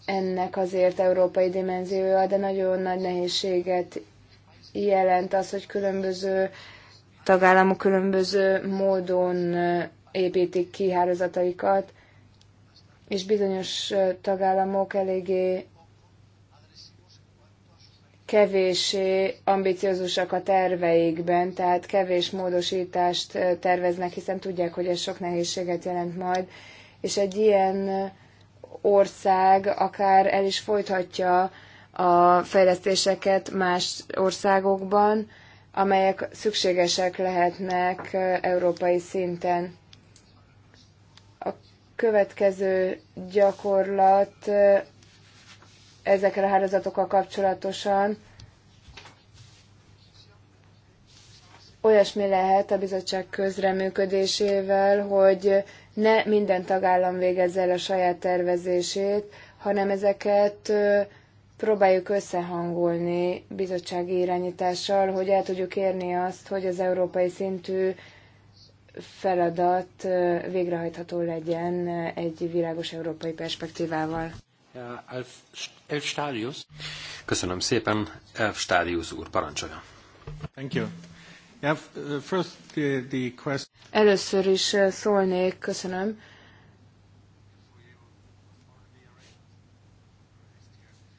S5: ennek azért európai dimenziója, de nagyon nagy nehézséget jelent az, hogy különböző tagállamok különböző módon építik ki hálózataikat, és bizonyos tagállamok eléggé kevésé, ambiciózusak a terveikben, tehát kevés módosítást terveznek, hiszen tudják, hogy ez sok nehézséget jelent majd, és egy ilyen ország akár el is folytatja a fejlesztéseket más országokban, amelyek szükségesek lehetnek európai szinten. A következő gyakorlat ezekkel a hálózatokkal kapcsolatosan olyasmi lehet a bizottság közreműködésével, hogy ne minden tagállam végezze el a saját tervezését, hanem ezeket próbáljuk összehangolni bizottsági irányítással, hogy el tudjuk érni azt, hogy az európai szintű feladat végrehajtható legyen egy világos európai perspektívával.
S2: Elf, Elf Köszönöm szépen, Elf Stadius úr, parancsolja. Thank you. Yeah, uh, first the, the
S5: Először is uh, szólnék, köszönöm.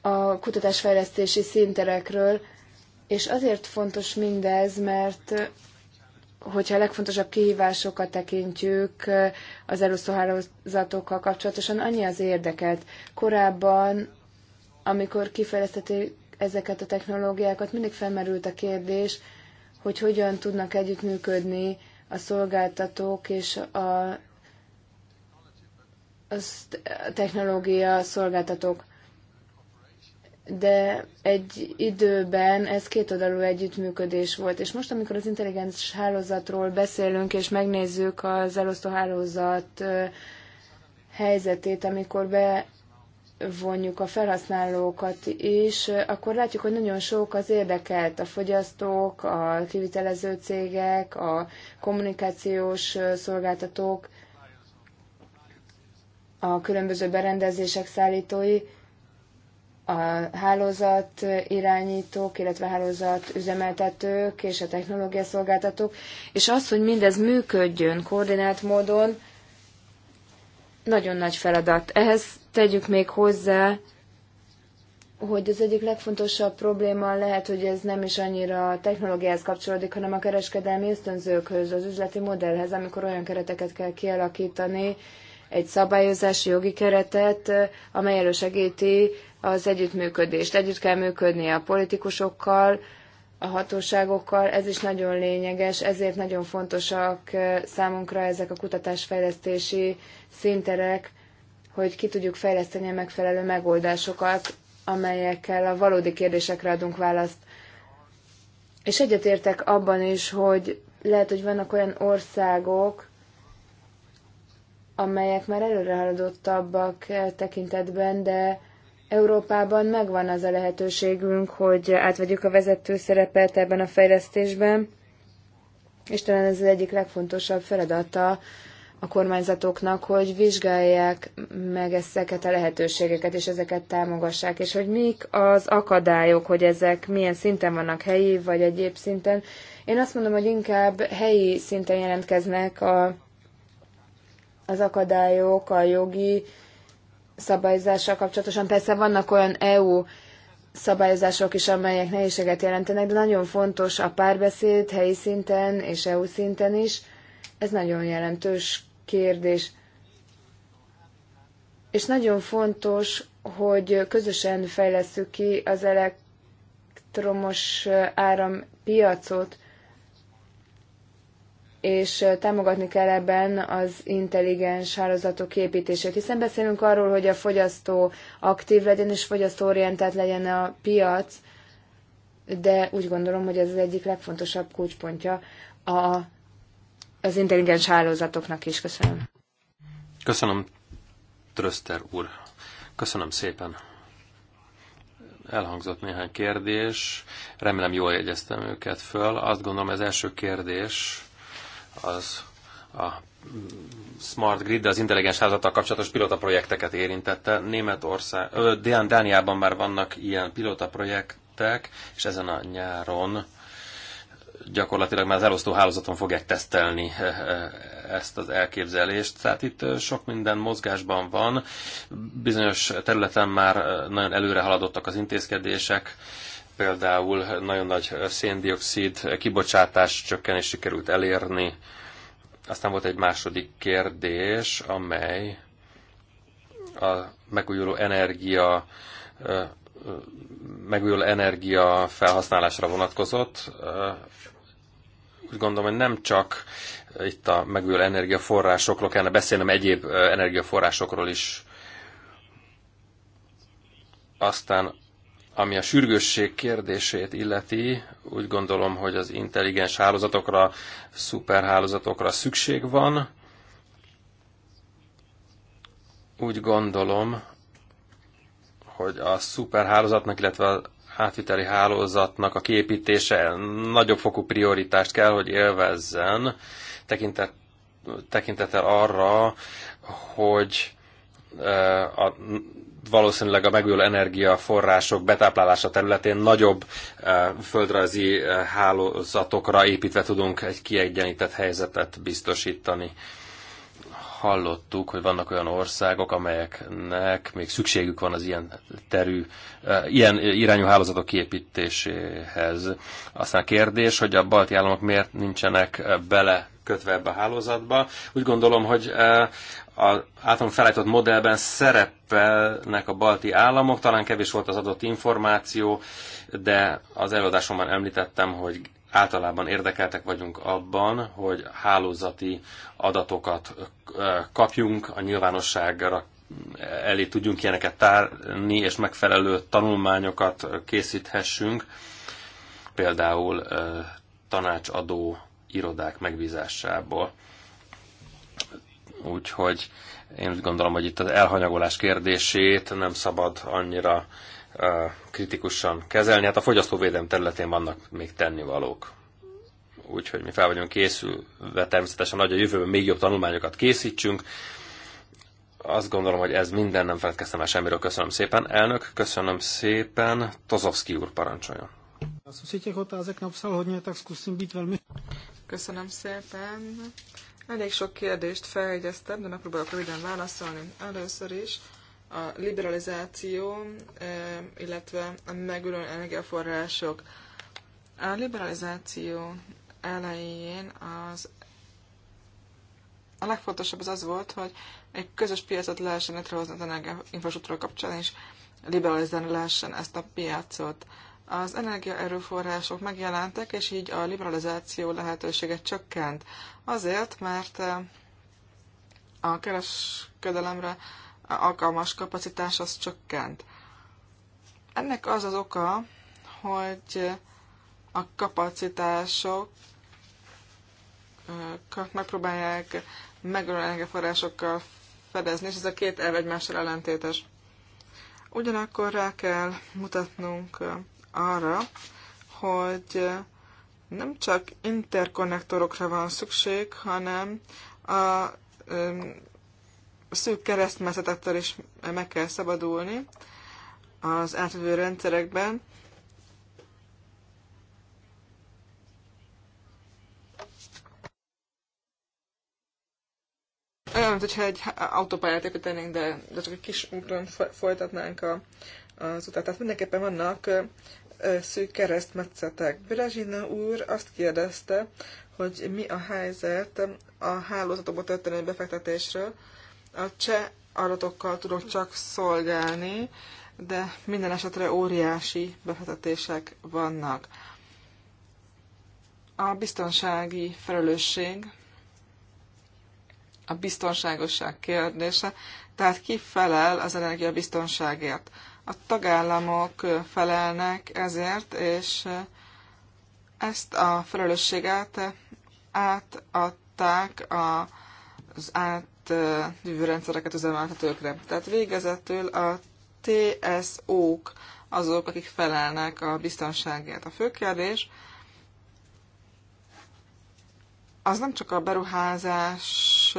S5: a kutatásfejlesztési szinterekről, és azért fontos mindez, mert hogyha a legfontosabb kihívásokat tekintjük az elosztóhálózatokkal kapcsolatosan, annyi az érdeket Korábban, amikor kifejlesztették ezeket a technológiákat, mindig felmerült a kérdés, hogy hogyan tudnak együttműködni a szolgáltatók és a, a technológia szolgáltatók de egy időben ez kétoldalú együttműködés volt. És most, amikor az intelligens hálózatról beszélünk, és megnézzük az elosztó hálózat helyzetét, amikor bevonjuk a felhasználókat is, akkor látjuk, hogy nagyon sok az érdekelt, a fogyasztók, a kivitelező cégek, a kommunikációs szolgáltatók, a különböző berendezések szállítói, a hálózat irányítók, illetve hálózat üzemeltetők és a technológia szolgáltatók, és az, hogy mindez működjön koordinált módon, nagyon nagy feladat. Ehhez tegyük még hozzá, hogy az egyik legfontosabb probléma lehet, hogy ez nem is annyira a technológiához kapcsolódik, hanem a kereskedelmi ösztönzőkhöz, az üzleti modellhez, amikor olyan kereteket kell kialakítani, egy szabályozási jogi keretet, amely elősegíti az együttműködést. Együtt kell működni a politikusokkal, a hatóságokkal, ez is nagyon lényeges, ezért nagyon fontosak számunkra ezek a kutatásfejlesztési szinterek, hogy ki tudjuk fejleszteni a megfelelő megoldásokat, amelyekkel a valódi kérdésekre adunk választ. És egyetértek abban is, hogy lehet, hogy vannak olyan országok, amelyek már előre haladottabbak e, tekintetben, de Európában megvan az a lehetőségünk, hogy átvegyük a vezető szerepet ebben a fejlesztésben, és talán ez az egyik legfontosabb feladata a kormányzatoknak, hogy vizsgálják meg ezeket a lehetőségeket, és ezeket támogassák, és hogy mik az akadályok, hogy ezek milyen szinten vannak helyi vagy egyéb szinten. Én azt mondom, hogy inkább helyi szinten jelentkeznek a az akadályok, a jogi szabályozással kapcsolatosan. Persze vannak olyan EU szabályozások is, amelyek nehézséget jelentenek, de nagyon fontos a párbeszéd helyi szinten és EU szinten is. Ez nagyon jelentős kérdés. És nagyon fontos, hogy közösen fejlesztjük ki az elektromos árampiacot, és támogatni kell ebben az intelligens hálózatok építését, hiszen beszélünk arról, hogy a fogyasztó aktív legyen és fogyasztóorientált legyen a piac, de úgy gondolom, hogy ez az egyik legfontosabb kulcspontja a, az intelligens hálózatoknak is. Köszönöm.
S2: Köszönöm, Tröster úr. Köszönöm szépen. Elhangzott néhány kérdés. Remélem jól jegyeztem őket föl. Azt gondolom, ez első kérdés az a Smart Grid, az intelligens házattal kapcsolatos pilotaprojekteket érintette. Németország, ö, Dániában már vannak ilyen pilotaprojektek, és ezen a nyáron gyakorlatilag már az elosztó hálózaton fogják tesztelni eh, eh, ezt az elképzelést. Tehát itt eh, sok minden mozgásban van, bizonyos területen már nagyon előre haladottak az intézkedések, például nagyon nagy széndiokszid kibocsátás csökkenés sikerült elérni. Aztán volt egy második kérdés, amely a megújuló energia megújuló energia felhasználásra vonatkozott. Úgy gondolom, hogy nem csak itt a megújuló energiaforrásokról kellene beszélnem, egyéb energiaforrásokról is. Aztán ami a sürgősség kérdését illeti, úgy gondolom, hogy az intelligens hálózatokra, szuperhálózatokra szükség van. Úgy gondolom, hogy a szuperhálózatnak, illetve az átviteli hálózatnak a kiépítése nagyobb fokú prioritást kell, hogy élvezzen, tekintet, tekintettel arra, hogy eh, a valószínűleg a megújuló energiaforrások betáplálása területén nagyobb eh, földrajzi eh, hálózatokra építve tudunk egy kiegyenlített helyzetet biztosítani. Hallottuk, hogy vannak olyan országok, amelyeknek még szükségük van az ilyen terű, eh, ilyen irányú hálózatok kiépítéséhez. Aztán a kérdés, hogy a balti államok miért nincsenek bele kötve ebbe a hálózatba. Úgy gondolom, hogy az általunk felállított modellben szerepelnek a balti államok, talán kevés volt az adott információ, de az előadásomban említettem, hogy általában érdekeltek vagyunk abban, hogy hálózati adatokat kapjunk, a nyilvánosságra elé tudjunk ilyeneket tárni, és megfelelő tanulmányokat készíthessünk, például tanácsadó irodák megbízásából Úgyhogy én úgy gondolom, hogy itt az elhanyagolás kérdését nem szabad annyira kritikusan kezelni. Hát a fogyasztóvédelem területén vannak még tennivalók. Úgyhogy mi fel vagyunk készülve, természetesen nagy a jövőben még jobb tanulmányokat készítsünk. Azt gondolom, hogy ez minden, nem feledkeztem el semmiről. Köszönöm szépen. Elnök, köszönöm szépen. Tozovszki úr parancsoljon.
S4: Köszönöm szépen. Elég sok kérdést feljegyeztem, de megpróbálok röviden válaszolni. Először is a liberalizáció, eh, illetve a megülő energiaforrások. A liberalizáció elején az a legfontosabb az az volt, hogy egy közös piacot lehessen létrehozni az energiainfrastruktúra kapcsán, és liberalizálni lehessen ezt a piacot az energiaerőforrások megjelentek, és így a liberalizáció lehetőséget csökkent. Azért, mert eh, a kereskedelemre alkalmas kapacitás az csökkent. Ennek az az oka, hogy a kapacitások eh, megpróbálják megölő energiaforrásokkal fedezni, és ez a két elv egymással ellentétes. Ugyanakkor rá kell mutatnunk eh, arra, hogy nem csak interkonnektorokra van szükség, hanem a szűk keresztmeszetektől is meg kell szabadulni az átvevő rendszerekben. Olyan, mint hogyha egy autópályát építenénk, de, de csak egy kis úton folytatnánk a, az utat. Tehát mindenképpen vannak szűk keresztmetszetek. Brezsina úr azt kérdezte, hogy mi a helyzet a hálózatokba történő befektetésről. A cseh adatokkal tudok csak szolgálni, de minden esetre óriási befektetések vannak. A biztonsági felelősség, a biztonságosság kérdése, tehát ki felel az energiabiztonságért? a tagállamok felelnek ezért, és ezt a felelősséget átadták az átvívő rendszereket üzemeltetőkre. Tehát végezetül a TSO-k azok, akik felelnek a biztonságért. A fő kérdés az nem csak a beruházás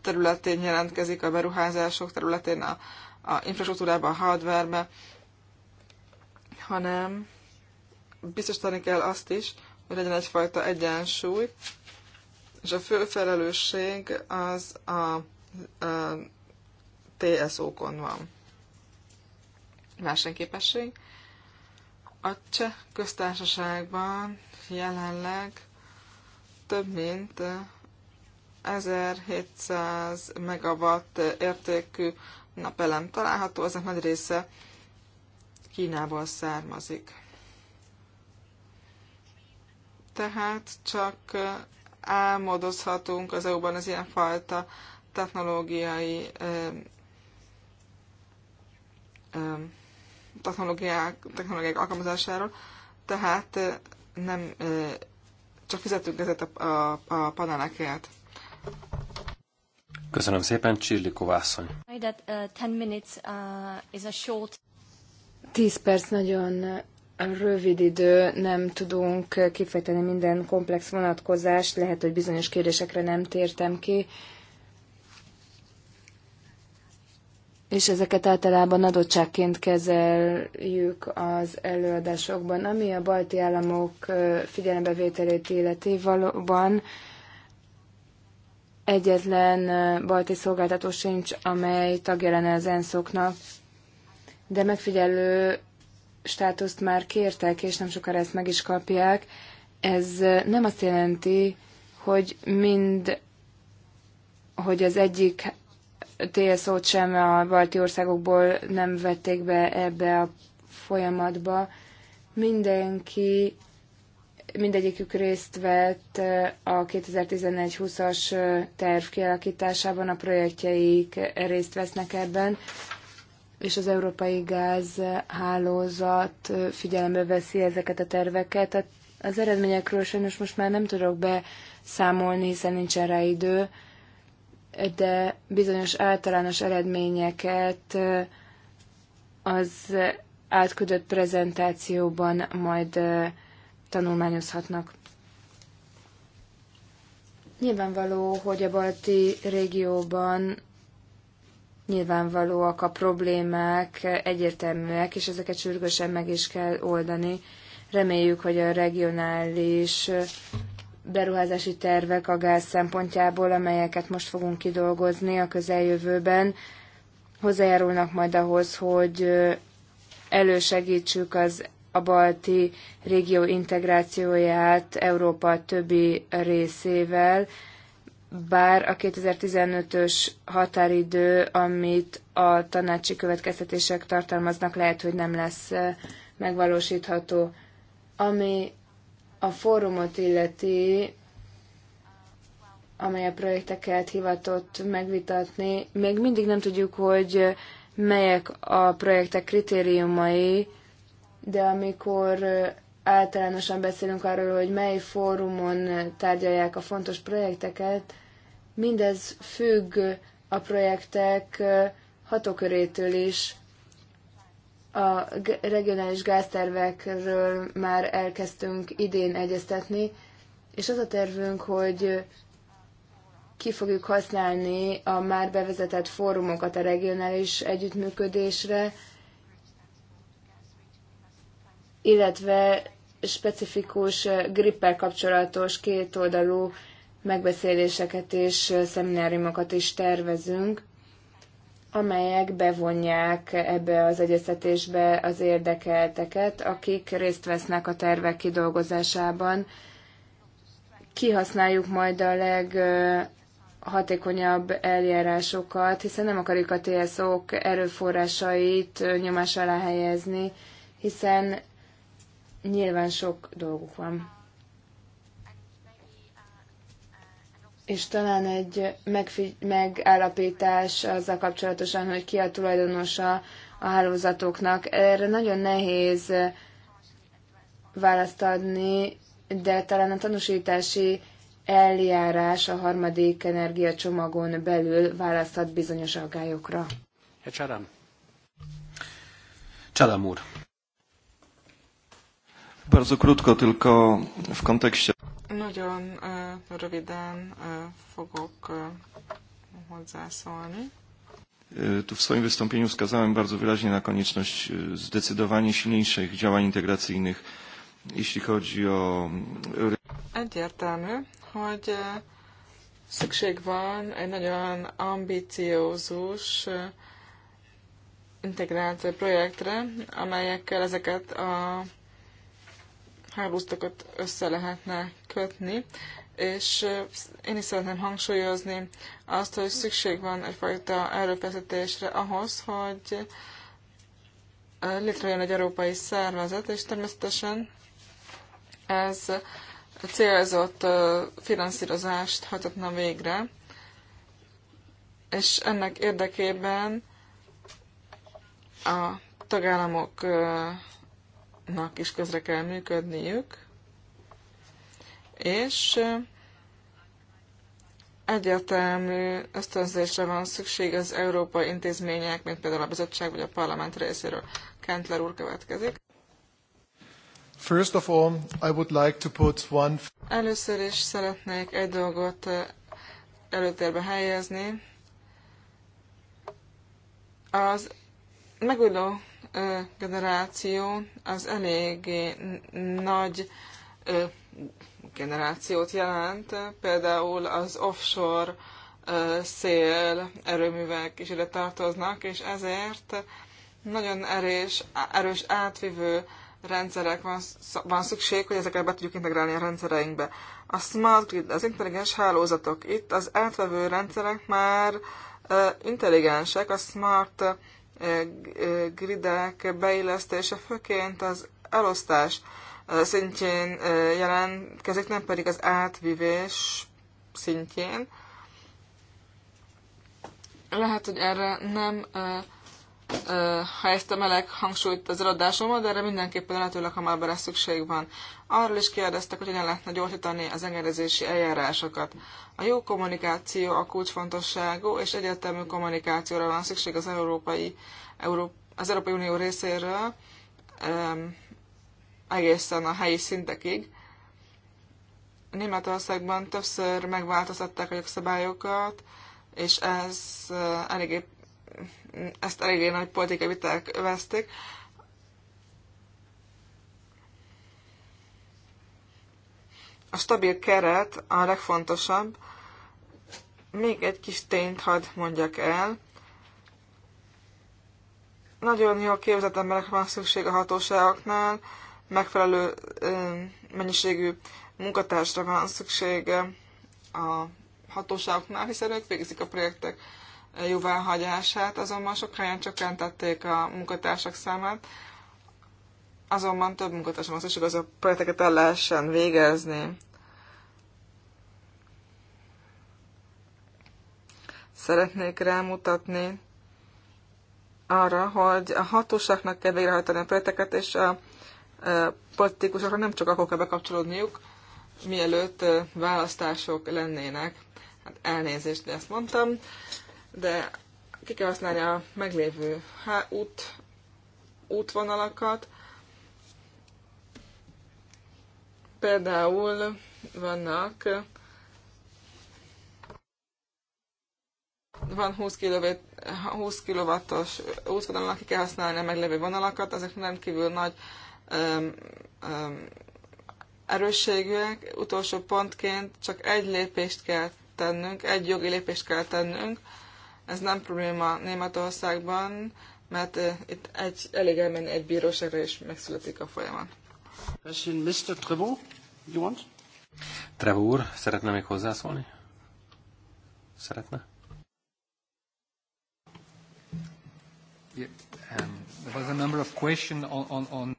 S4: területén jelentkezik, a beruházások területén a, a infrastruktúrába, a hardwarebe, hanem biztosítani kell azt is, hogy legyen egyfajta egyensúly, és a fő felelősség az a, a TSO-kon van. Versenyképesség. A cseh köztársaságban jelenleg több mint 1700 megawatt értékű napelem található, ezek nagy része Kínából származik. Tehát csak álmodozhatunk az EU-ban az ilyenfajta technológiai technológiák, technológiák alkalmazásáról, tehát nem csak fizetünk ezért a, a, a panelekért.
S2: Köszönöm szépen, Csirlikov Kovászony.
S5: Uh, uh, Tíz perc nagyon rövid idő, nem tudunk kifejteni minden komplex vonatkozást, lehet, hogy bizonyos kérdésekre nem tértem ki. És ezeket általában adottságként kezeljük az előadásokban. Ami a balti államok figyelembevételét illeti, valóban egyetlen balti szolgáltató sincs, amely tagja lenne az enszoknak, de megfigyelő státuszt már kértek, és nem sokára ezt meg is kapják. Ez nem azt jelenti, hogy mind, hogy az egyik TSO-t sem a balti országokból nem vették be ebbe a folyamatba. Mindenki mindegyikük részt vett a 2011-20-as terv kialakításában, a projektjeik részt vesznek ebben, és az Európai Gáz Hálózat figyelembe veszi ezeket a terveket. Tehát az eredményekről sajnos most már nem tudok beszámolni, hiszen nincsen rá idő, de bizonyos általános eredményeket az átküldött prezentációban majd tanulmányozhatnak. Nyilvánvaló, hogy a balti régióban nyilvánvalóak a problémák, egyértelműek, és ezeket sürgősen meg is kell oldani. Reméljük, hogy a regionális beruházási tervek a gáz szempontjából, amelyeket most fogunk kidolgozni a közeljövőben, hozzájárulnak majd ahhoz, hogy elősegítsük az a balti régió integrációját Európa többi részével, bár a 2015-ös határidő, amit a tanácsi következtetések tartalmaznak, lehet, hogy nem lesz eh, megvalósítható. Ami a fórumot illeti, amely a projekteket hivatott megvitatni, még mindig nem tudjuk, hogy melyek a projektek kritériumai, de amikor általánosan beszélünk arról, hogy mely fórumon tárgyalják a fontos projekteket, mindez függ a projektek hatókörétől is. A regionális gáztervekről már elkezdtünk idén egyeztetni, és az a tervünk, hogy ki fogjuk használni a már bevezetett fórumokat a regionális együttműködésre, illetve specifikus eh, grippel kapcsolatos kétoldalú megbeszéléseket és eh, szemináriumokat is tervezünk, amelyek bevonják ebbe az egyeztetésbe az érdekelteket, akik részt vesznek a tervek kidolgozásában. Kihasználjuk majd a leghatékonyabb eljárásokat, hiszen nem akarjuk a TSO-k erőforrásait eh, nyomás alá helyezni, hiszen nyilván sok dolguk van. És talán egy megfigy- megállapítás azzal kapcsolatosan, hogy ki a tulajdonosa a hálózatoknak. Erre nagyon nehéz választ adni, de talán a tanúsítási eljárás a harmadik energiacsomagon belül választhat bizonyos aggályokra.
S2: Csalám úr. Bardzo krótko, tylko w kontekście.
S4: Nagyon e, röviden e, fogok e, hozzászólni.
S2: Tu w swoim wystąpieniu wskazałem bardzo wyraźnie na konieczność zdecydowanie silniejszych działań integracyjnych, jeśli chodzi o...
S4: Egyértelmű, hogy szükség van egy nagyon ambiciózus integrált projektre, amelyekkel ezeket a hálóztakat össze lehetne kötni, és én is szeretném hangsúlyozni azt, hogy szükség van egyfajta erőfeszítésre ahhoz, hogy létrejön egy európai szervezet, és természetesen ez célzott finanszírozást hajtatna végre, és ennek érdekében a tagállamok nak is közre kell működniük, és eh, egyértelmű ösztönzésre van szükség az európai intézmények, mint például a bizottság vagy a parlament részéről. Kentler úr következik.
S1: First of all, I would like to put one...
S4: Először is szeretnék egy dolgot eh, előtérbe helyezni. Az megújuló generáció az eléggé nagy generációt jelent, például az offshore szél erőművek is ide tartoznak, és ezért nagyon erős, erős átvivő rendszerek van, van szükség, hogy ezeket be tudjuk integrálni a rendszereinkbe. A smart grid, az intelligens hálózatok, itt az átvevő rendszerek már intelligensek, a smart gridek beillesztése főként az elosztás szintjén jelentkezik, nem pedig az átvivés szintjén. Lehet, hogy erre nem a meleg hangsúlyt az eladásomat, de erre mindenképpen lehetőleg hamarabb erre szükség van. Arról is kérdeztek, hogy hogyan lehetne gyorsítani az engedezési eljárásokat. A jó kommunikáció a kulcsfontosságú, és egyértelmű kommunikációra van szükség az Európai, Európa, az Európai Unió részéről um, egészen a helyi szintekig. Németországban többször megváltoztatták a jogszabályokat, és ez eléggé ezt eléggé nagy politikai viták övezték. A stabil keret a legfontosabb. Még egy kis tényt hadd mondjak el. Nagyon jó képzett emberek van szükség a hatóságoknál, megfelelő mennyiségű munkatársra van szüksége a hatóságoknál, hiszen ők végzik a projektek jóváhagyását, azonban sok helyen csökkentették a munkatársak számát, azonban több munkatársam az is, hogy az a projekteket el lehessen végezni. Szeretnék rámutatni arra, hogy a hatóságnak kell végrehajtani a projekteket, és a politikusokra nem csak akkor kell bekapcsolódniuk, mielőtt választások lennének. Hát elnézést, de ezt mondtam de ki kell használni a meglévő út, útvonalakat. Például vannak van 20, kW, 20 kW-os útvonalon, ki kell használni a meglévő vonalakat, ezek nem kívül nagy öm, öm, erősségűek. Utolsó pontként csak egy lépést kell tennünk, egy jogi lépést kell tennünk, ez nem probléma Németországban, mert itt egy, elég elmenni egy bíróságra, és megszületik a folyamat.
S1: Mr. Trevor, you want?
S2: Trevor úr, szeretne még hozzászólni? Szeretne?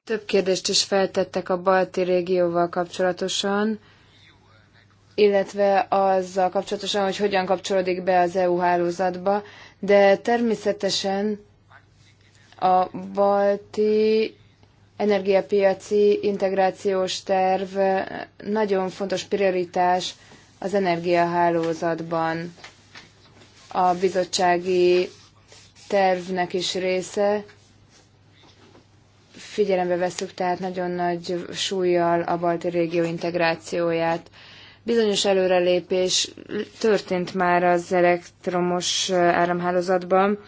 S5: Több kérdést is feltettek a balti régióval kapcsolatosan illetve azzal kapcsolatosan, hogy hogyan kapcsolódik be az EU hálózatba, de természetesen a balti energiapiaci integrációs terv nagyon fontos prioritás az energiahálózatban. A bizottsági tervnek is része. Figyelembe veszük tehát nagyon nagy súlyjal a balti régió integrációját. Bizonyos előrelépés történt már az elektromos eh, áramhálózatban.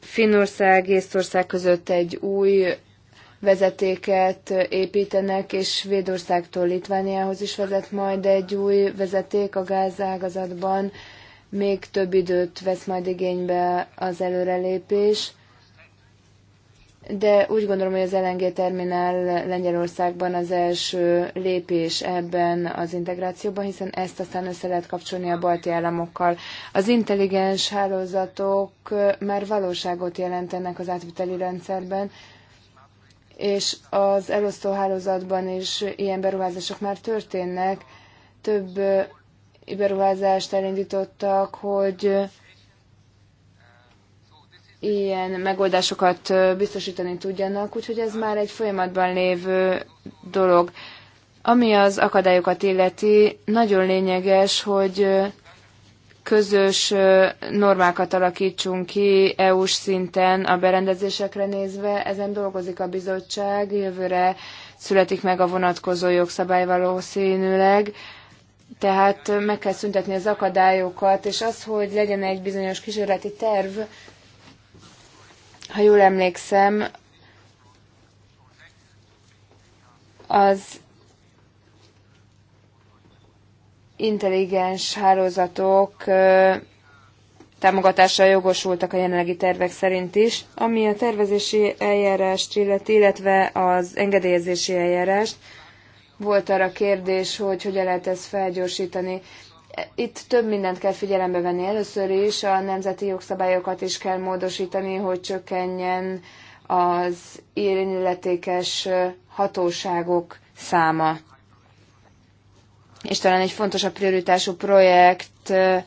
S5: Finnország, Észtország között egy új vezetéket építenek, és Védországtól Litvániához is vezet majd egy új vezeték a gázágazatban. Még több időt vesz majd igénybe az előrelépés de úgy gondolom, hogy az LNG terminál Lengyelországban az első lépés ebben az integrációban, hiszen ezt aztán össze lehet kapcsolni a balti államokkal. Az intelligens hálózatok már valóságot jelentenek az átviteli rendszerben, és az elosztó hálózatban is ilyen beruházások már történnek. Több beruházást elindítottak, hogy ilyen megoldásokat biztosítani tudjanak, úgyhogy ez már egy folyamatban lévő dolog. Ami az akadályokat illeti, nagyon lényeges, hogy közös normákat alakítsunk ki EU-s szinten a berendezésekre nézve. Ezen dolgozik a bizottság, jövőre születik meg a vonatkozó jogszabály valószínűleg. Tehát meg kell szüntetni az akadályokat, és az, hogy legyen egy bizonyos kísérleti terv, ha jól emlékszem, az intelligens hálózatok támogatásra jogosultak a jelenlegi tervek szerint is. Ami a tervezési eljárást illeti, illetve az engedélyezési eljárást, volt arra kérdés, hogy hogyan lehet ezt felgyorsítani. Itt több mindent kell figyelembe venni. Először is a nemzeti jogszabályokat is kell módosítani, hogy csökkenjen az illetékes hatóságok száma. És talán egy fontosabb prioritású projektnél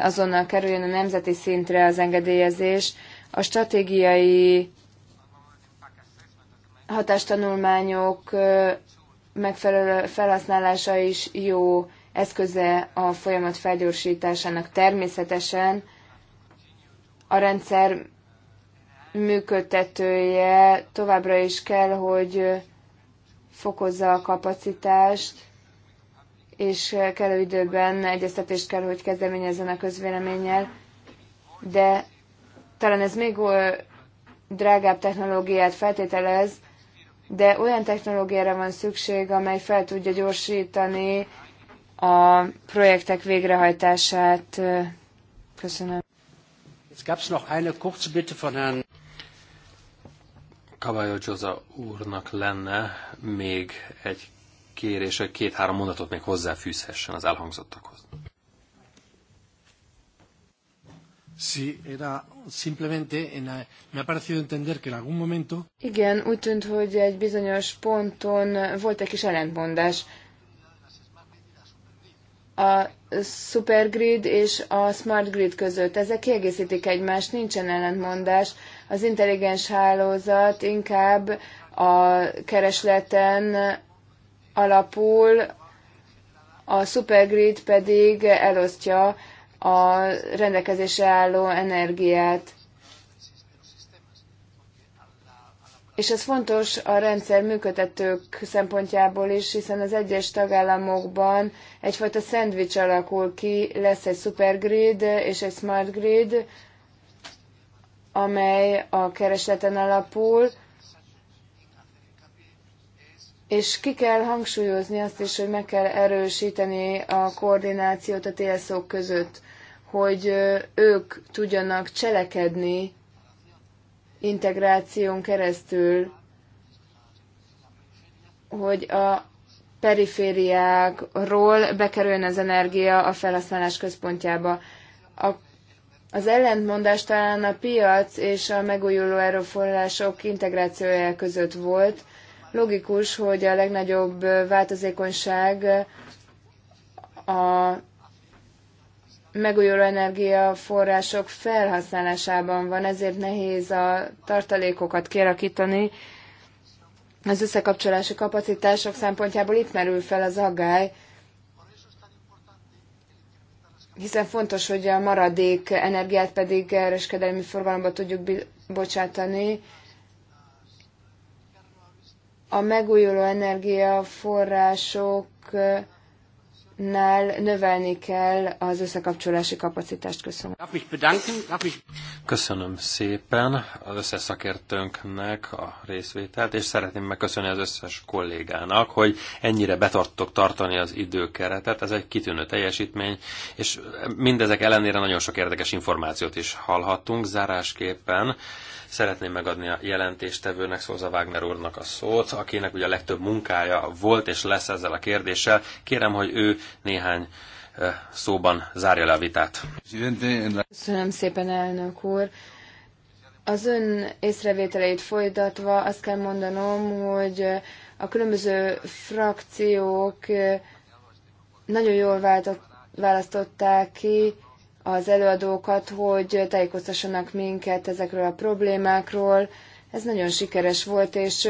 S5: azonnal kerüljön a nemzeti szintre az engedélyezés. A stratégiai hatástanulmányok megfelelő felhasználása is jó eszköze a folyamat felgyorsításának. Természetesen a rendszer működtetője továbbra is kell, hogy fokozza a kapacitást, és kellő időben egyeztetést kell, hogy kezdeményezzen a közvéleménnyel, de talán ez még drágább technológiát feltételez, de olyan technológiára van szükség, amely fel tudja gyorsítani a projektek végrehajtását. Köszönöm.
S2: Jetzt gab es noch eine kurze Bitte von Herrn Caballo Gyoza úrnak lenne még egy kérés, hogy két-három mondatot még hozzáfűzhessen az elhangzottakhoz.
S1: Sí, era simplemente, en la, me ha parecido entender que en algún momento...
S5: Igen, úgy tűnt, hogy egy bizonyos ponton volt egy kis ellentmondás a Supergrid és a Smart Grid között. Ezek kiegészítik egymást, nincsen ellentmondás. Az intelligens hálózat inkább a keresleten alapul, a Supergrid pedig elosztja a rendelkezésre álló energiát. és ez fontos a rendszer működtetők szempontjából is, hiszen az egyes tagállamokban egyfajta szendvics alakul ki, lesz egy supergrid és egy smart grid, amely a keresleten alapul, és ki kell hangsúlyozni azt is, hogy meg kell erősíteni a koordinációt a tsz között, hogy ők tudjanak cselekedni integráción keresztül, hogy a perifériákról bekerüljön az energia a felhasználás központjába. A, az ellentmondás talán a piac és a megújuló erőforrások integrációja között volt. Logikus, hogy a legnagyobb változékonyság a megújuló energiaforrások felhasználásában van, ezért nehéz a tartalékokat kialakítani. Az összekapcsolási kapacitások szempontjából itt merül fel az aggály, hiszen fontos, hogy a maradék energiát pedig kereskedelmi forgalomba tudjuk bocsátani. A megújuló energiaforrások nál növelni kell az összekapcsolási kapacitást. Köszönöm.
S2: Köszönöm szépen az összes szakértőnknek a részvételt, és szeretném megköszönni az összes kollégának, hogy ennyire betartok tartani az időkeretet. Ez egy kitűnő teljesítmény, és mindezek ellenére nagyon sok érdekes információt is hallhattunk. Zárásképpen Szeretném megadni a jelentéstevőnek, Szóza Wagner úrnak a szót, akinek ugye a legtöbb munkája volt és lesz ezzel a kérdéssel. Kérem, hogy ő néhány szóban zárja le a vitát.
S5: Köszönöm szépen, elnök úr. Az ön észrevételeit folytatva azt kell mondanom, hogy a különböző frakciók nagyon jól váltott, választották ki az előadókat, hogy tájékoztassanak minket ezekről a problémákról. Ez nagyon sikeres volt, és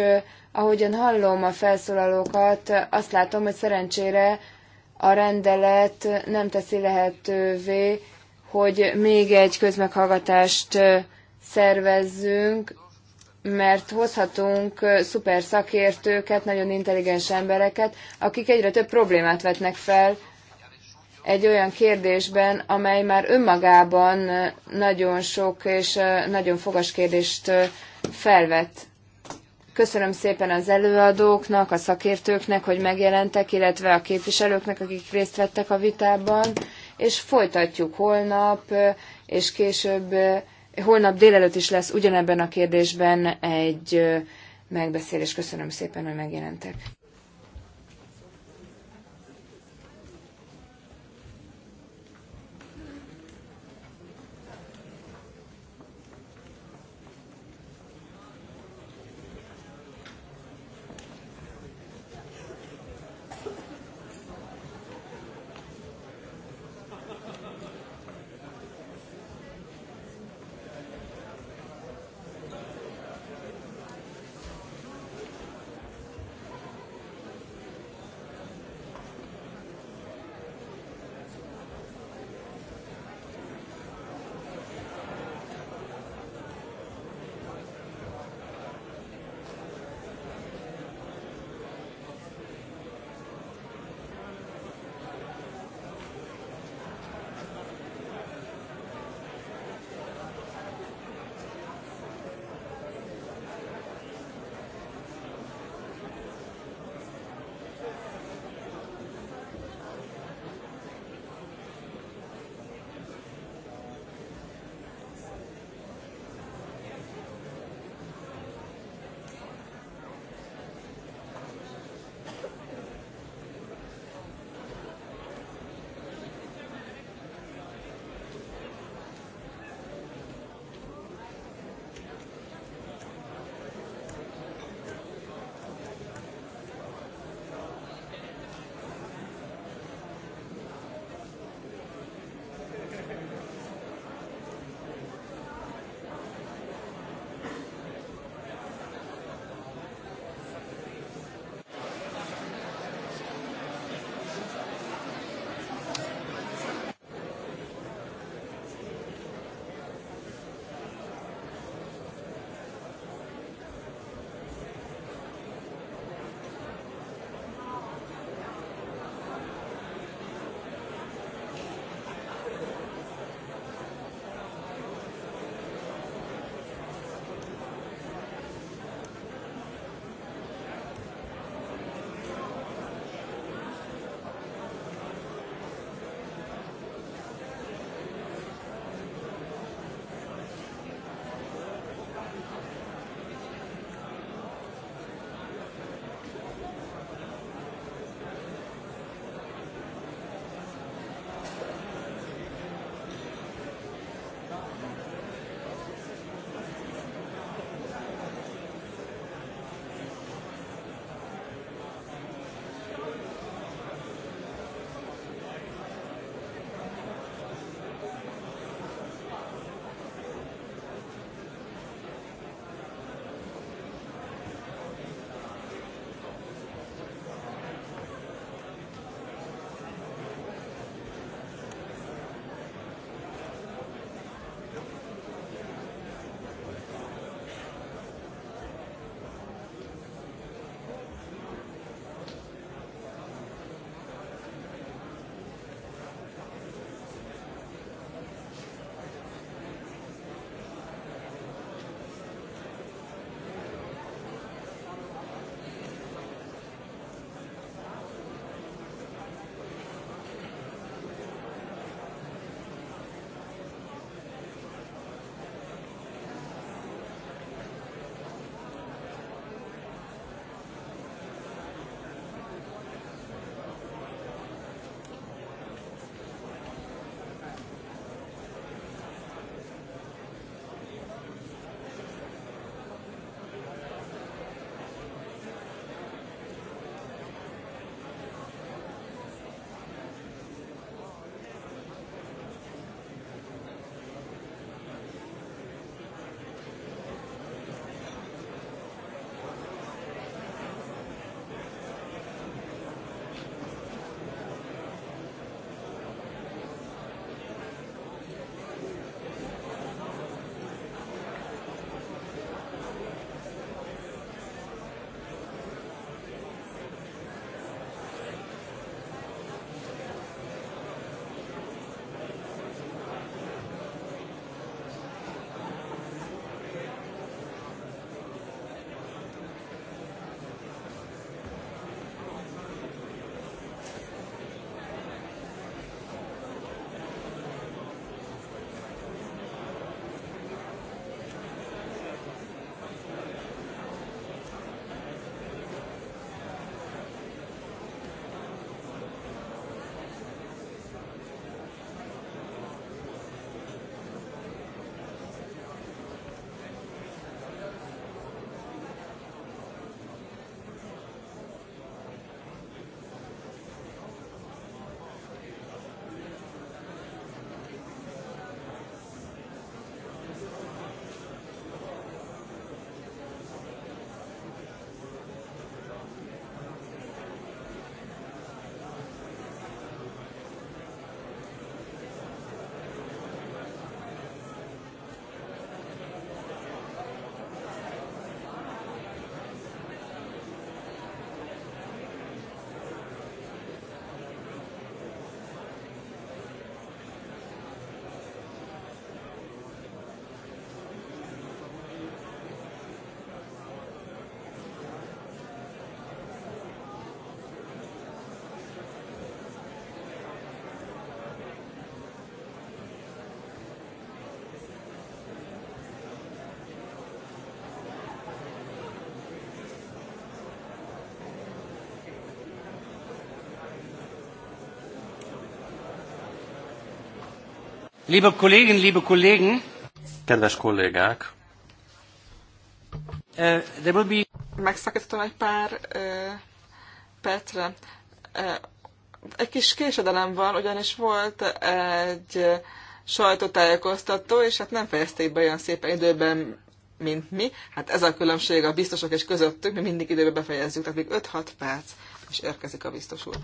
S5: ahogyan hallom a felszólalókat, azt látom, hogy szerencsére a rendelet nem teszi lehetővé, hogy még egy közmeghallgatást szervezzünk, mert hozhatunk szuper szakértőket, nagyon intelligens embereket, akik egyre több problémát vetnek fel, egy olyan kérdésben, amely már önmagában nagyon sok és nagyon fogas kérdést felvet. Köszönöm szépen az előadóknak, a szakértőknek, hogy megjelentek, illetve a képviselőknek, akik részt vettek a vitában, és folytatjuk holnap, és később, holnap délelőtt is lesz ugyanebben a kérdésben egy megbeszélés. Köszönöm szépen, hogy megjelentek.
S1: Liebe Kollegen, liebe Kollegen.
S2: Kedves kollégák.
S4: Uh, there will be... Megszakítottam egy pár uh, percre. Uh, egy kis késedelem van, ugyanis volt egy sajtótájékoztató, és hát nem fejezték be olyan szépen időben, mint mi. Hát ez a különbség a biztosok és közöttük, mi mindig időben befejezzük, tehát még 5-6 perc, és érkezik a biztos úr.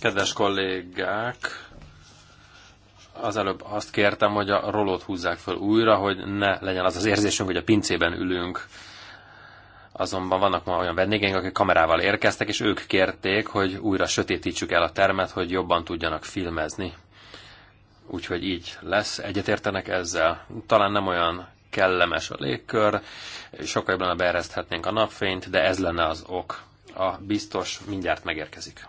S2: Kedves kollégák, az előbb azt kértem, hogy a rolót húzzák fel újra, hogy ne legyen az az érzésünk, hogy a pincében ülünk. Azonban vannak ma olyan vendégeink, akik kamerával érkeztek, és ők kérték, hogy újra sötétítsük el a termet, hogy jobban tudjanak filmezni. Úgyhogy így lesz. Egyetértenek ezzel. Talán nem olyan kellemes a légkör, sokkal jobban beereszthetnénk a napfényt, de ez lenne az ok a biztos mindjárt megérkezik.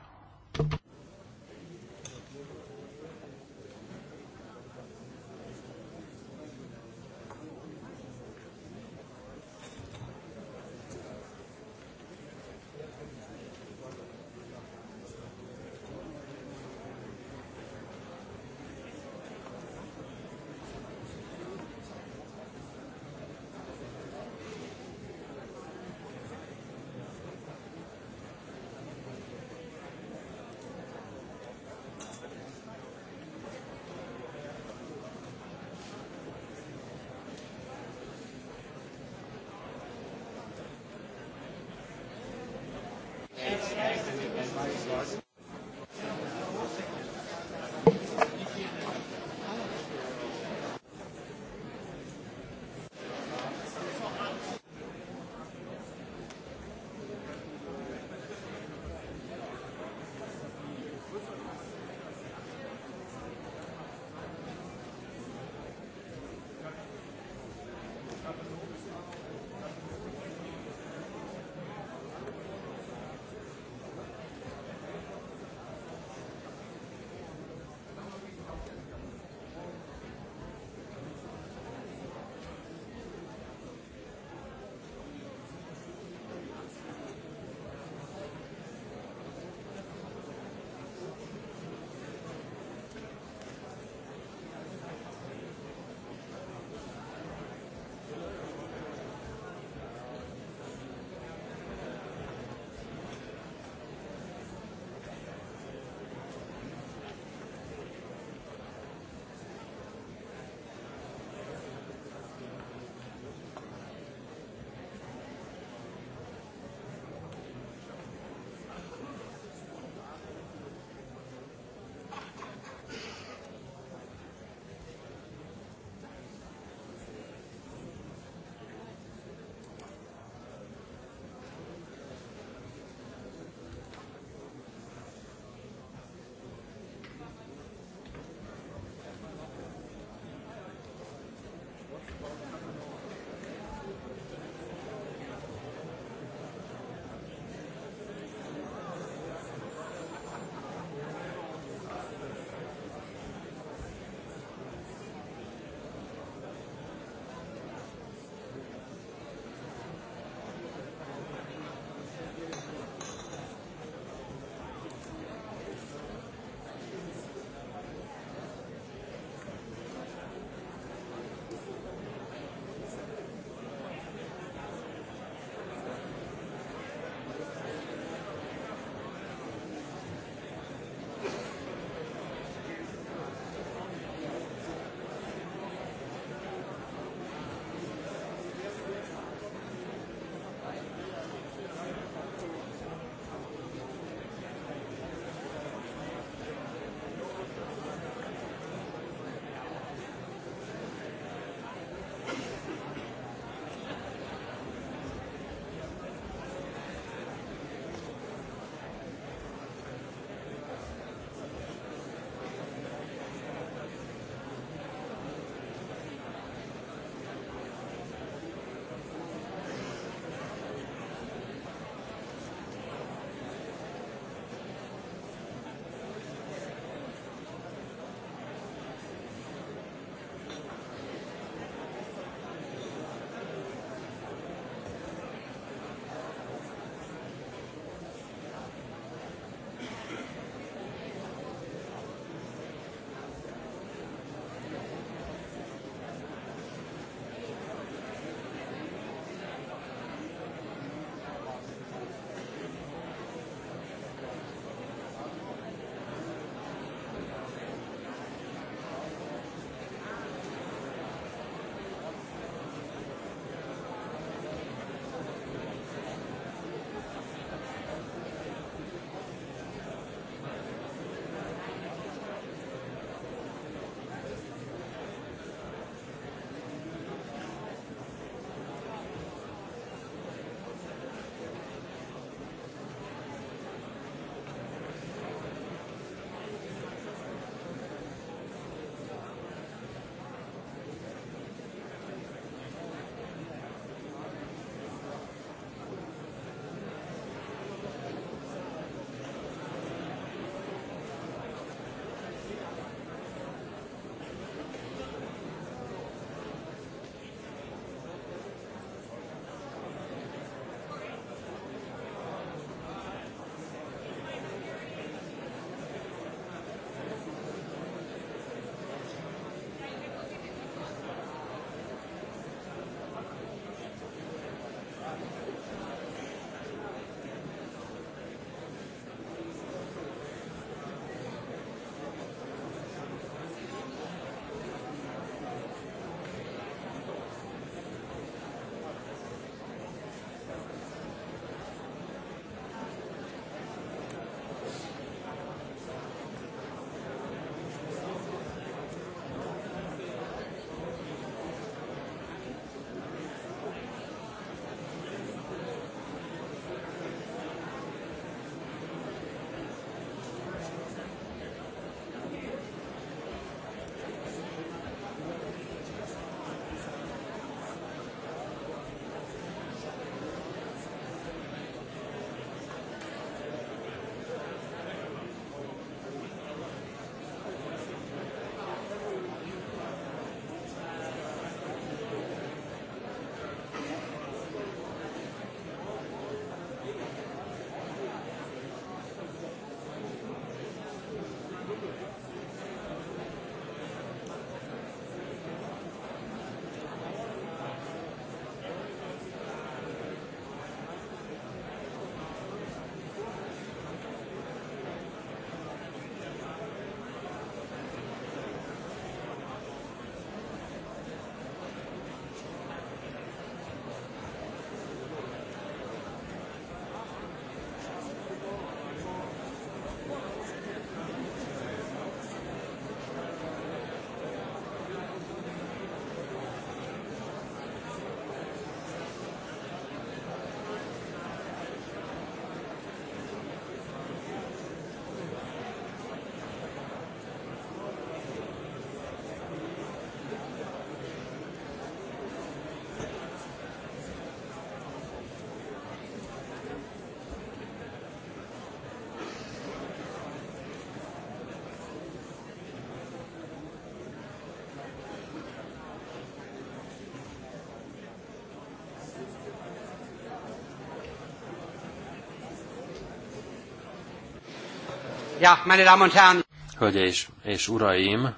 S2: Ja, meine Damen und Herren. Hölgyeim és, és uraim,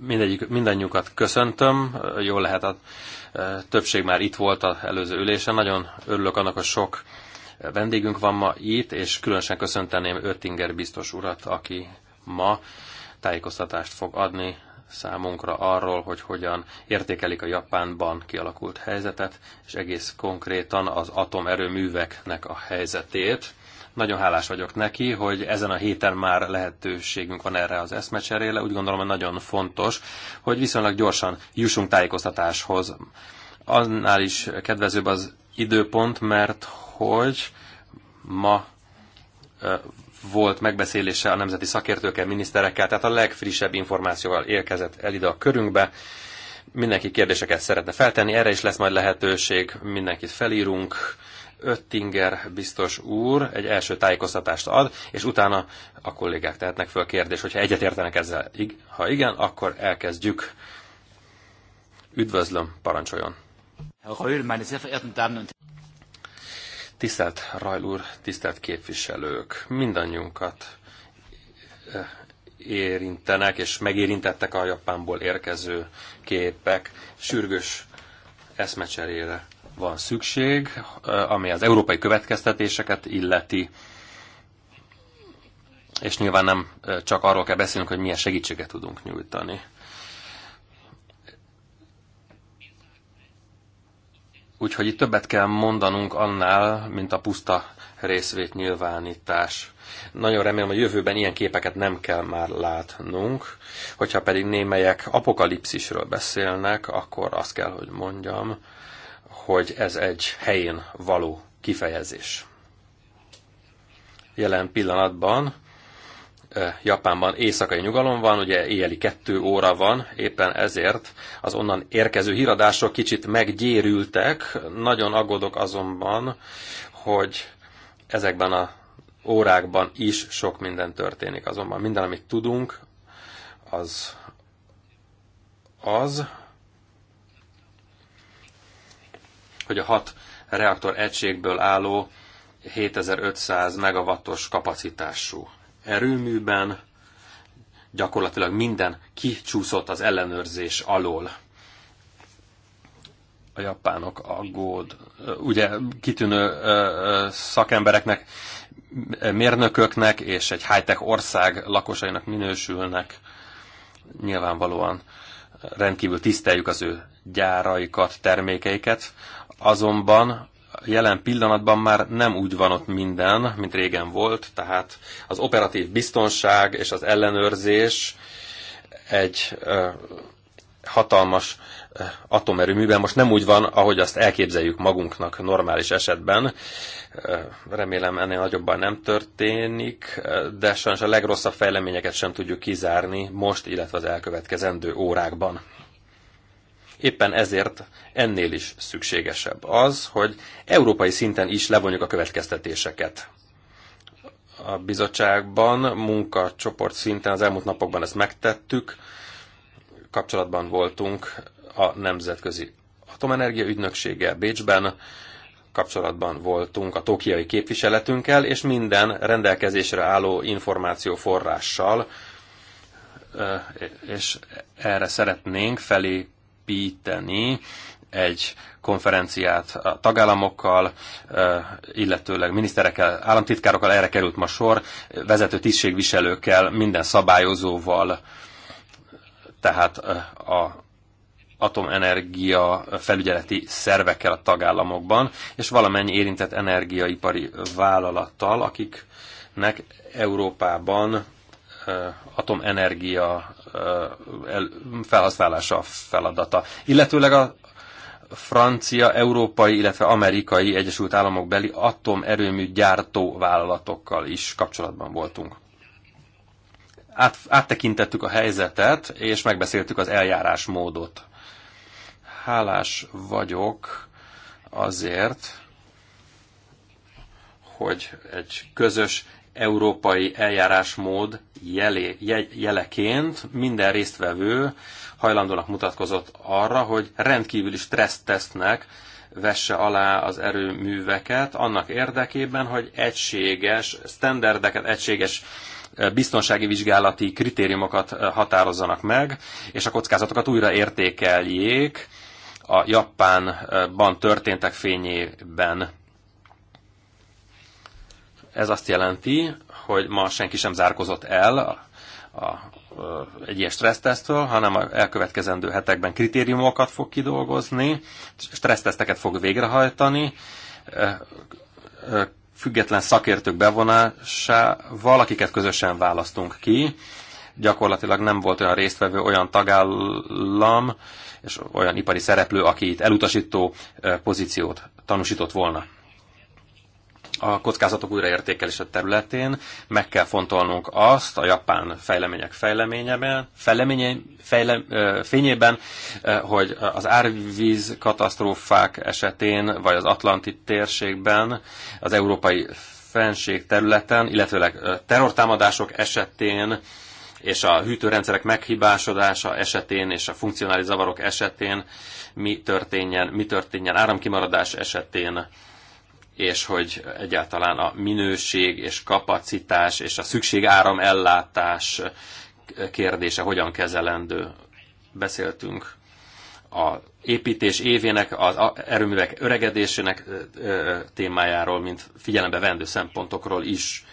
S2: mindegyik, mindannyiukat köszöntöm. Jól lehet, a e, többség már itt volt az előző ülésen. Nagyon örülök annak, hogy sok vendégünk van ma itt, és különösen köszönteném Öttinger biztos urat, aki ma tájékoztatást fog adni számunkra arról, hogy hogyan értékelik a Japánban kialakult helyzetet, és egész konkrétan az atomerőműveknek a helyzetét. Nagyon hálás vagyok neki, hogy ezen a héten már lehetőségünk van erre az eszmecserére. Úgy gondolom, hogy nagyon fontos, hogy viszonylag gyorsan jussunk tájékoztatáshoz. Annál is kedvezőbb az időpont, mert hogy ma volt megbeszélése a nemzeti szakértőkkel, miniszterekkel, tehát a legfrissebb információval érkezett el ide a körünkbe. Mindenki kérdéseket szeretne feltenni, erre is lesz majd lehetőség, mindenkit felírunk, Öttinger biztos úr egy első tájékoztatást ad, és utána a kollégák tehetnek föl kérdést, hogyha egyetértenek ezzel. Ha igen, akkor elkezdjük. Üdvözlöm, parancsoljon! Tisztelt Rajl úr, tisztelt képviselők, mindannyiunkat érintenek és megérintettek a Japánból érkező képek. Sürgős eszmecserére van szükség, eh, ami az európai következtetéseket illeti, és nyilván nem eh, csak arról kell beszélnünk, hogy milyen segítséget tudunk nyújtani. Úgyhogy itt többet kell mondanunk annál, mint a puszta részvét nyilvánítás. Nagyon remélem, hogy jövőben ilyen képeket nem kell már látnunk, hogyha pedig némelyek apokalipszisről beszélnek, akkor azt kell, hogy mondjam, hogy ez egy helyén való kifejezés. Jelen pillanatban Japánban éjszakai nyugalom van, ugye éjeli kettő óra van, éppen ezért az onnan érkező híradások kicsit meggyérültek. Nagyon aggódok azonban, hogy ezekben a órákban is sok minden történik. Azonban minden, amit tudunk, az az, hogy a hat reaktor egységből álló 7500 megawattos kapacitású erőműben gyakorlatilag minden kicsúszott az ellenőrzés alól. A japánok aggód, ugye kitűnő szakembereknek, mérnököknek és egy high-tech ország lakosainak minősülnek. Nyilvánvalóan rendkívül tiszteljük az ő gyáraikat, termékeiket azonban jelen pillanatban már nem úgy van ott minden, mint régen volt, tehát az operatív biztonság és az ellenőrzés egy hatalmas atomerőműben most nem úgy van, ahogy azt elképzeljük magunknak normális esetben. Remélem ennél nagyobban nem történik, de sajnos a legrosszabb fejleményeket sem tudjuk kizárni most, illetve az elkövetkezendő órákban. Éppen ezért ennél is szükségesebb az, hogy európai szinten is levonjuk a következtetéseket. A bizottságban, munkacsoport szinten az elmúlt napokban ezt megtettük, kapcsolatban voltunk a Nemzetközi Atomenergia Ügynökséggel Bécsben, kapcsolatban voltunk a tokiai képviseletünkkel, és minden rendelkezésre álló információ forrással, és erre szeretnénk felé alapítani egy konferenciát a tagállamokkal, illetőleg miniszterekkel, államtitkárokkal, erre került ma sor, vezető tisztségviselőkkel, minden szabályozóval, tehát a atomenergia felügyeleti szervekkel a tagállamokban, és valamennyi érintett energiaipari vállalattal, akiknek Európában Eh, atomenergia eh, felhasználása feladata, illetőleg a francia, európai, illetve amerikai Egyesült Államok beli atomerőmű gyártó vállalatokkal is kapcsolatban voltunk. Át, áttekintettük a helyzetet, és megbeszéltük az eljárásmódot. Hálás vagyok azért, hogy egy közös európai eljárásmód jelé, jeleként minden résztvevő hajlandónak mutatkozott arra, hogy rendkívüli stressztesztnek vesse alá az erőműveket annak érdekében, hogy egységes standardeket, egységes biztonsági vizsgálati kritériumokat határozzanak meg, és a kockázatokat újra értékeljék a Japánban történtek fényében ez azt jelenti, hogy ma senki sem zárkozott el a, a, a, egy ilyen stressztesztől, hanem a elkövetkezendő hetekben kritériumokat fog kidolgozni, stresszteszteket fog végrehajtani, független szakértők bevonásával, akiket közösen választunk ki. Gyakorlatilag nem volt olyan résztvevő, olyan tagállam és olyan ipari szereplő, aki itt elutasító pozíciót tanúsított volna a kockázatok újraértékelése területén meg kell fontolnunk azt a japán fejlemények fejleményeben, fejleménye, fejle, fényében, hogy az árvíz katasztrófák esetén, vagy az Atlanti térségben, az európai fenség területen, illetőleg terrortámadások esetén, és a hűtőrendszerek meghibásodása esetén és a funkcionális zavarok esetén mi történjen, mi történjen áramkimaradás esetén, és hogy egyáltalán a minőség és kapacitás és a szükségáram ellátás kérdése hogyan kezelendő. Beszéltünk a építés évének, az erőművek öregedésének témájáról, mint figyelembe vendő szempontokról is.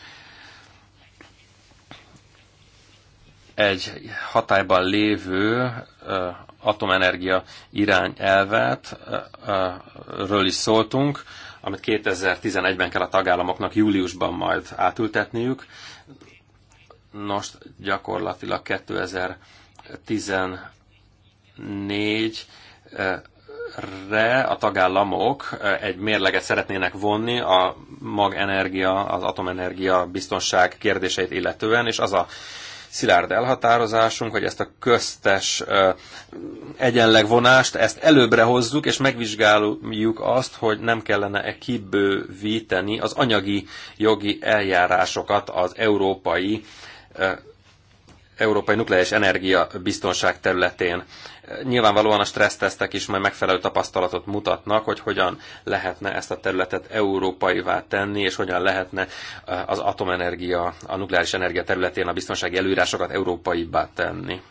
S2: Egy hatályban lévő atomenergia irányelvet ről is szóltunk, amit 2011-ben kell a tagállamoknak júliusban majd átültetniük. Nos, gyakorlatilag 2014 re a tagállamok egy mérleget szeretnének vonni a magenergia, az atomenergia biztonság kérdéseit illetően, és az a szilárd elhatározásunk, hogy ezt a köztes egyenlegvonást, ezt előbbre hozzuk, és megvizsgáljuk azt, hogy nem kellene-e kibővíteni az anyagi jogi eljárásokat az európai európai nukleáris energia biztonság területén. Nyilvánvalóan a stressztesztek is majd megfelelő tapasztalatot mutatnak, hogy hogyan lehetne ezt a területet európaivá tenni, és hogyan lehetne eh, az atomenergia, a nukleáris energia területén a biztonsági előírásokat európaibbá tenni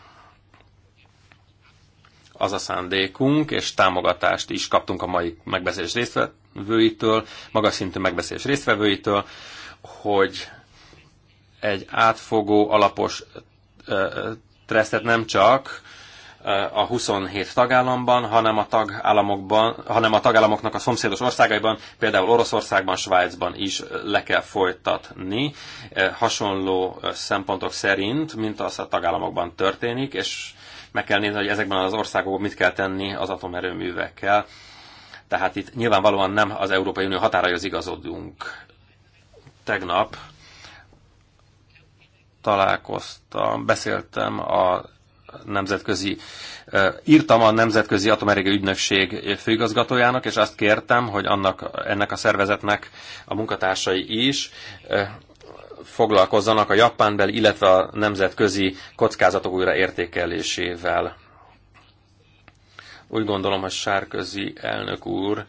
S2: az a szándékunk, és támogatást is kaptunk a mai megbeszélés résztvevőitől, magas szintű megbeszélés résztvevőitől, hogy egy átfogó, alapos eh, eh, tesztet nem csak a 27 tagállamban, hanem a, tagállamokban, hanem a tagállamoknak a szomszédos országaiban, például Oroszországban, Svájcban is le kell folytatni, eh, hasonló eh, szempontok szerint, mint az a tagállamokban történik, és meg kell nézni, hogy ezekben az országokban mit kell tenni az atomerőművekkel. Tehát itt nyilvánvalóan nem az Európai Unió határaihoz igazodunk. Tegnap találkoztam, beszéltem a nemzetközi, írtam a Nemzetközi Atomenergia Ügynökség főigazgatójának, és azt kértem, hogy annak, ennek a szervezetnek a munkatársai is foglalkozzanak a japánbeli, illetve a nemzetközi kockázatok újraértékelésével. Úgy gondolom, hogy Sárközi elnök úr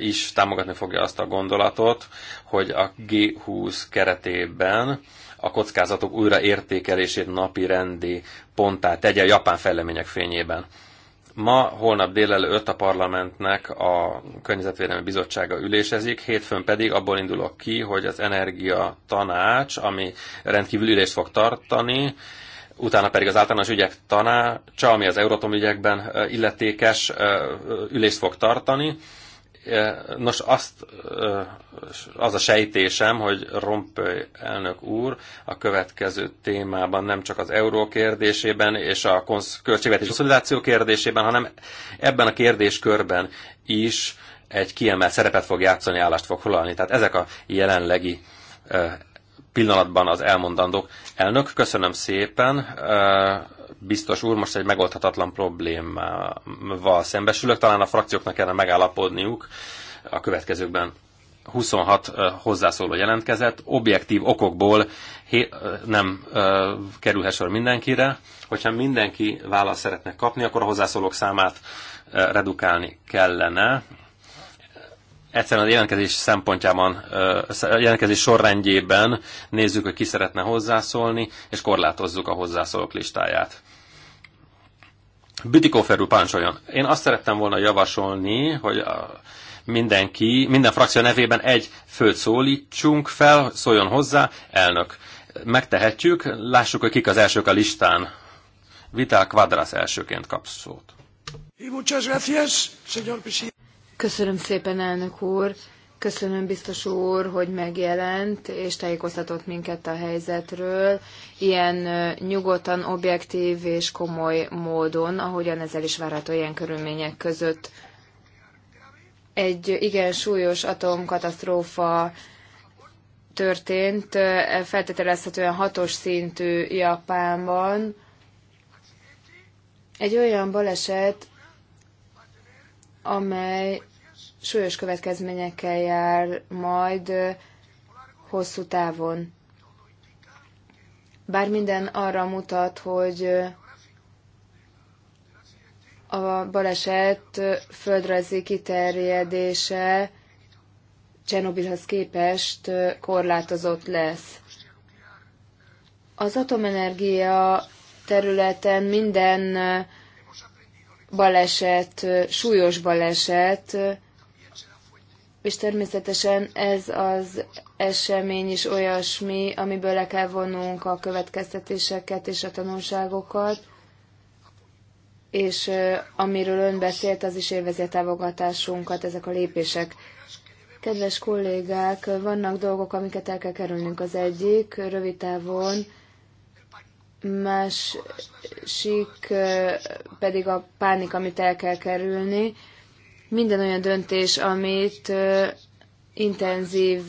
S2: is támogatni fogja azt a gondolatot, hogy a G20 keretében a kockázatok újraértékelését napi rendi pontát tegye a japán fejlemények fényében. Ma, holnap délelőtt a parlamentnek a Környezetvédelmi Bizottsága ülésezik, hétfőn pedig abból indulok ki, hogy az Energia Tanács, ami rendkívül ülést fog tartani, utána pedig az általános ügyek tanácsa, ami az Euratom ügyekben illetékes ülést fog tartani, Nos, azt, az a sejtésem, hogy Rompöly elnök úr a következő témában nem csak az euró kérdésében és a költségvetési konszolidáció kérdésében, hanem ebben a kérdéskörben is egy kiemelt szerepet fog játszani, állást fog foglalni. Tehát ezek a jelenlegi pillanatban az elmondandók. Elnök, köszönöm szépen biztos úr, most egy megoldhatatlan problémával szembesülök. Talán a frakcióknak kellene megállapodniuk a következőkben. 26 hozzászóló jelentkezett, objektív okokból nem kerülhet sor mindenkire. Hogyha mindenki választ szeretne kapni, akkor a hozzászólók számát redukálni kellene. Egyszerűen a jelentkezés szempontjában, jelentkezés sorrendjében nézzük, hogy ki szeretne hozzászólni, és korlátozzuk a hozzászólók listáját. Bütikofer páncsoljon. Én azt szerettem volna javasolni, hogy a mindenki, minden frakció nevében egy főt szólítsunk fel, szóljon hozzá, elnök. Megtehetjük, lássuk, hogy kik az elsők a listán. Vitál Quadras elsőként kap szót.
S5: Köszönöm szépen, elnök úr. Köszönöm biztos úr, hogy megjelent és tájékoztatott minket a helyzetről, ilyen nyugodtan, objektív és komoly módon, ahogyan ezzel is várható ilyen körülmények között. Egy igen súlyos atomkatasztrófa történt, feltételezhetően hatos szintű Japánban. Egy olyan baleset, amely súlyos következményekkel jár majd hosszú távon. Bár minden arra mutat, hogy a baleset földrajzi kiterjedése Csernobilhoz képest korlátozott lesz. Az atomenergia területen minden baleset, súlyos baleset és természetesen ez az esemény is olyasmi, amiből le kell vonnunk a következtetéseket és a tanulságokat, és amiről ön beszélt, az is élvezi a távogatásunkat, ezek a lépések. Kedves kollégák, vannak dolgok, amiket el kell kerülnünk. Az egyik rövid távon, másik pedig a pánik, amit el kell kerülni. Minden olyan döntés, amit intenzív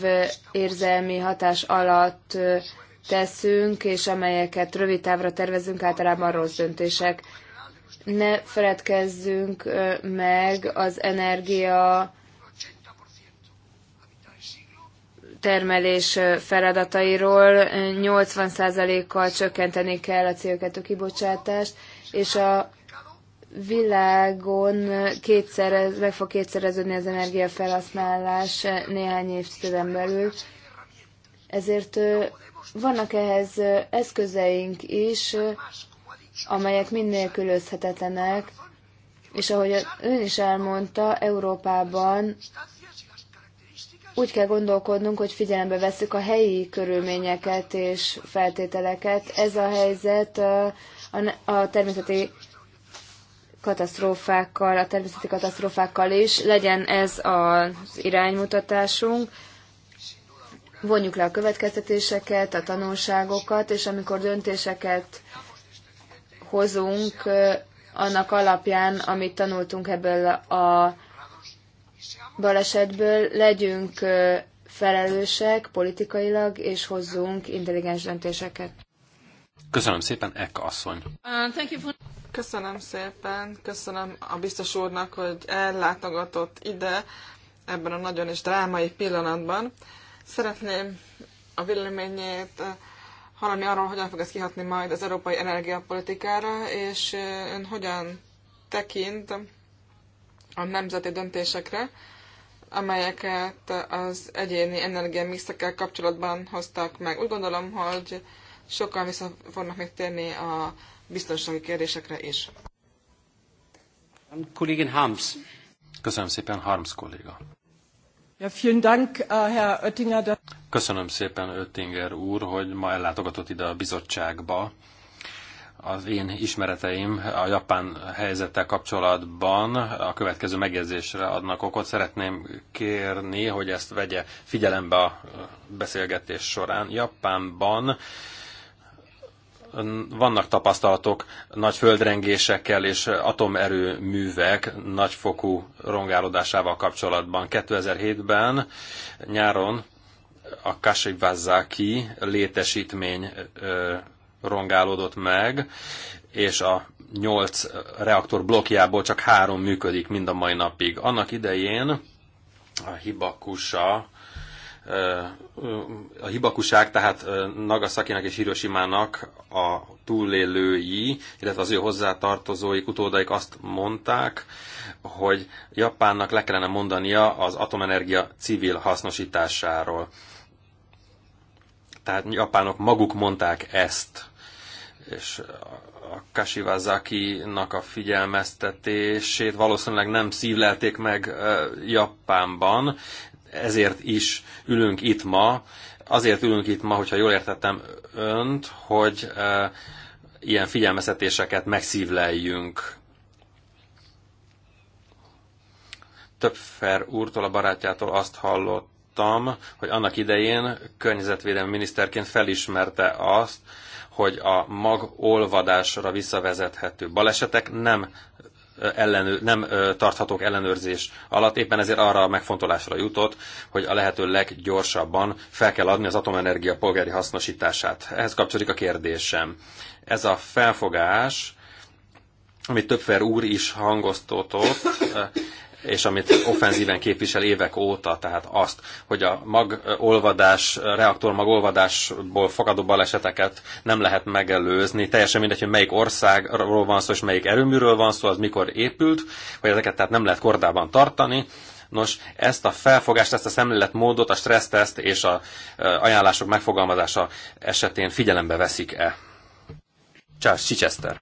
S5: érzelmi hatás alatt teszünk, és amelyeket rövid távra tervezünk, általában rossz döntések. Ne feledkezzünk meg az energia termelés feladatairól 80%-kal csökkenteni kell a CO2 kibocsátást, és a világon kétszerez, meg fog kétszereződni az energiafelhasználás néhány évtizeden belül. Ezért vannak ehhez eszközeink is, amelyek különözhetetlenek, és ahogy ön is elmondta, Európában úgy kell gondolkodnunk, hogy figyelembe veszük a helyi körülményeket és feltételeket. Ez a helyzet a, a, a természeti katasztrófákkal, a természeti katasztrófákkal is. Legyen ez az iránymutatásunk. Vonjuk le a következtetéseket, a tanulságokat, és amikor döntéseket hozunk, annak alapján, amit tanultunk ebből a balesetből, legyünk felelősek politikailag, és hozzunk intelligens döntéseket.
S2: Köszönöm szépen, Eka asszony.
S4: Uh, Köszönöm szépen, köszönöm a biztos úrnak, hogy ellátogatott ide ebben a nagyon is drámai pillanatban. Szeretném a véleményét eh, hallani arról, hogyan fog ez kihatni majd az európai energiapolitikára, és eh, ön hogyan tekint a nemzeti döntésekre, amelyeket az egyéni energiamixekkel kapcsolatban hoztak meg. Úgy gondolom, hogy sokan vissza fognak még térni a biztonsági kérdésekre is.
S2: Kollégin Harms. Köszönöm szépen, Harms kolléga.
S4: Ja, vielen Dank, äh, Herr Oettinger.
S2: Köszönöm szépen, Oettinger úr, hogy ma ellátogatott ide a bizottságba az én ismereteim a japán helyzettel kapcsolatban a következő megjegyzésre adnak okot. Szeretném kérni, hogy ezt vegye figyelembe a beszélgetés során. Japánban vannak tapasztalatok nagy földrengésekkel és atomerőművek nagyfokú rongálódásával kapcsolatban. 2007-ben nyáron a Kashiwazaki létesítmény rongálódott meg, és a nyolc reaktor blokkjából csak három működik mind a mai napig. Annak idején a hibakusa a hibakuság, tehát Nagasakinak és Hiroshima-nak a túlélői, illetve az ő hozzátartozóik, utódaik azt mondták, hogy Japánnak le kellene mondania az atomenergia civil hasznosításáról. Tehát japánok maguk mondták ezt, és a Kashiwazaki-nak a figyelmeztetését valószínűleg nem szívlelték meg Japánban, ezért is ülünk itt ma. Azért ülünk itt ma, hogyha jól értettem önt, hogy ilyen figyelmeztetéseket megszívleljünk. Többfer úrtól, a barátjától azt hallottam, hogy annak idején környezetvédelmi miniszterként felismerte azt, hogy a magolvadásra visszavezethető balesetek nem ellenő, nem tarthatók ellenőrzés alatt, éppen ezért arra a megfontolásra jutott, hogy a lehető leggyorsabban fel kell adni az atomenergia polgári hasznosítását. Ehhez kapcsolódik a kérdésem. Ez a felfogás, amit többfer úr is hangoztatott, és amit offenzíven képvisel évek óta, tehát azt, hogy a magolvadás, reaktor magolvadásból fakadó baleseteket nem lehet megelőzni, teljesen mindegy, hogy melyik országról van szó, és melyik erőműről van szó, az mikor épült, hogy ezeket tehát nem lehet kordában tartani, Nos, ezt a felfogást, ezt a szemléletmódot a stresszteszt és a ajánlások megfogalmazása esetén figyelembe veszik-e? Charles Chichester.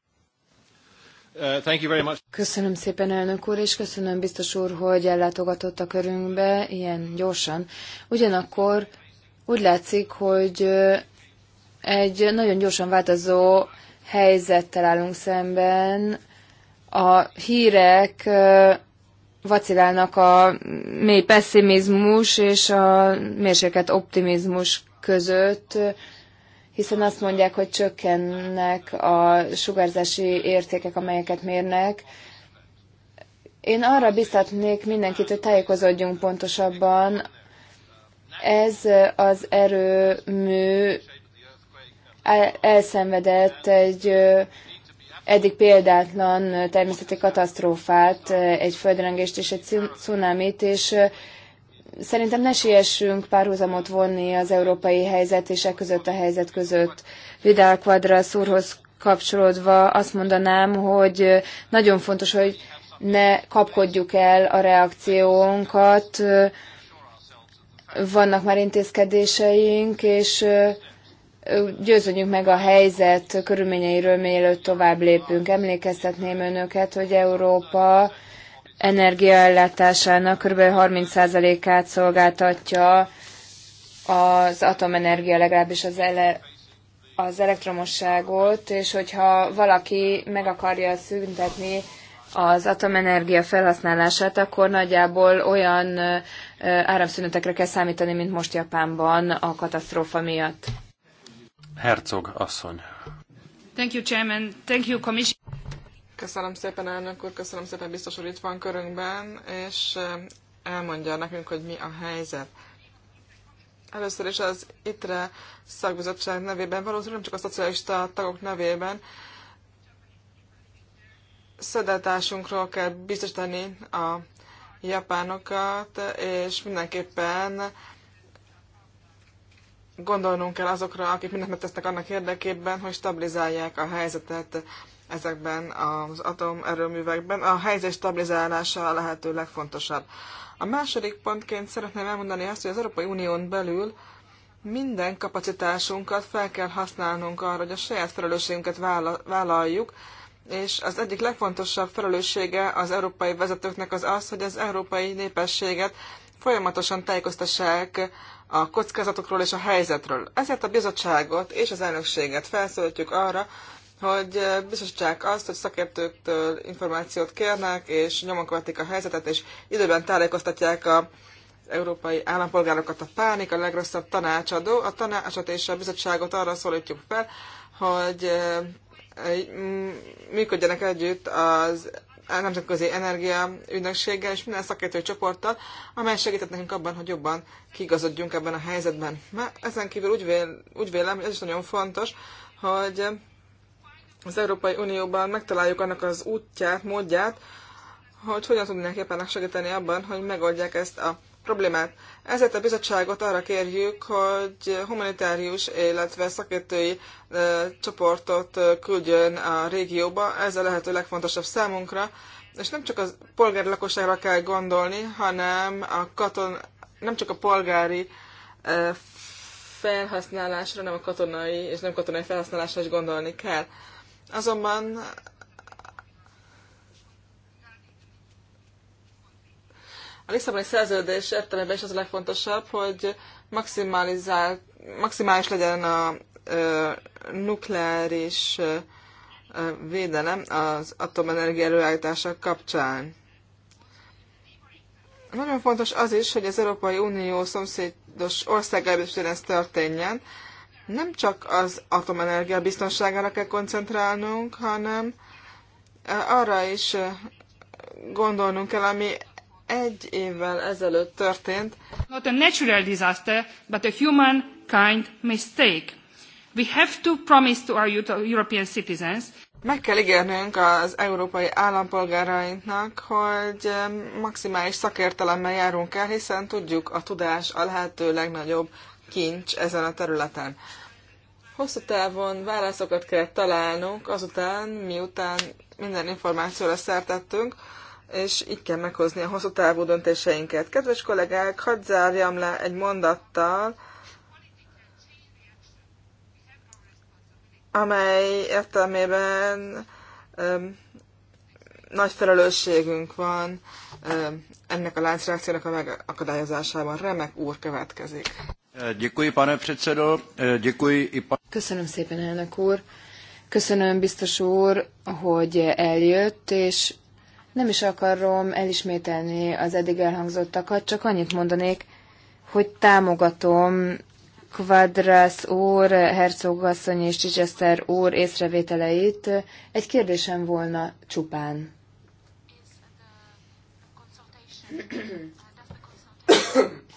S1: Uh,
S5: köszönöm szépen, elnök úr, és köszönöm biztos úr, hogy ellátogatott a körünkbe ilyen gyorsan. Ugyanakkor úgy látszik, hogy uh, egy nagyon gyorsan változó helyzettel állunk szemben. A hírek uh, vacilálnak a mély pessimizmus és a mérsékelt optimizmus között hiszen azt mondják, hogy csökkennek a sugárzási értékek, amelyeket mérnek. Én arra biztatnék mindenkit, hogy tájékozódjunk pontosabban. Ez az erőmű elszenvedett egy eddig példátlan természeti katasztrófát, egy földrengést és egy cunamit, és Szerintem ne siessünk párhuzamot vonni az európai helyzet és e között a helyzet között. Vidal Quadras úrhoz kapcsolódva azt mondanám, hogy nagyon fontos, hogy ne kapkodjuk el a reakciónkat. Vannak már intézkedéseink, és győződjünk meg a helyzet körülményeiről, mielőtt tovább lépünk. Emlékeztetném önöket, hogy Európa energiaellátásának kb. 30%-át szolgáltatja az atomenergia, legalábbis az, ele, az elektromosságot, és hogyha valaki meg akarja szüntetni az atomenergia felhasználását, akkor nagyjából olyan áramszünetekre kell számítani, mint most Japánban a katasztrófa miatt.
S2: Herzog asszony.
S5: Thank you, Chairman. Thank you, Commission.
S4: Köszönöm szépen, elnök úr, köszönöm szépen, biztos hogy itt van körünkben, és elmondja nekünk, hogy mi a helyzet. Először is az ITRE szakbizottság nevében, valószínűleg nem csak a szocialista tagok nevében, szedeltásunkról kell biztosítani a japánokat, és mindenképpen gondolnunk kell azokra, akik mindent tesznek annak érdekében, hogy stabilizálják a helyzetet ezekben az atomerőművekben. A helyzet stabilizálása a lehető legfontosabb. A második pontként szeretném elmondani azt, hogy az Európai Unión belül minden kapacitásunkat fel kell használnunk arra, hogy a saját felelősségünket vállaljuk, és az egyik legfontosabb felelőssége az európai vezetőknek az az, hogy az európai népességet folyamatosan tájékoztassák a kockázatokról és a helyzetről. Ezért a bizottságot és az elnökséget felszólítjuk arra, hogy biztosítsák azt, hogy szakértőktől információt kérnek, és nyomon követik a helyzetet, és időben tájékoztatják a európai állampolgárokat a pánik, a legrosszabb tanácsadó. A tanácsot és a bizottságot arra szólítjuk fel, hogy működjenek együtt az Nemzetközi Energia Ügynökséggel és minden szakértői csoporttal, amely segített nekünk abban, hogy jobban kigazodjunk ebben a helyzetben. Mert ezen kívül úgy, vél, úgy vélem, hogy ez is nagyon fontos, hogy az Európai Unióban megtaláljuk annak az útját, módját, hogy hogyan tudnánk éppen segíteni abban, hogy megoldják ezt a problémát. Ezért a bizottságot arra kérjük, hogy humanitárius, illetve szakértői e, csoportot küldjön a régióba. Ez a lehető legfontosabb számunkra. És nem csak a polgári lakosságra kell gondolni, hanem a katon, nem csak a polgári e, felhasználásra, nem a katonai és nem katonai felhasználásra is gondolni kell. Azonban a Lisszaboni szerződés értelemben is az a legfontosabb, hogy maximalizál, maximális legyen a ö, nukleáris ö, védelem az atomenergia előállítása kapcsán. Nagyon fontos az is, hogy az Európai Unió szomszédos országában is ez történjen, nem csak az atomenergia biztonságára kell koncentrálnunk, hanem e, arra is e, gondolnunk kell, ami egy évvel ezelőtt történt.
S5: Not a natural disaster, but a human kind
S4: mistake. We have to promise to our European citizens. Meg kell ígérnünk az európai állampolgárainknak, hogy e, maximális szakértelemmel járunk el, hiszen tudjuk, a tudás a lehető legnagyobb kincs ezen a területen. Hosszú távon válaszokat kell találnunk azután, miután minden információra szertettünk, és így kell meghozni a hosszú távú döntéseinket. Kedves kollégák, hadd zárjam le egy mondattal, amely értelmében öm, nagy felelősségünk van öm, ennek a láncreakciónak a megakadályozásában. Remek úr következik.
S5: Köszönöm szépen, elnök úr. Köszönöm, biztos úr, hogy eljött, és nem is akarom elismételni az eddig elhangzottakat, csak annyit mondanék, hogy támogatom Quadras úr, Herzogasszony és Chichester úr észrevételeit. Egy kérdésem volna csupán. Uh,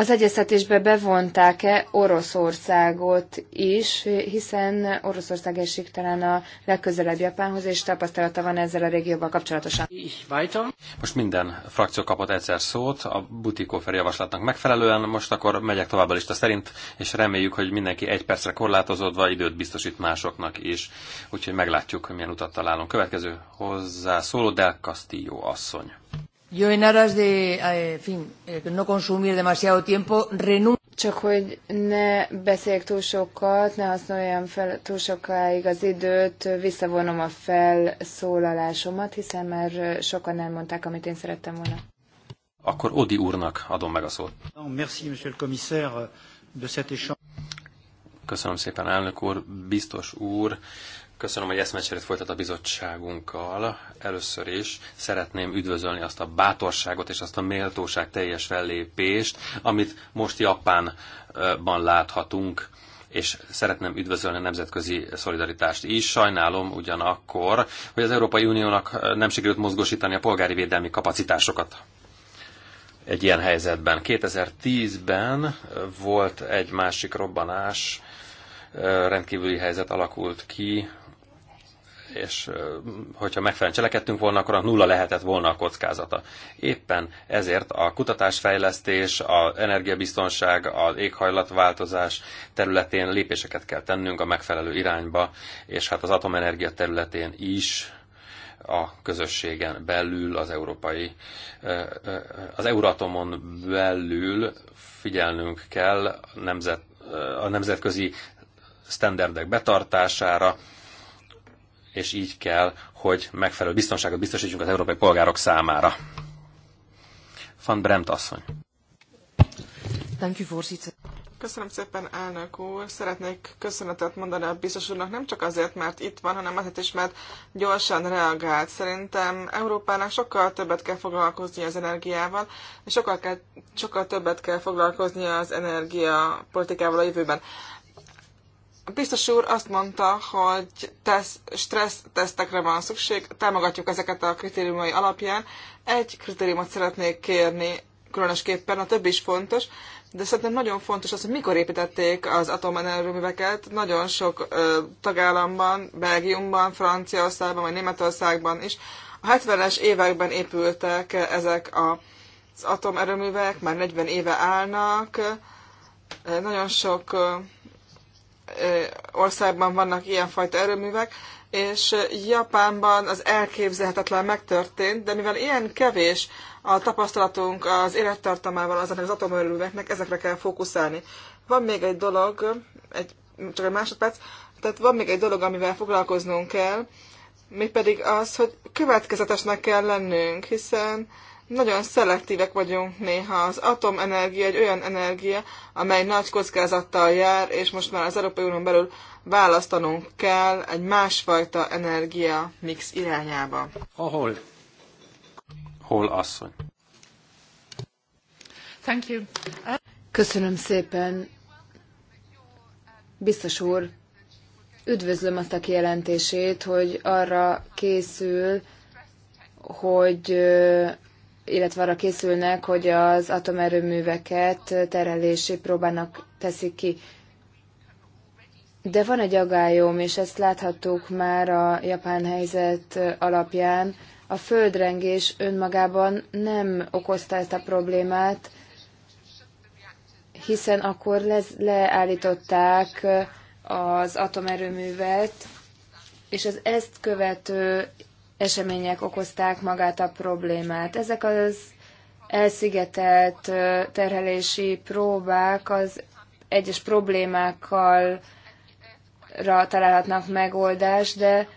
S5: az egyeztetésbe bevonták-e Oroszországot is, hiszen Oroszország esik talán a legközelebb Japánhoz, és tapasztalata van ezzel a régióval kapcsolatosan.
S2: Most minden frakció kapott egyszer szót, a Butikófer javaslatnak megfelelően, most akkor megyek tovább a lista szerint, és reméljük, hogy mindenki egy percre korlátozódva időt biztosít másoknak is, úgyhogy meglátjuk, milyen utat találunk. Következő Szóló Del Castillo asszony.
S5: Yo en aras de, eh, en fin, eh, no consumir demasiado tiempo, renuncio. Csak hogy ne beszéljek túl sokat, ne használjam fel túl sokáig az időt, visszavonom a felszólalásomat, hiszen már eh, sokan elmondták, amit én szerettem volna.
S2: Akkor Odi úrnak adom meg a szót.
S1: Merci, monsieur le commissaire, de
S2: Köszönöm szépen, elnök úr, biztos úr, Köszönöm, hogy eszmecserét folytat a bizottságunkkal. Először is szeretném üdvözölni azt a bátorságot és azt a méltóság teljes fellépést, amit most Japánban láthatunk és szeretném üdvözölni a nemzetközi szolidaritást is. Sajnálom ugyanakkor, hogy az Európai Uniónak nem sikerült mozgósítani a polgári védelmi kapacitásokat egy ilyen helyzetben. 2010-ben volt egy másik robbanás, rendkívüli helyzet alakult ki és hogyha megfelelően cselekedtünk volna, akkor a nulla lehetett volna a kockázata. Éppen ezért a kutatásfejlesztés, a energiabiztonság, az éghajlatváltozás területén lépéseket kell tennünk a megfelelő irányba, és hát az atomenergia területén is a közösségen belül, az európai, az Euratomon belül figyelnünk kell nemzet, a nemzetközi sztenderdek betartására, és így kell, hogy megfelelő biztonságot biztosítsunk az európai polgárok számára. Van Bremt asszony.
S4: Köszönöm szépen, elnök úr. Szeretnék köszönetet mondani a biztos úrnak, nem csak azért, mert itt van, hanem azért is, mert gyorsan reagált. Szerintem Európának sokkal többet kell foglalkozni az energiával, és sokkal, kell, sokkal többet kell foglalkozni az energiapolitikával a jövőben biztos úr azt mondta, hogy tesz, stressz tesztekre van szükség, támogatjuk ezeket a kritériumai alapján. Egy kritériumot szeretnék kérni, különösképpen a többi is fontos, de szerintem nagyon fontos az, hogy mikor építették az atomenerőműveket. Nagyon sok ö, tagállamban, Belgiumban, Franciaországban, vagy Németországban is. A 70-es években épültek ezek a, az atomerőművek, már 40 éve állnak. Nagyon sok ö, országban vannak ilyenfajta erőművek, és Japánban az elképzelhetetlen megtörtént, de mivel ilyen kevés a tapasztalatunk az élettartamával azoknak az atomerőműveknek, ezekre kell fókuszálni. Van még egy dolog, egy, csak egy másodperc, tehát van még egy dolog, amivel foglalkoznunk kell, mégpedig az, hogy következetesnek kell lennünk, hiszen uh, nagyon szelektívek vagyunk néha. Az atomenergia egy olyan energia, amely nagy kockázattal jár, és most már az Európai Unión belül választanunk kell egy másfajta energia mix irányába.
S2: Ahol? Hol asszony?
S1: Thank you.
S5: Köszönöm szépen. Biztos úr, üdvözlöm azt a kijelentését, hogy arra készül, hogy illetve arra készülnek, hogy az atomerőműveket terelési próbának teszik ki. De van egy agályom, és ezt láthattuk már a japán helyzet alapján. A földrengés önmagában nem okozta ezt a problémát, hiszen akkor le, leállították az atomerőművet, és az ezt követő események okozták magát a problémát. Ezek az elszigetelt terhelési próbák az egyes problémákkal találhatnak megoldást, de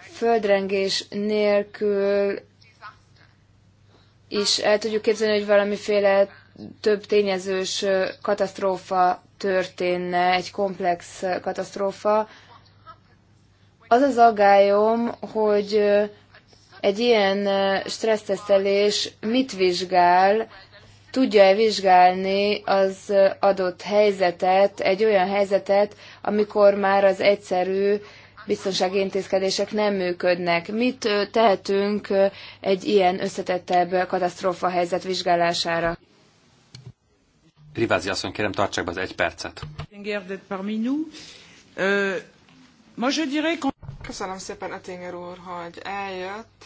S5: földrengés nélkül is el tudjuk képzelni, hogy valamiféle több tényezős katasztrófa történne, egy komplex katasztrófa, az az aggályom, hogy egy ilyen stressztesztelés mit vizsgál, tudja-e vizsgálni az adott helyzetet, egy olyan helyzetet, amikor már az egyszerű biztonsági intézkedések nem működnek. Mit tehetünk egy ilyen összetettebb katasztrófa helyzet vizsgálására?
S2: Rivázi asszony, kérem, tartsák be az egy percet.
S4: Köszönöm szépen Ettinger úr, hogy eljött.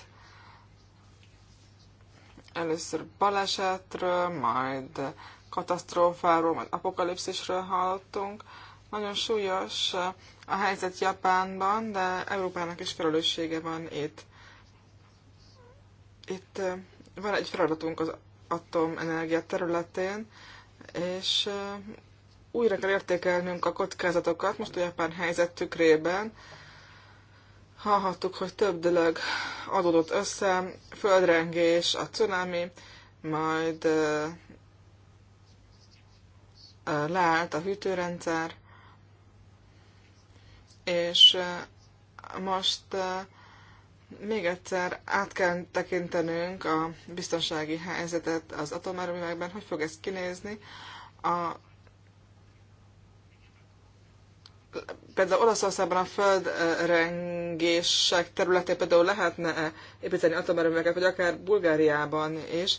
S4: Először balesetről, majd katasztrófáról, majd apokalipszisről hallottunk. Nagyon súlyos a helyzet Japánban, de Európának is felelőssége van itt. Itt van egy feladatunk az atomenergia területén, és újra kell értékelnünk a kockázatokat, most a japán helyzet tükrében, hallhattuk, hogy több dolog adódott össze, földrengés, a cunami, majd leállt a hűtőrendszer, és most még egyszer át kell tekintenünk a biztonsági helyzetet az atomerőművekben, hogy fog ez kinézni. A például Olaszországban a földrengések területén például lehetne -e építeni atomerőműveket, vagy akár Bulgáriában is,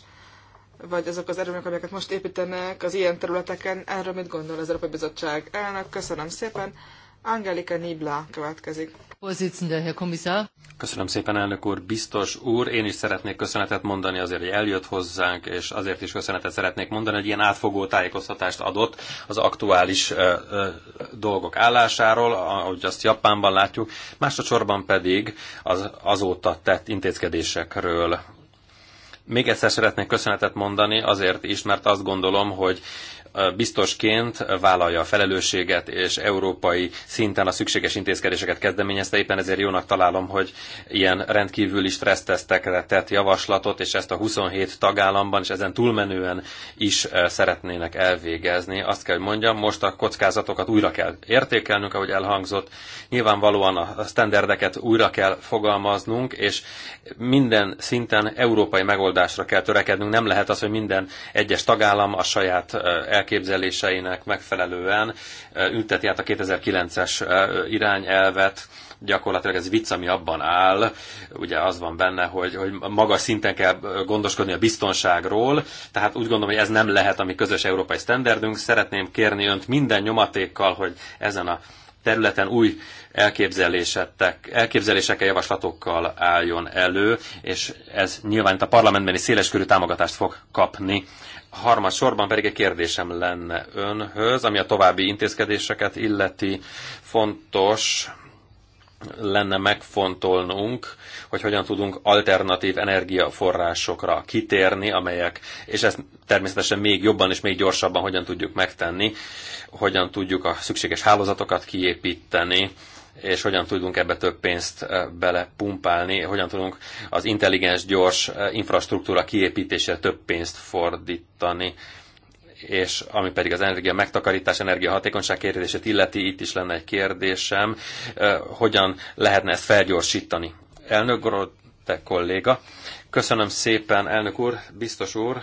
S4: vagy azok az erőművek, amelyeket most építenek az ilyen területeken, erről mit gondol az Európai Bizottság elnök? Köszönöm szépen! Angelika Nibla következik.
S2: Köszönöm szépen, elnök úr, biztos úr. Én is szeretnék köszönetet mondani azért, hogy eljött hozzánk, és azért is köszönetet szeretnék mondani, hogy ilyen átfogó tájékoztatást adott az aktuális ö, ö, dolgok állásáról, ahogy azt Japánban látjuk, másodszorban pedig az azóta tett intézkedésekről. Még egyszer szeretnék köszönetet mondani, azért is, mert azt gondolom, hogy biztosként vállalja a felelősséget, és európai szinten a szükséges intézkedéseket kezdeményezte. Éppen ezért jónak találom, hogy ilyen rendkívüli stressztesztekre tett javaslatot, és ezt a 27 tagállamban, és ezen túlmenően is eh, szeretnének elvégezni. Azt kell, hogy mondjam, most a kockázatokat újra kell értékelnünk, ahogy elhangzott. Nyilvánvalóan a standardeket újra kell fogalmaznunk, és minden szinten európai megoldásra kell törekednünk. Nem lehet az, hogy minden egyes tagállam a saját el eh, elképzeléseinek megfelelően eh, ülteti át a 2009-es eh, irányelvet, gyakorlatilag ez vicc, ami abban áll, ugye az van benne, hogy, hogy magas szinten kell eh, gondoskodni a biztonságról, tehát úgy gondolom, hogy ez nem lehet a mi közös európai standardünk. Szeretném kérni önt minden nyomatékkal, hogy ezen a területen új elképzelésekkel, javaslatokkal álljon elő, és ez nyilván itt a parlamentben is széleskörű támogatást fog kapni. Harmad sorban pedig egy kérdésem lenne önhöz, ami a további intézkedéseket illeti fontos lenne megfontolnunk, hogy hogyan tudunk alternatív energiaforrásokra kitérni, amelyek, és ezt természetesen még jobban és még gyorsabban hogyan tudjuk megtenni, hogyan tudjuk a szükséges hálózatokat kiépíteni, és hogyan tudunk ebbe több pénzt eh, belepumpálni, hogyan tudunk az intelligens, gyors eh, infrastruktúra kiépítésére több pénzt fordítani és ami pedig az energia megtakarítás, energiahatékonyság kérdését illeti, itt is lenne egy kérdésem, eh, hogyan lehetne ezt felgyorsítani. Elnök te kolléga, köszönöm szépen, elnök úr, biztos úr,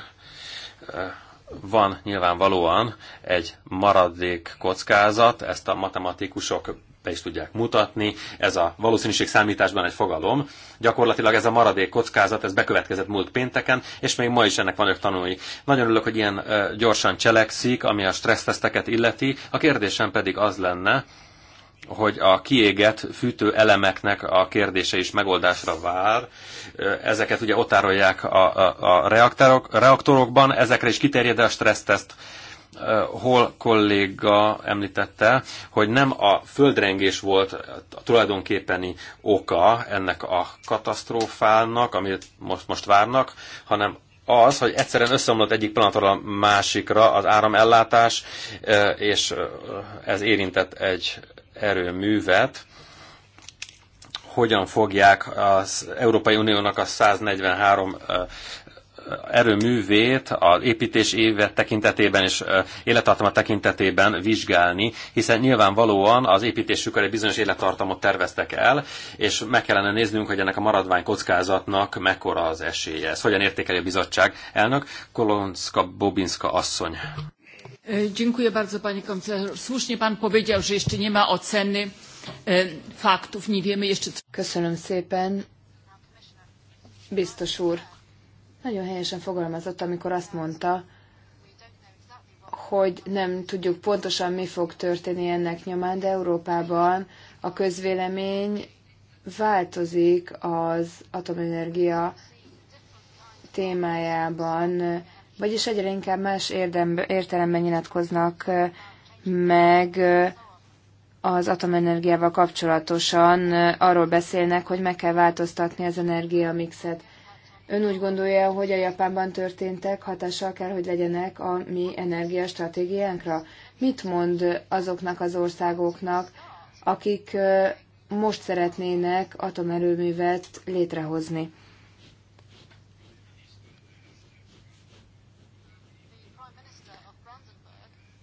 S2: van nyilvánvalóan egy maradék kockázat, ezt a matematikusok be is tudják mutatni. Ez a valószínűség számításban egy fogalom. Gyakorlatilag ez a maradék kockázat, ez bekövetkezett múlt pénteken, és még ma is ennek vannak tanulói. Nagyon örülök, hogy ilyen gyorsan cselekszik, ami a stresszteszteket illeti. A kérdésem pedig az lenne, hogy a kiégett fűtő elemeknek a kérdése is megoldásra vár. Ezeket ugye otárolják a, a, a reaktorok, reaktorokban, ezekre is kiterjed a stresszteszt Eh, hol kolléga említette, hogy nem a földrengés volt a tulajdonképpeni oka ennek a katasztrófának, amit most, most várnak, hanem az, hogy egyszerűen összeomlott egyik pillanatról a másikra az áramellátás, eh, és eh, ez érintett egy erőművet, hogyan fogják az Európai Uniónak a 143 erőművét az építés évet tekintetében és élettartama tekintetében vizsgálni, hiszen nyilvánvalóan az építésükkel egy bizonyos élettartamot terveztek el, és meg kellene néznünk, hogy ennek a maradvány kockázatnak mekkora az esélye. Ez hogyan értékeli a bizottság elnök, Kolonska Bobinska asszony.
S5: Dziękuję bardzo, panie komisarzu. Słusznie pan powiedział, że jeszcze nie ma oceny e, faktów, nie wiemy jeszcze co. Köszönöm szépen, biztos úr. Nagyon helyesen fogalmazott, amikor azt mondta, hogy nem tudjuk pontosan mi fog történni ennek nyomán, de Európában a közvélemény változik az atomenergia témájában, vagyis egyre inkább más érdembe, értelemben nyilatkoznak meg az atomenergiával kapcsolatosan arról beszélnek, hogy meg kell változtatni az energiamixet. Ön úgy gondolja, hogy a Japánban történtek hatással kell, hogy legyenek a mi energiastratégiánkra? Mit mond azoknak az országoknak, akik most szeretnének atomerőművet létrehozni?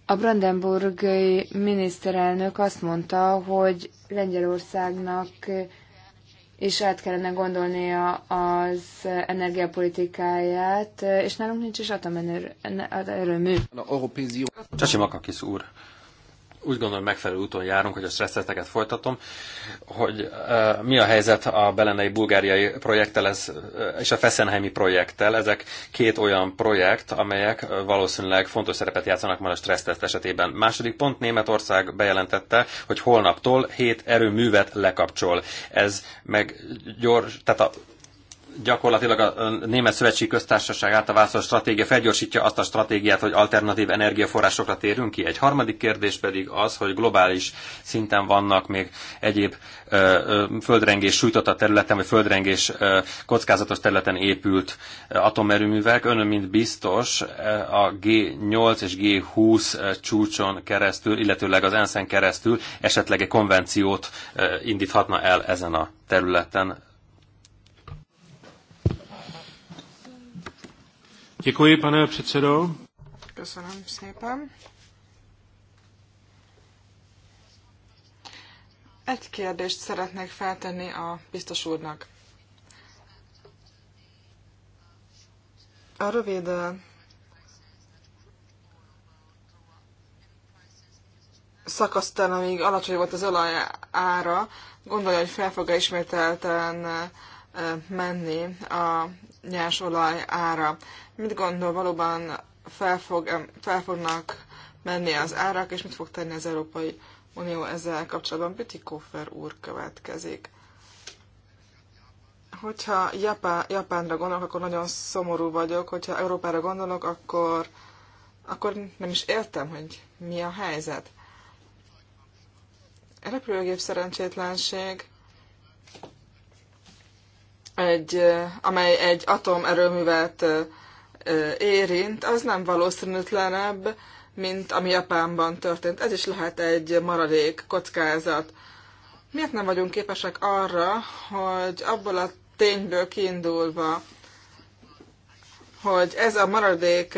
S5: A brandenburgi miniszterelnök azt mondta, hogy Lengyelországnak és át kellene gondolnia az energiapolitikáját, és nálunk nincs is atomerőmű.
S2: Csacsi Makakis úr úgy gondolom megfelelő úton járunk, hogy a stresszeteket folytatom, hogy uh, mi a helyzet a belenei bulgáriai projekttel ez, és a Fessenheimi projekttel. Ezek két olyan projekt, amelyek valószínűleg fontos szerepet játszanak már a stresszteszt esetében. Második pont, Németország bejelentette, hogy holnaptól hét erőművet lekapcsol. Ez meg gyors, tehát a gyakorlatilag a Német Szövetségi Köztársaság által választott stratégia felgyorsítja azt a stratégiát, hogy alternatív energiaforrásokra térünk ki. Egy harmadik kérdés pedig az, hogy globális szinten vannak még egyéb ö, ö, földrengés sújtott a területen, vagy földrengés ö, kockázatos területen épült atomerőművek. Ön, mint biztos, a G8 és G20 csúcson keresztül, illetőleg az ENSZ-en keresztül esetleg egy konvenciót indíthatna el ezen a területen Děkuji, pane předsedo.
S4: Köszönöm szépen. Egy kérdést szeretnék feltenni a biztos úrnak. A rövid szakasztán, amíg alacsony volt az olaj ára, gondolja, hogy fel fog -e ismételten menni a nyersolaj ára. Mit gondol, valóban felfog, fel fognak menni az árak, és mit fog tenni az Európai Unió ezzel kapcsolatban? koffer úr következik. Hogyha Japán, Japánra gondolok, akkor nagyon szomorú vagyok, hogyha Európára gondolok, akkor, akkor nem is értem, hogy mi a helyzet. repülőgép szerencsétlenség egy, amely egy atomerőművet érint, az nem valószínűtlenebb, mint ami Japánban történt. Ez is lehet egy maradék kockázat. Miért nem vagyunk képesek arra, hogy abból a tényből kiindulva, hogy ez a maradék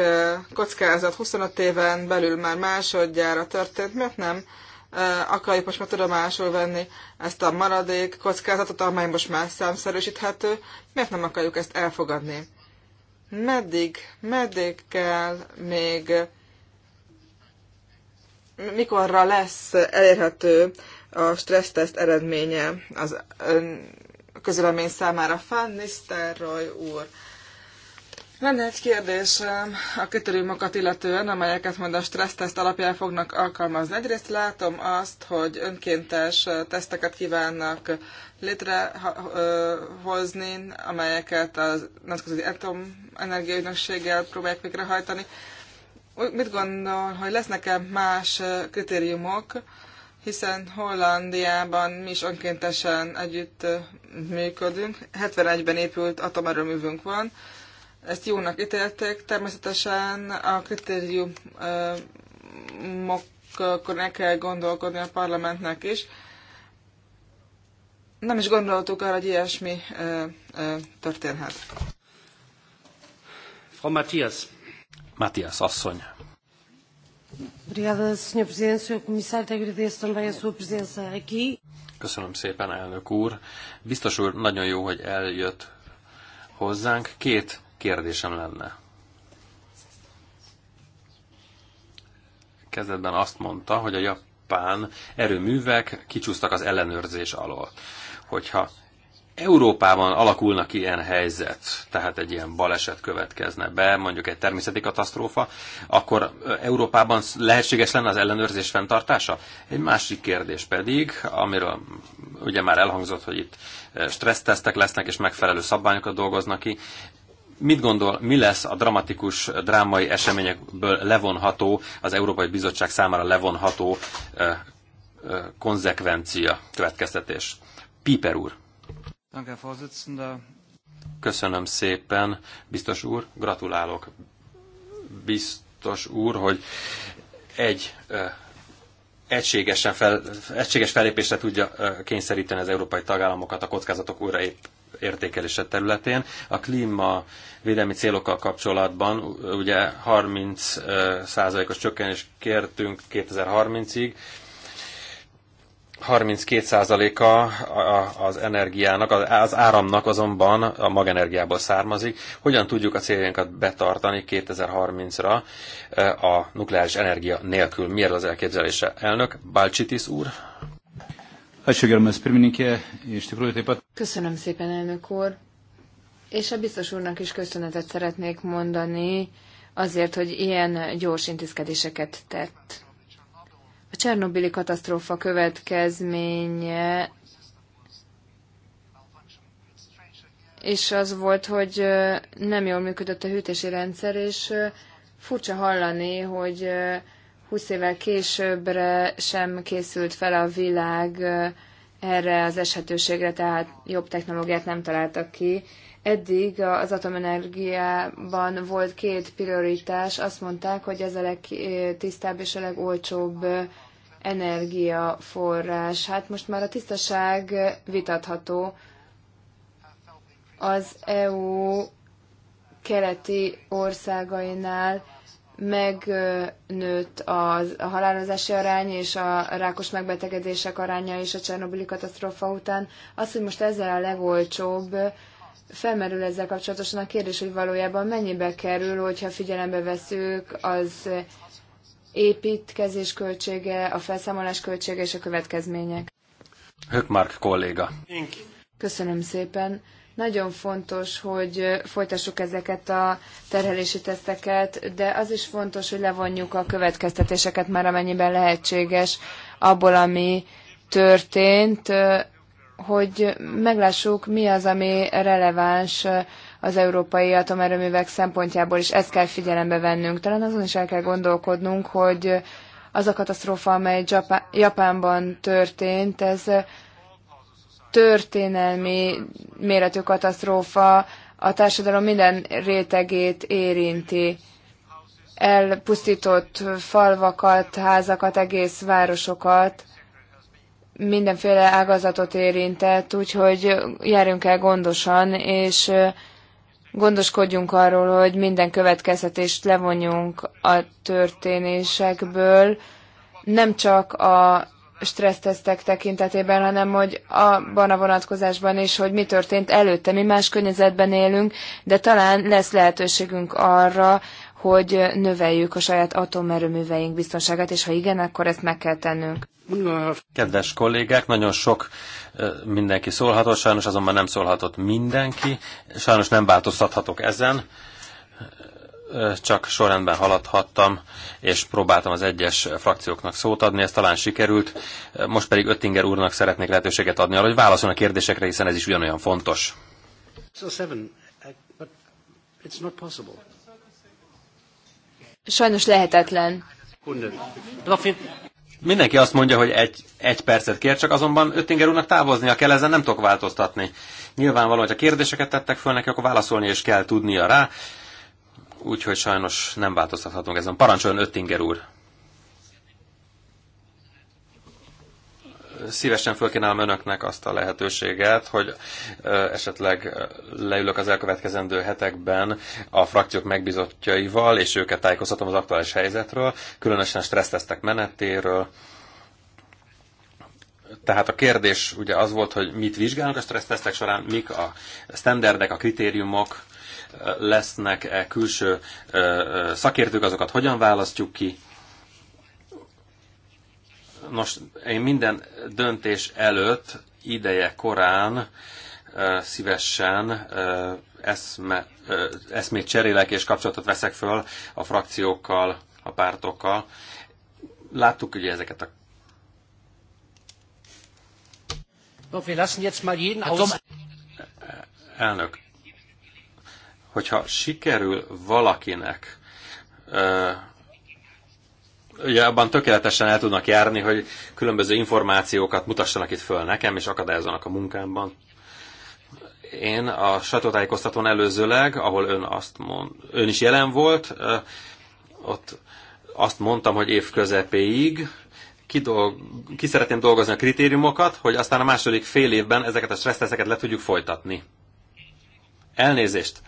S4: kockázat 25 éven belül már másodjára történt, miért nem Eh, akarjuk most már tudomásul venni ezt a maradék kockázatot, amely most már számszerűsíthető, miért nem akarjuk ezt elfogadni? Meddig, meddig kell még, mikorra lesz elérhető a stresszteszt eredménye az ön, eh, közülemény számára? Fan Nisztelrooy úr lenne egy kérdésem a kritériumokat illetően, amelyeket majd a stresszteszt alapján fognak alkalmazni. Egyrészt látom azt, hogy önkéntes teszteket kívánnak létrehozni, amelyeket a Nemzetközi Atomenergia Ügynökséggel próbálják végrehajtani. Mit gondol, hogy lesznek-e más kritériumok, hiszen Hollandiában mi is önkéntesen együtt működünk. 71-ben épült atomerőművünk van, ezt jónak ítélték. Természetesen a kritériumokon ne kell gondolkodni a parlamentnek is. Nem is gondoltuk arra, hogy ilyesmi történhet.
S2: Frau Matthias. Matthias asszony. a Köszönöm szépen, elnök úr. Biztos úr, nagyon jó, hogy eljött hozzánk. Két kérdésem lenne. Kezdetben azt mondta, hogy a japán erőművek kicsúsztak az ellenőrzés alól. Hogyha Európában alakulna ilyen helyzet, tehát egy ilyen baleset következne be, mondjuk egy természeti katasztrófa, akkor Európában lehetséges lenne az ellenőrzés fenntartása? Egy másik kérdés pedig, amiről ugye már elhangzott, hogy itt stressztesztek lesznek, és megfelelő szabványokat dolgoznak ki. Mit gondol, mi lesz a dramatikus eh, drámai eseményekből levonható, az Európai Bizottság számára levonható ö, eh, ö, eh, konzekvencia, következtetés? Piper úr. Köszönöm szépen, biztos úr, gratulálok. Biztos úr, hogy egy ö, egységesen fel, egységes fellépésre tudja kényszeríteni az európai tagállamokat a kockázatok újraép értékelése területén. A védelmi célokkal kapcsolatban ugye 30 százalékos csökkenést kértünk 2030-ig, 32%-a az energiának, az áramnak azonban a magenergiából származik. Hogyan tudjuk a céljainkat betartani 2030-ra a nukleáris energia nélkül? Miért az elképzelése? Elnök, Balcsitis úr?
S5: Köszönöm szépen, elnök úr. És a biztos úrnak is köszönetet szeretnék mondani azért, hogy ilyen gyors intézkedéseket tett. A Csernobili katasztrófa következménye és az volt, hogy nem jól működött a hűtési rendszer, és furcsa hallani, hogy 20 évvel későbbre sem készült fel a világ erre az eshetőségre, tehát jobb technológiát nem találtak ki. Eddig az atomenergiában volt két prioritás, azt mondták, hogy ez a legtisztább és a legolcsóbb energiaforrás. Hát most már a tisztaság vitatható. Az EU keleti országainál megnőtt a, a halálozási arány és a rákos megbetegedések aránya is a Csernobili katasztrófa után. Az, hogy most ezzel a legolcsóbb, felmerül ezzel kapcsolatosan a kérdés, hogy valójában mennyibe kerül, hogyha figyelembe veszük az építkezés költsége, a felszámolás költsége és a következmények.
S2: Hökmark kolléga.
S5: Köszönöm szépen. Nagyon fontos, hogy folytassuk ezeket a terhelési teszteket, de az is fontos, hogy levonjuk a következtetéseket már amennyiben lehetséges abból, ami történt, hogy meglássuk, mi az, ami releváns az európai atomerőművek szempontjából, és ezt kell figyelembe vennünk. Talán azon is el kell gondolkodnunk, hogy az a katasztrófa, amely Japánban történt, ez történelmi méretű katasztrófa a társadalom minden rétegét érinti. Elpusztított falvakat, házakat, egész városokat, mindenféle ágazatot érintett, úgyhogy járjunk el gondosan, és gondoskodjunk arról, hogy minden következtetést levonjunk a történésekből, nem csak a stressztesztek tekintetében, hanem hogy abban a vonatkozásban is, hogy mi történt előtte. Mi más környezetben élünk, de talán lesz lehetőségünk arra, hogy növeljük a saját atomerőműveink biztonságát, és ha igen, akkor ezt meg kell tennünk.
S2: Kedves kollégák, nagyon sok mindenki szólhatott, sajnos azonban nem szólhatott mindenki, sajnos nem változtathatok ezen csak sorrendben haladhattam, és próbáltam az egyes frakcióknak szót adni, ez talán sikerült. Most pedig Öttinger úrnak szeretnék lehetőséget adni arra, hogy válaszol a kérdésekre, hiszen ez is ugyanolyan fontos.
S1: Uh,
S5: Sajnos lehetetlen.
S2: Mindenki azt mondja, hogy egy, egy percet kér, csak azonban Öttinger úrnak távoznia kell, ezen nem tudok változtatni. Nyilvánvalóan, hogy a kérdéseket tettek föl neki, akkor válaszolni is kell tudnia rá úgyhogy sajnos nem változtathatunk ezen. Parancsoljon Öttinger úr! Szívesen fölkínálom önöknek azt a lehetőséget, hogy esetleg leülök az elkövetkezendő hetekben a frakciók megbizottjaival, és őket tájékoztatom az aktuális helyzetről, különösen stressztesztek menetéről, tehát a kérdés ugye az volt, hogy mit vizsgálunk a stressztesztek során, mik a standardek, a kritériumok, lesznek-e külső szakértők, azokat hogyan választjuk ki. Nos, én minden döntés előtt, ideje korán szívesen eszme, eszmét cserélek és kapcsolatot veszek föl a frakciókkal, a pártokkal. Láttuk ugye ezeket a
S1: hát
S2: Elnök, hogyha sikerül valakinek ugye abban tökéletesen el tudnak járni, hogy különböző információkat mutassanak itt föl nekem, és akadályozzanak a munkámban. Én a sajtótájékoztatón előzőleg, ahol ön, azt mond, ön is jelen volt, ott azt mondtam, hogy év közepéig kidolg, ki szeretném dolgozni a kritériumokat, hogy aztán a második fél évben ezeket a stresszteszeket le tudjuk folytatni. Elnézést!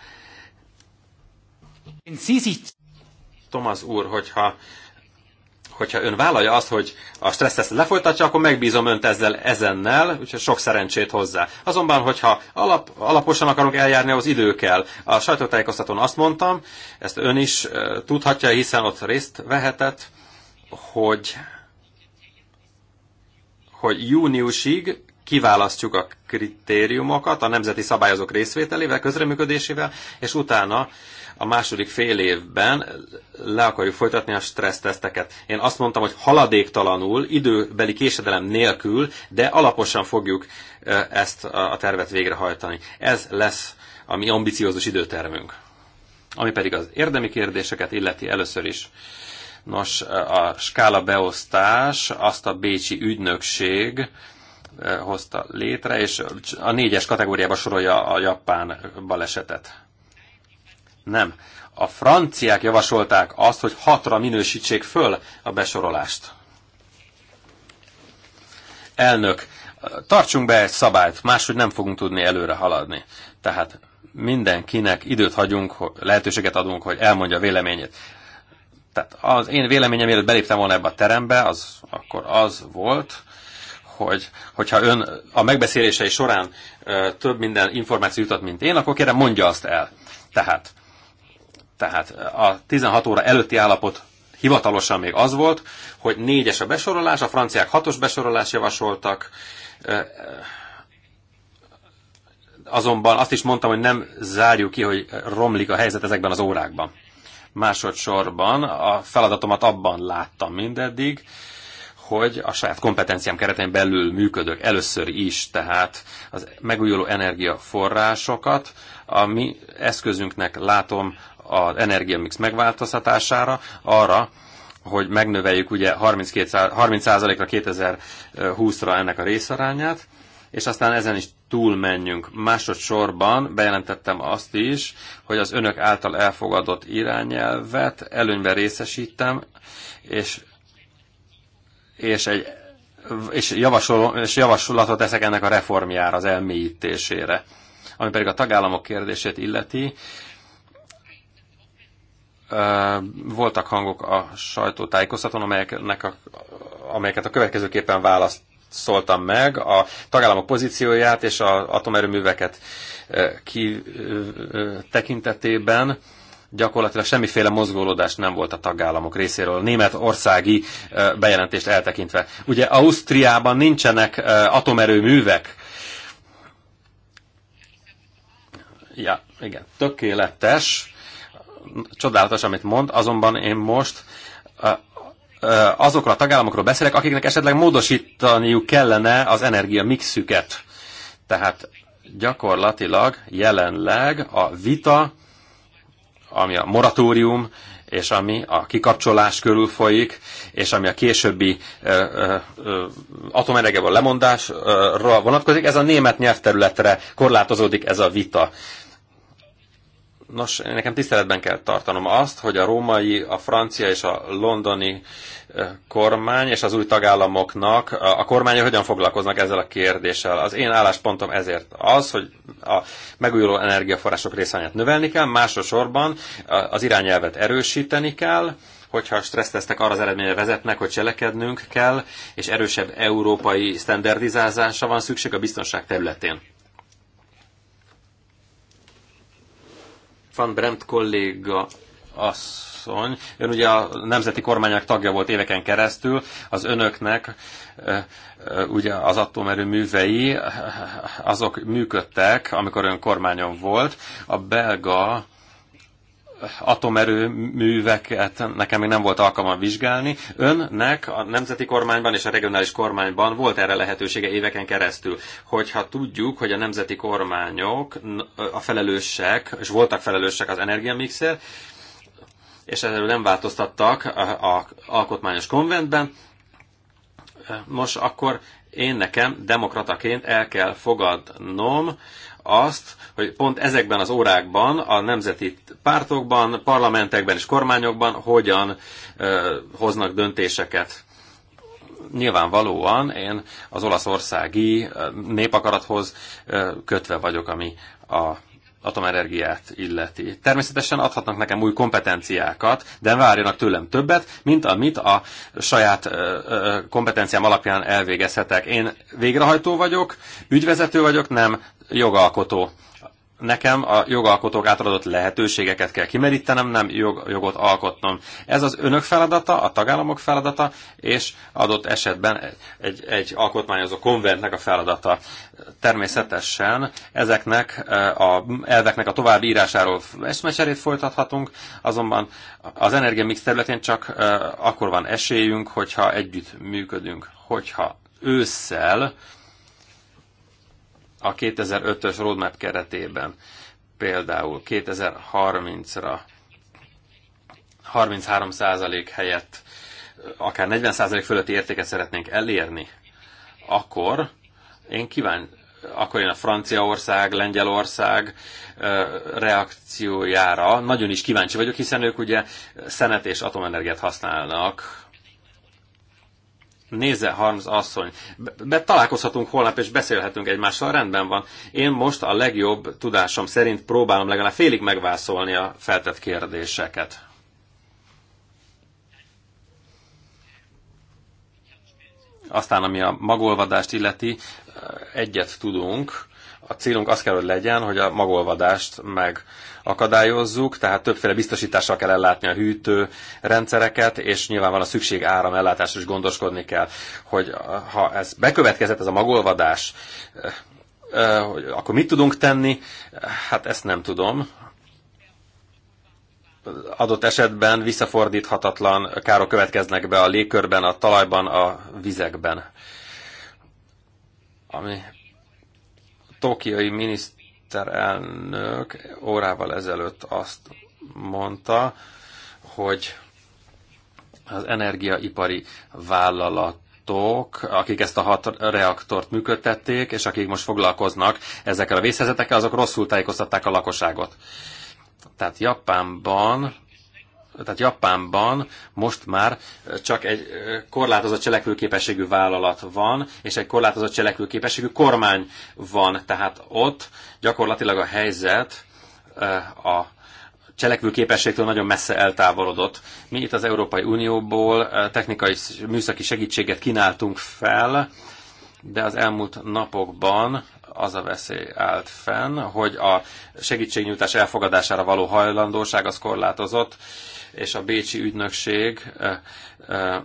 S2: Thomas úr, hogyha hogyha ön vállalja azt, hogy a ezt lefolytatja, akkor megbízom önt ezzel ezennel, úgyhogy sok szerencsét hozzá. Azonban, hogyha alap, alaposan akarunk eljárni, az idő kell. A sajtótájékoztatón azt mondtam, ezt ön is e, tudhatja, hiszen ott részt vehetett, hogy, hogy júniusig kiválasztjuk a kritériumokat a nemzeti szabályozók részvételével, közreműködésével, és utána a második fél évben le akarjuk folytatni a stresszteszteket. Én azt mondtam, hogy haladéktalanul, időbeli késedelem nélkül, de alaposan fogjuk ezt a tervet végrehajtani. Ez lesz a mi ambiciózus időtermünk. Ami pedig az érdemi kérdéseket illeti először is. Nos, a skála beosztás, azt a Bécsi ügynökség, hozta létre, és a négyes kategóriába sorolja a japán balesetet. Nem. A franciák javasolták azt, hogy hatra minősítsék föl a besorolást. Elnök, tartsunk be egy szabályt, máshogy nem fogunk tudni előre haladni. Tehát mindenkinek időt hagyunk, lehetőséget adunk, hogy elmondja a véleményét. Tehát az én véleményem, mielőtt beléptem volna ebbe a terembe, az akkor az volt, hogy, hogyha ön a megbeszélései során ö, több minden információ jutott, mint én, akkor kérem mondja azt el. Tehát tehát a 16 óra előtti állapot hivatalosan még az volt, hogy négyes a besorolás, a franciák hatos besorolás javasoltak, azonban azt is mondtam, hogy nem zárjuk ki, hogy romlik a helyzet ezekben az órákban. Másodszorban a feladatomat abban láttam mindeddig, hogy a saját kompetenciám keretén belül működök először is, tehát az megújuló energiaforrásokat, ami eszközünknek látom az energiamix megváltoztatására, arra, hogy megnöveljük ugye 32, 30%-ra 2020-ra ennek a részarányát, és aztán ezen is túlmenjünk. Másodszorban bejelentettem azt is, hogy az önök által elfogadott irányelvet előnyben részesítem, és, és egy és, javasol, és javaslatot teszek ennek a reformjára, az elmélyítésére. Ami pedig a tagállamok kérdését illeti, voltak hangok a sajtótájékoztatón, amelyeknek a, amelyeket a következőképpen választ szóltam meg, a tagállamok pozícióját és az atomerőműveket ki tekintetében gyakorlatilag semmiféle mozgólódás nem volt a tagállamok részéről, németországi bejelentést eltekintve. Ugye Ausztriában nincsenek atomerőművek. Ja, igen, tökéletes csodálatos, amit mond, azonban én most azokról a tagállamokról beszélek, akiknek esetleg módosítaniuk kellene az energia mixüket. Tehát gyakorlatilag jelenleg a vita, ami a moratórium, és ami a kikapcsolás körül folyik, és ami a későbbi atomenergiával lemondásra vonatkozik, ez a német nyelvterületre korlátozódik ez a vita. Nos, nekem tiszteletben kell tartanom azt, hogy a római, a francia és a londoni kormány és az új tagállamoknak a kormányok hogyan foglalkoznak ezzel a kérdéssel. Az én álláspontom ezért az, hogy a megújuló energiaforrások részványát növelni kell, másosorban az irányelvet erősíteni kell, hogyha stressztesztek arra az eredményre vezetnek, hogy cselekednünk kell, és erősebb európai standardizázása van szükség a biztonság területén. Van Bremt kolléga asszony, ön ugye a nemzeti kormányok tagja volt éveken keresztül, az önöknek ugye az atomerő művei, azok működtek, amikor ön kormányon volt. A belga atomerőműveket nekem még nem volt alkalma vizsgálni. Önnek a nemzeti kormányban és a regionális kormányban volt erre lehetősége éveken keresztül, hogyha tudjuk, hogy a nemzeti kormányok a felelősek, és voltak felelősek az energiamixel, és erről nem változtattak az alkotmányos konventben, most akkor én nekem demokrataként el kell fogadnom, azt, hogy pont ezekben az órákban a nemzeti pártokban, parlamentekben és kormányokban hogyan hoznak döntéseket nyilvánvalóan én az olaszországi népakarathoz kötve vagyok, ami a atomenergiát illeti. Természetesen adhatnak nekem új kompetenciákat, de várjanak tőlem többet, mint amit a saját kompetenciám alapján elvégezhetek. Én végrehajtó vagyok, ügyvezető vagyok, nem jogalkotó. Nekem a jogalkotók átadott lehetőségeket kell kimerítenem, nem jog, jogot alkotnom. Ez az önök feladata, a tagállamok feladata, és adott esetben egy, egy alkotmányozó konventnek a feladata. Természetesen ezeknek eh, a elveknek a további írásáról eszmecserét folytathatunk, azonban az energiamix területén csak eh, akkor van esélyünk, hogyha együtt működünk, hogyha ősszel a 2005-ös roadmap keretében például 2030-ra 33% helyett akár 40% fölötti értéket szeretnénk elérni, akkor én kíván, akkor én a Franciaország, Lengyelország reakciójára nagyon is kíváncsi vagyok, hiszen ők ugye szenet és atomenergiát használnak Nézze, Harms asszony, be találkozhatunk holnap, és beszélhetünk egymással, rendben van. Én most a legjobb tudásom szerint próbálom legalább félig megvászolni a feltett kérdéseket. Aztán, ami a magolvadást illeti, egyet tudunk, a célunk az kell, hogy legyen, hogy a magolvadást megakadályozzuk, tehát többféle biztosítással kell ellátni a hűtő rendszereket, és nyilván van a szükség áram ellátásra is gondoskodni kell, hogy ha ez bekövetkezett, ez a magolvadás, eh, eh, akkor mit tudunk tenni? Hát ezt nem tudom adott esetben visszafordíthatatlan károk következnek be a légkörben, a talajban, a vizekben. Ami tokiai miniszterelnök órával ezelőtt azt mondta, hogy az energiaipari vállalat akik ezt a hat reaktort működtették, és akik most foglalkoznak ezekkel a vészhelyzetekkel, azok rosszul tájékoztatták a lakosságot. Tehát Japánban tehát Japánban most már csak egy korlátozott cselekvőképességű vállalat van, és egy korlátozott cselekvőképességű kormány van. Tehát ott gyakorlatilag a helyzet a cselekvőképességtől nagyon messze eltávolodott. Mi itt az Európai Unióból technikai műszaki segítséget kínáltunk fel, de az elmúlt napokban az a veszély állt fenn, hogy a segítségnyújtás elfogadására való hajlandóság az korlátozott, és a Bécsi ügynökség eh, eh,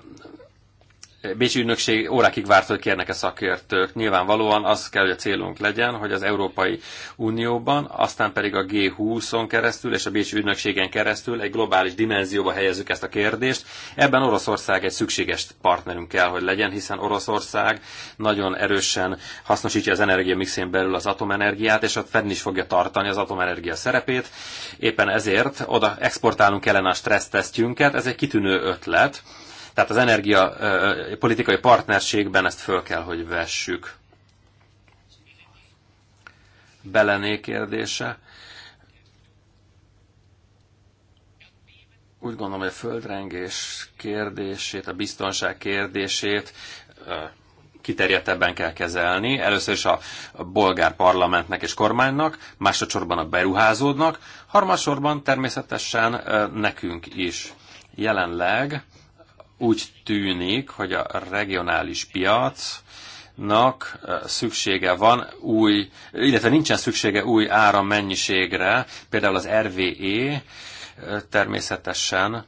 S2: Bécsi ügynökség órákig várt, hogy kérnek-e szakértők. Nyilvánvalóan az kell, hogy a célunk legyen, hogy az Európai Unióban, aztán pedig a G20-on keresztül és a Bécsi ügynökségen keresztül egy globális dimenzióba helyezzük ezt a kérdést. Ebben Oroszország egy szükséges partnerünk kell, hogy legyen, hiszen Oroszország nagyon erősen hasznosítja az energiamixén belül az atomenergiát, és ott fenn is fogja tartani az atomenergia szerepét. Éppen ezért oda exportálunk ellen a stressztesztjünket, ez egy kitűnő ötlet tehát az energia politikai partnerségben ezt föl kell, hogy vessük. Belené kérdése. Úgy gondolom, hogy a földrengés kérdését, a biztonság kérdését kiterjedtebben kell kezelni. Először is a bolgár parlamentnek és kormánynak, másodszorban a beruházódnak, harmadsorban természetesen nekünk is. Jelenleg úgy tűnik, hogy a regionális piac szüksége van új, illetve nincsen szüksége új árammennyiségre, például az RVE természetesen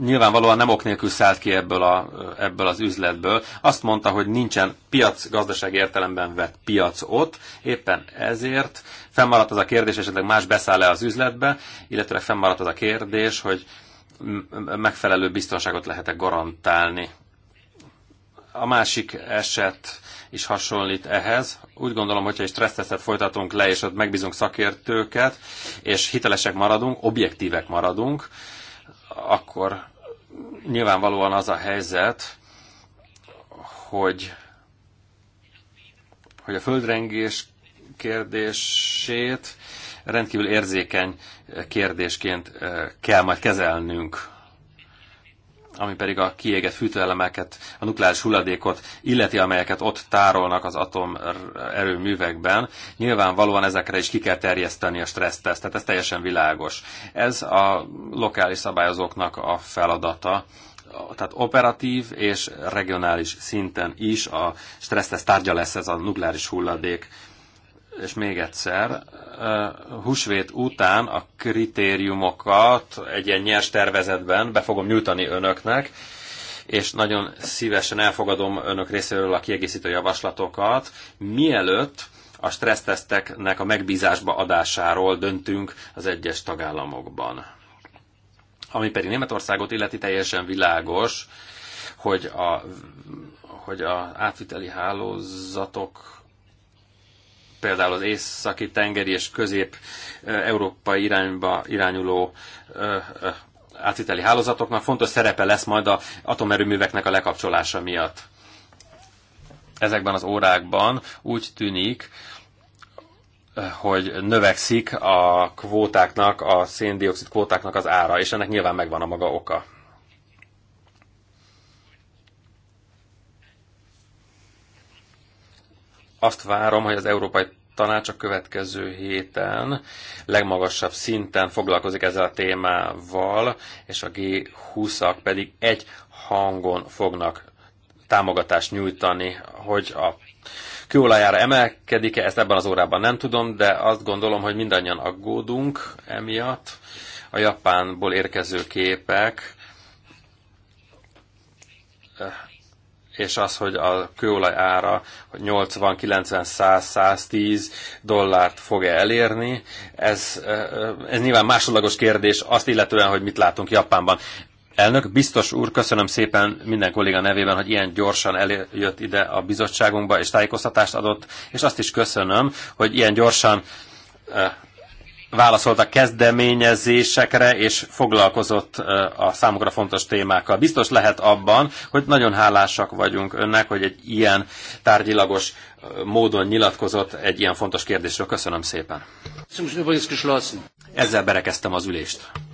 S2: nyilvánvalóan nem ok nélkül szállt ki ebből, a, ebből az üzletből. Azt mondta, hogy nincsen piac, gazdaság értelemben vett piac ott, éppen ezért fennmaradt az a kérdés, esetleg más beszáll-e az üzletbe, illetve fennmaradt az a kérdés, hogy megfelelő biztonságot lehet-e garantálni. A másik eset is hasonlít ehhez. Úgy gondolom, hogyha egy stresszteszet folytatunk le, és ott megbízunk szakértőket, és hitelesek maradunk, objektívek maradunk, akkor nyilvánvalóan az a helyzet, hogy, hogy a földrengés kérdését rendkívül érzékeny kérdésként eh, kell majd kezelnünk ami pedig a kiégett fűtőelemeket, a nukleáris hulladékot illeti, amelyeket ott tárolnak az erőművekben. Nyilvánvalóan ezekre is ki kell terjeszteni a stressztesztet, ez teljesen világos. Ez a lokális szabályozóknak a feladata tehát operatív és regionális szinten is a stressztesz tárgya lesz ez a nukleáris hulladék és még egyszer, húsvét után a kritériumokat egy ilyen nyers tervezetben be fogom nyújtani önöknek, és nagyon szívesen elfogadom önök részéről a kiegészítő javaslatokat, mielőtt a stresszteszteknek a megbízásba adásáról döntünk az egyes tagállamokban. Ami pedig Németországot illeti teljesen világos, hogy a, hogy a átviteli hálózatok például az északi tengeri és közép-európai irányba irányuló átviteli hálózatoknak fontos szerepe lesz majd a atomerőműveknek a lekapcsolása miatt. Ezekben az órákban úgy tűnik, hogy növekszik a kvótáknak, a széndiokszid kvótáknak az ára, és ennek nyilván megvan a maga oka. azt várom, hogy az Európai Tanács a következő héten legmagasabb szinten foglalkozik ezzel a témával, és a G20-ak pedig egy hangon fognak támogatást nyújtani, hogy a kőolajára emelkedik-e, ezt ebben az órában nem tudom, de azt gondolom, hogy mindannyian aggódunk emiatt. A Japánból érkező képek és az, hogy a kőolaj ára 80, 90, 100, 110 dollárt fog-e elérni, ez, ez nyilván másodlagos kérdés, azt illetően, hogy mit látunk Japánban. Elnök, biztos úr, köszönöm szépen minden kolléga nevében, hogy ilyen gyorsan eljött ide a bizottságunkba, és tájékoztatást adott, és azt is köszönöm, hogy ilyen gyorsan válaszolt a kezdeményezésekre, és foglalkozott a számukra fontos témákkal. Biztos lehet abban, hogy nagyon hálásak vagyunk önnek, hogy egy ilyen tárgyilagos módon nyilatkozott egy ilyen fontos kérdésről. Köszönöm szépen. Ezzel berekeztem az ülést.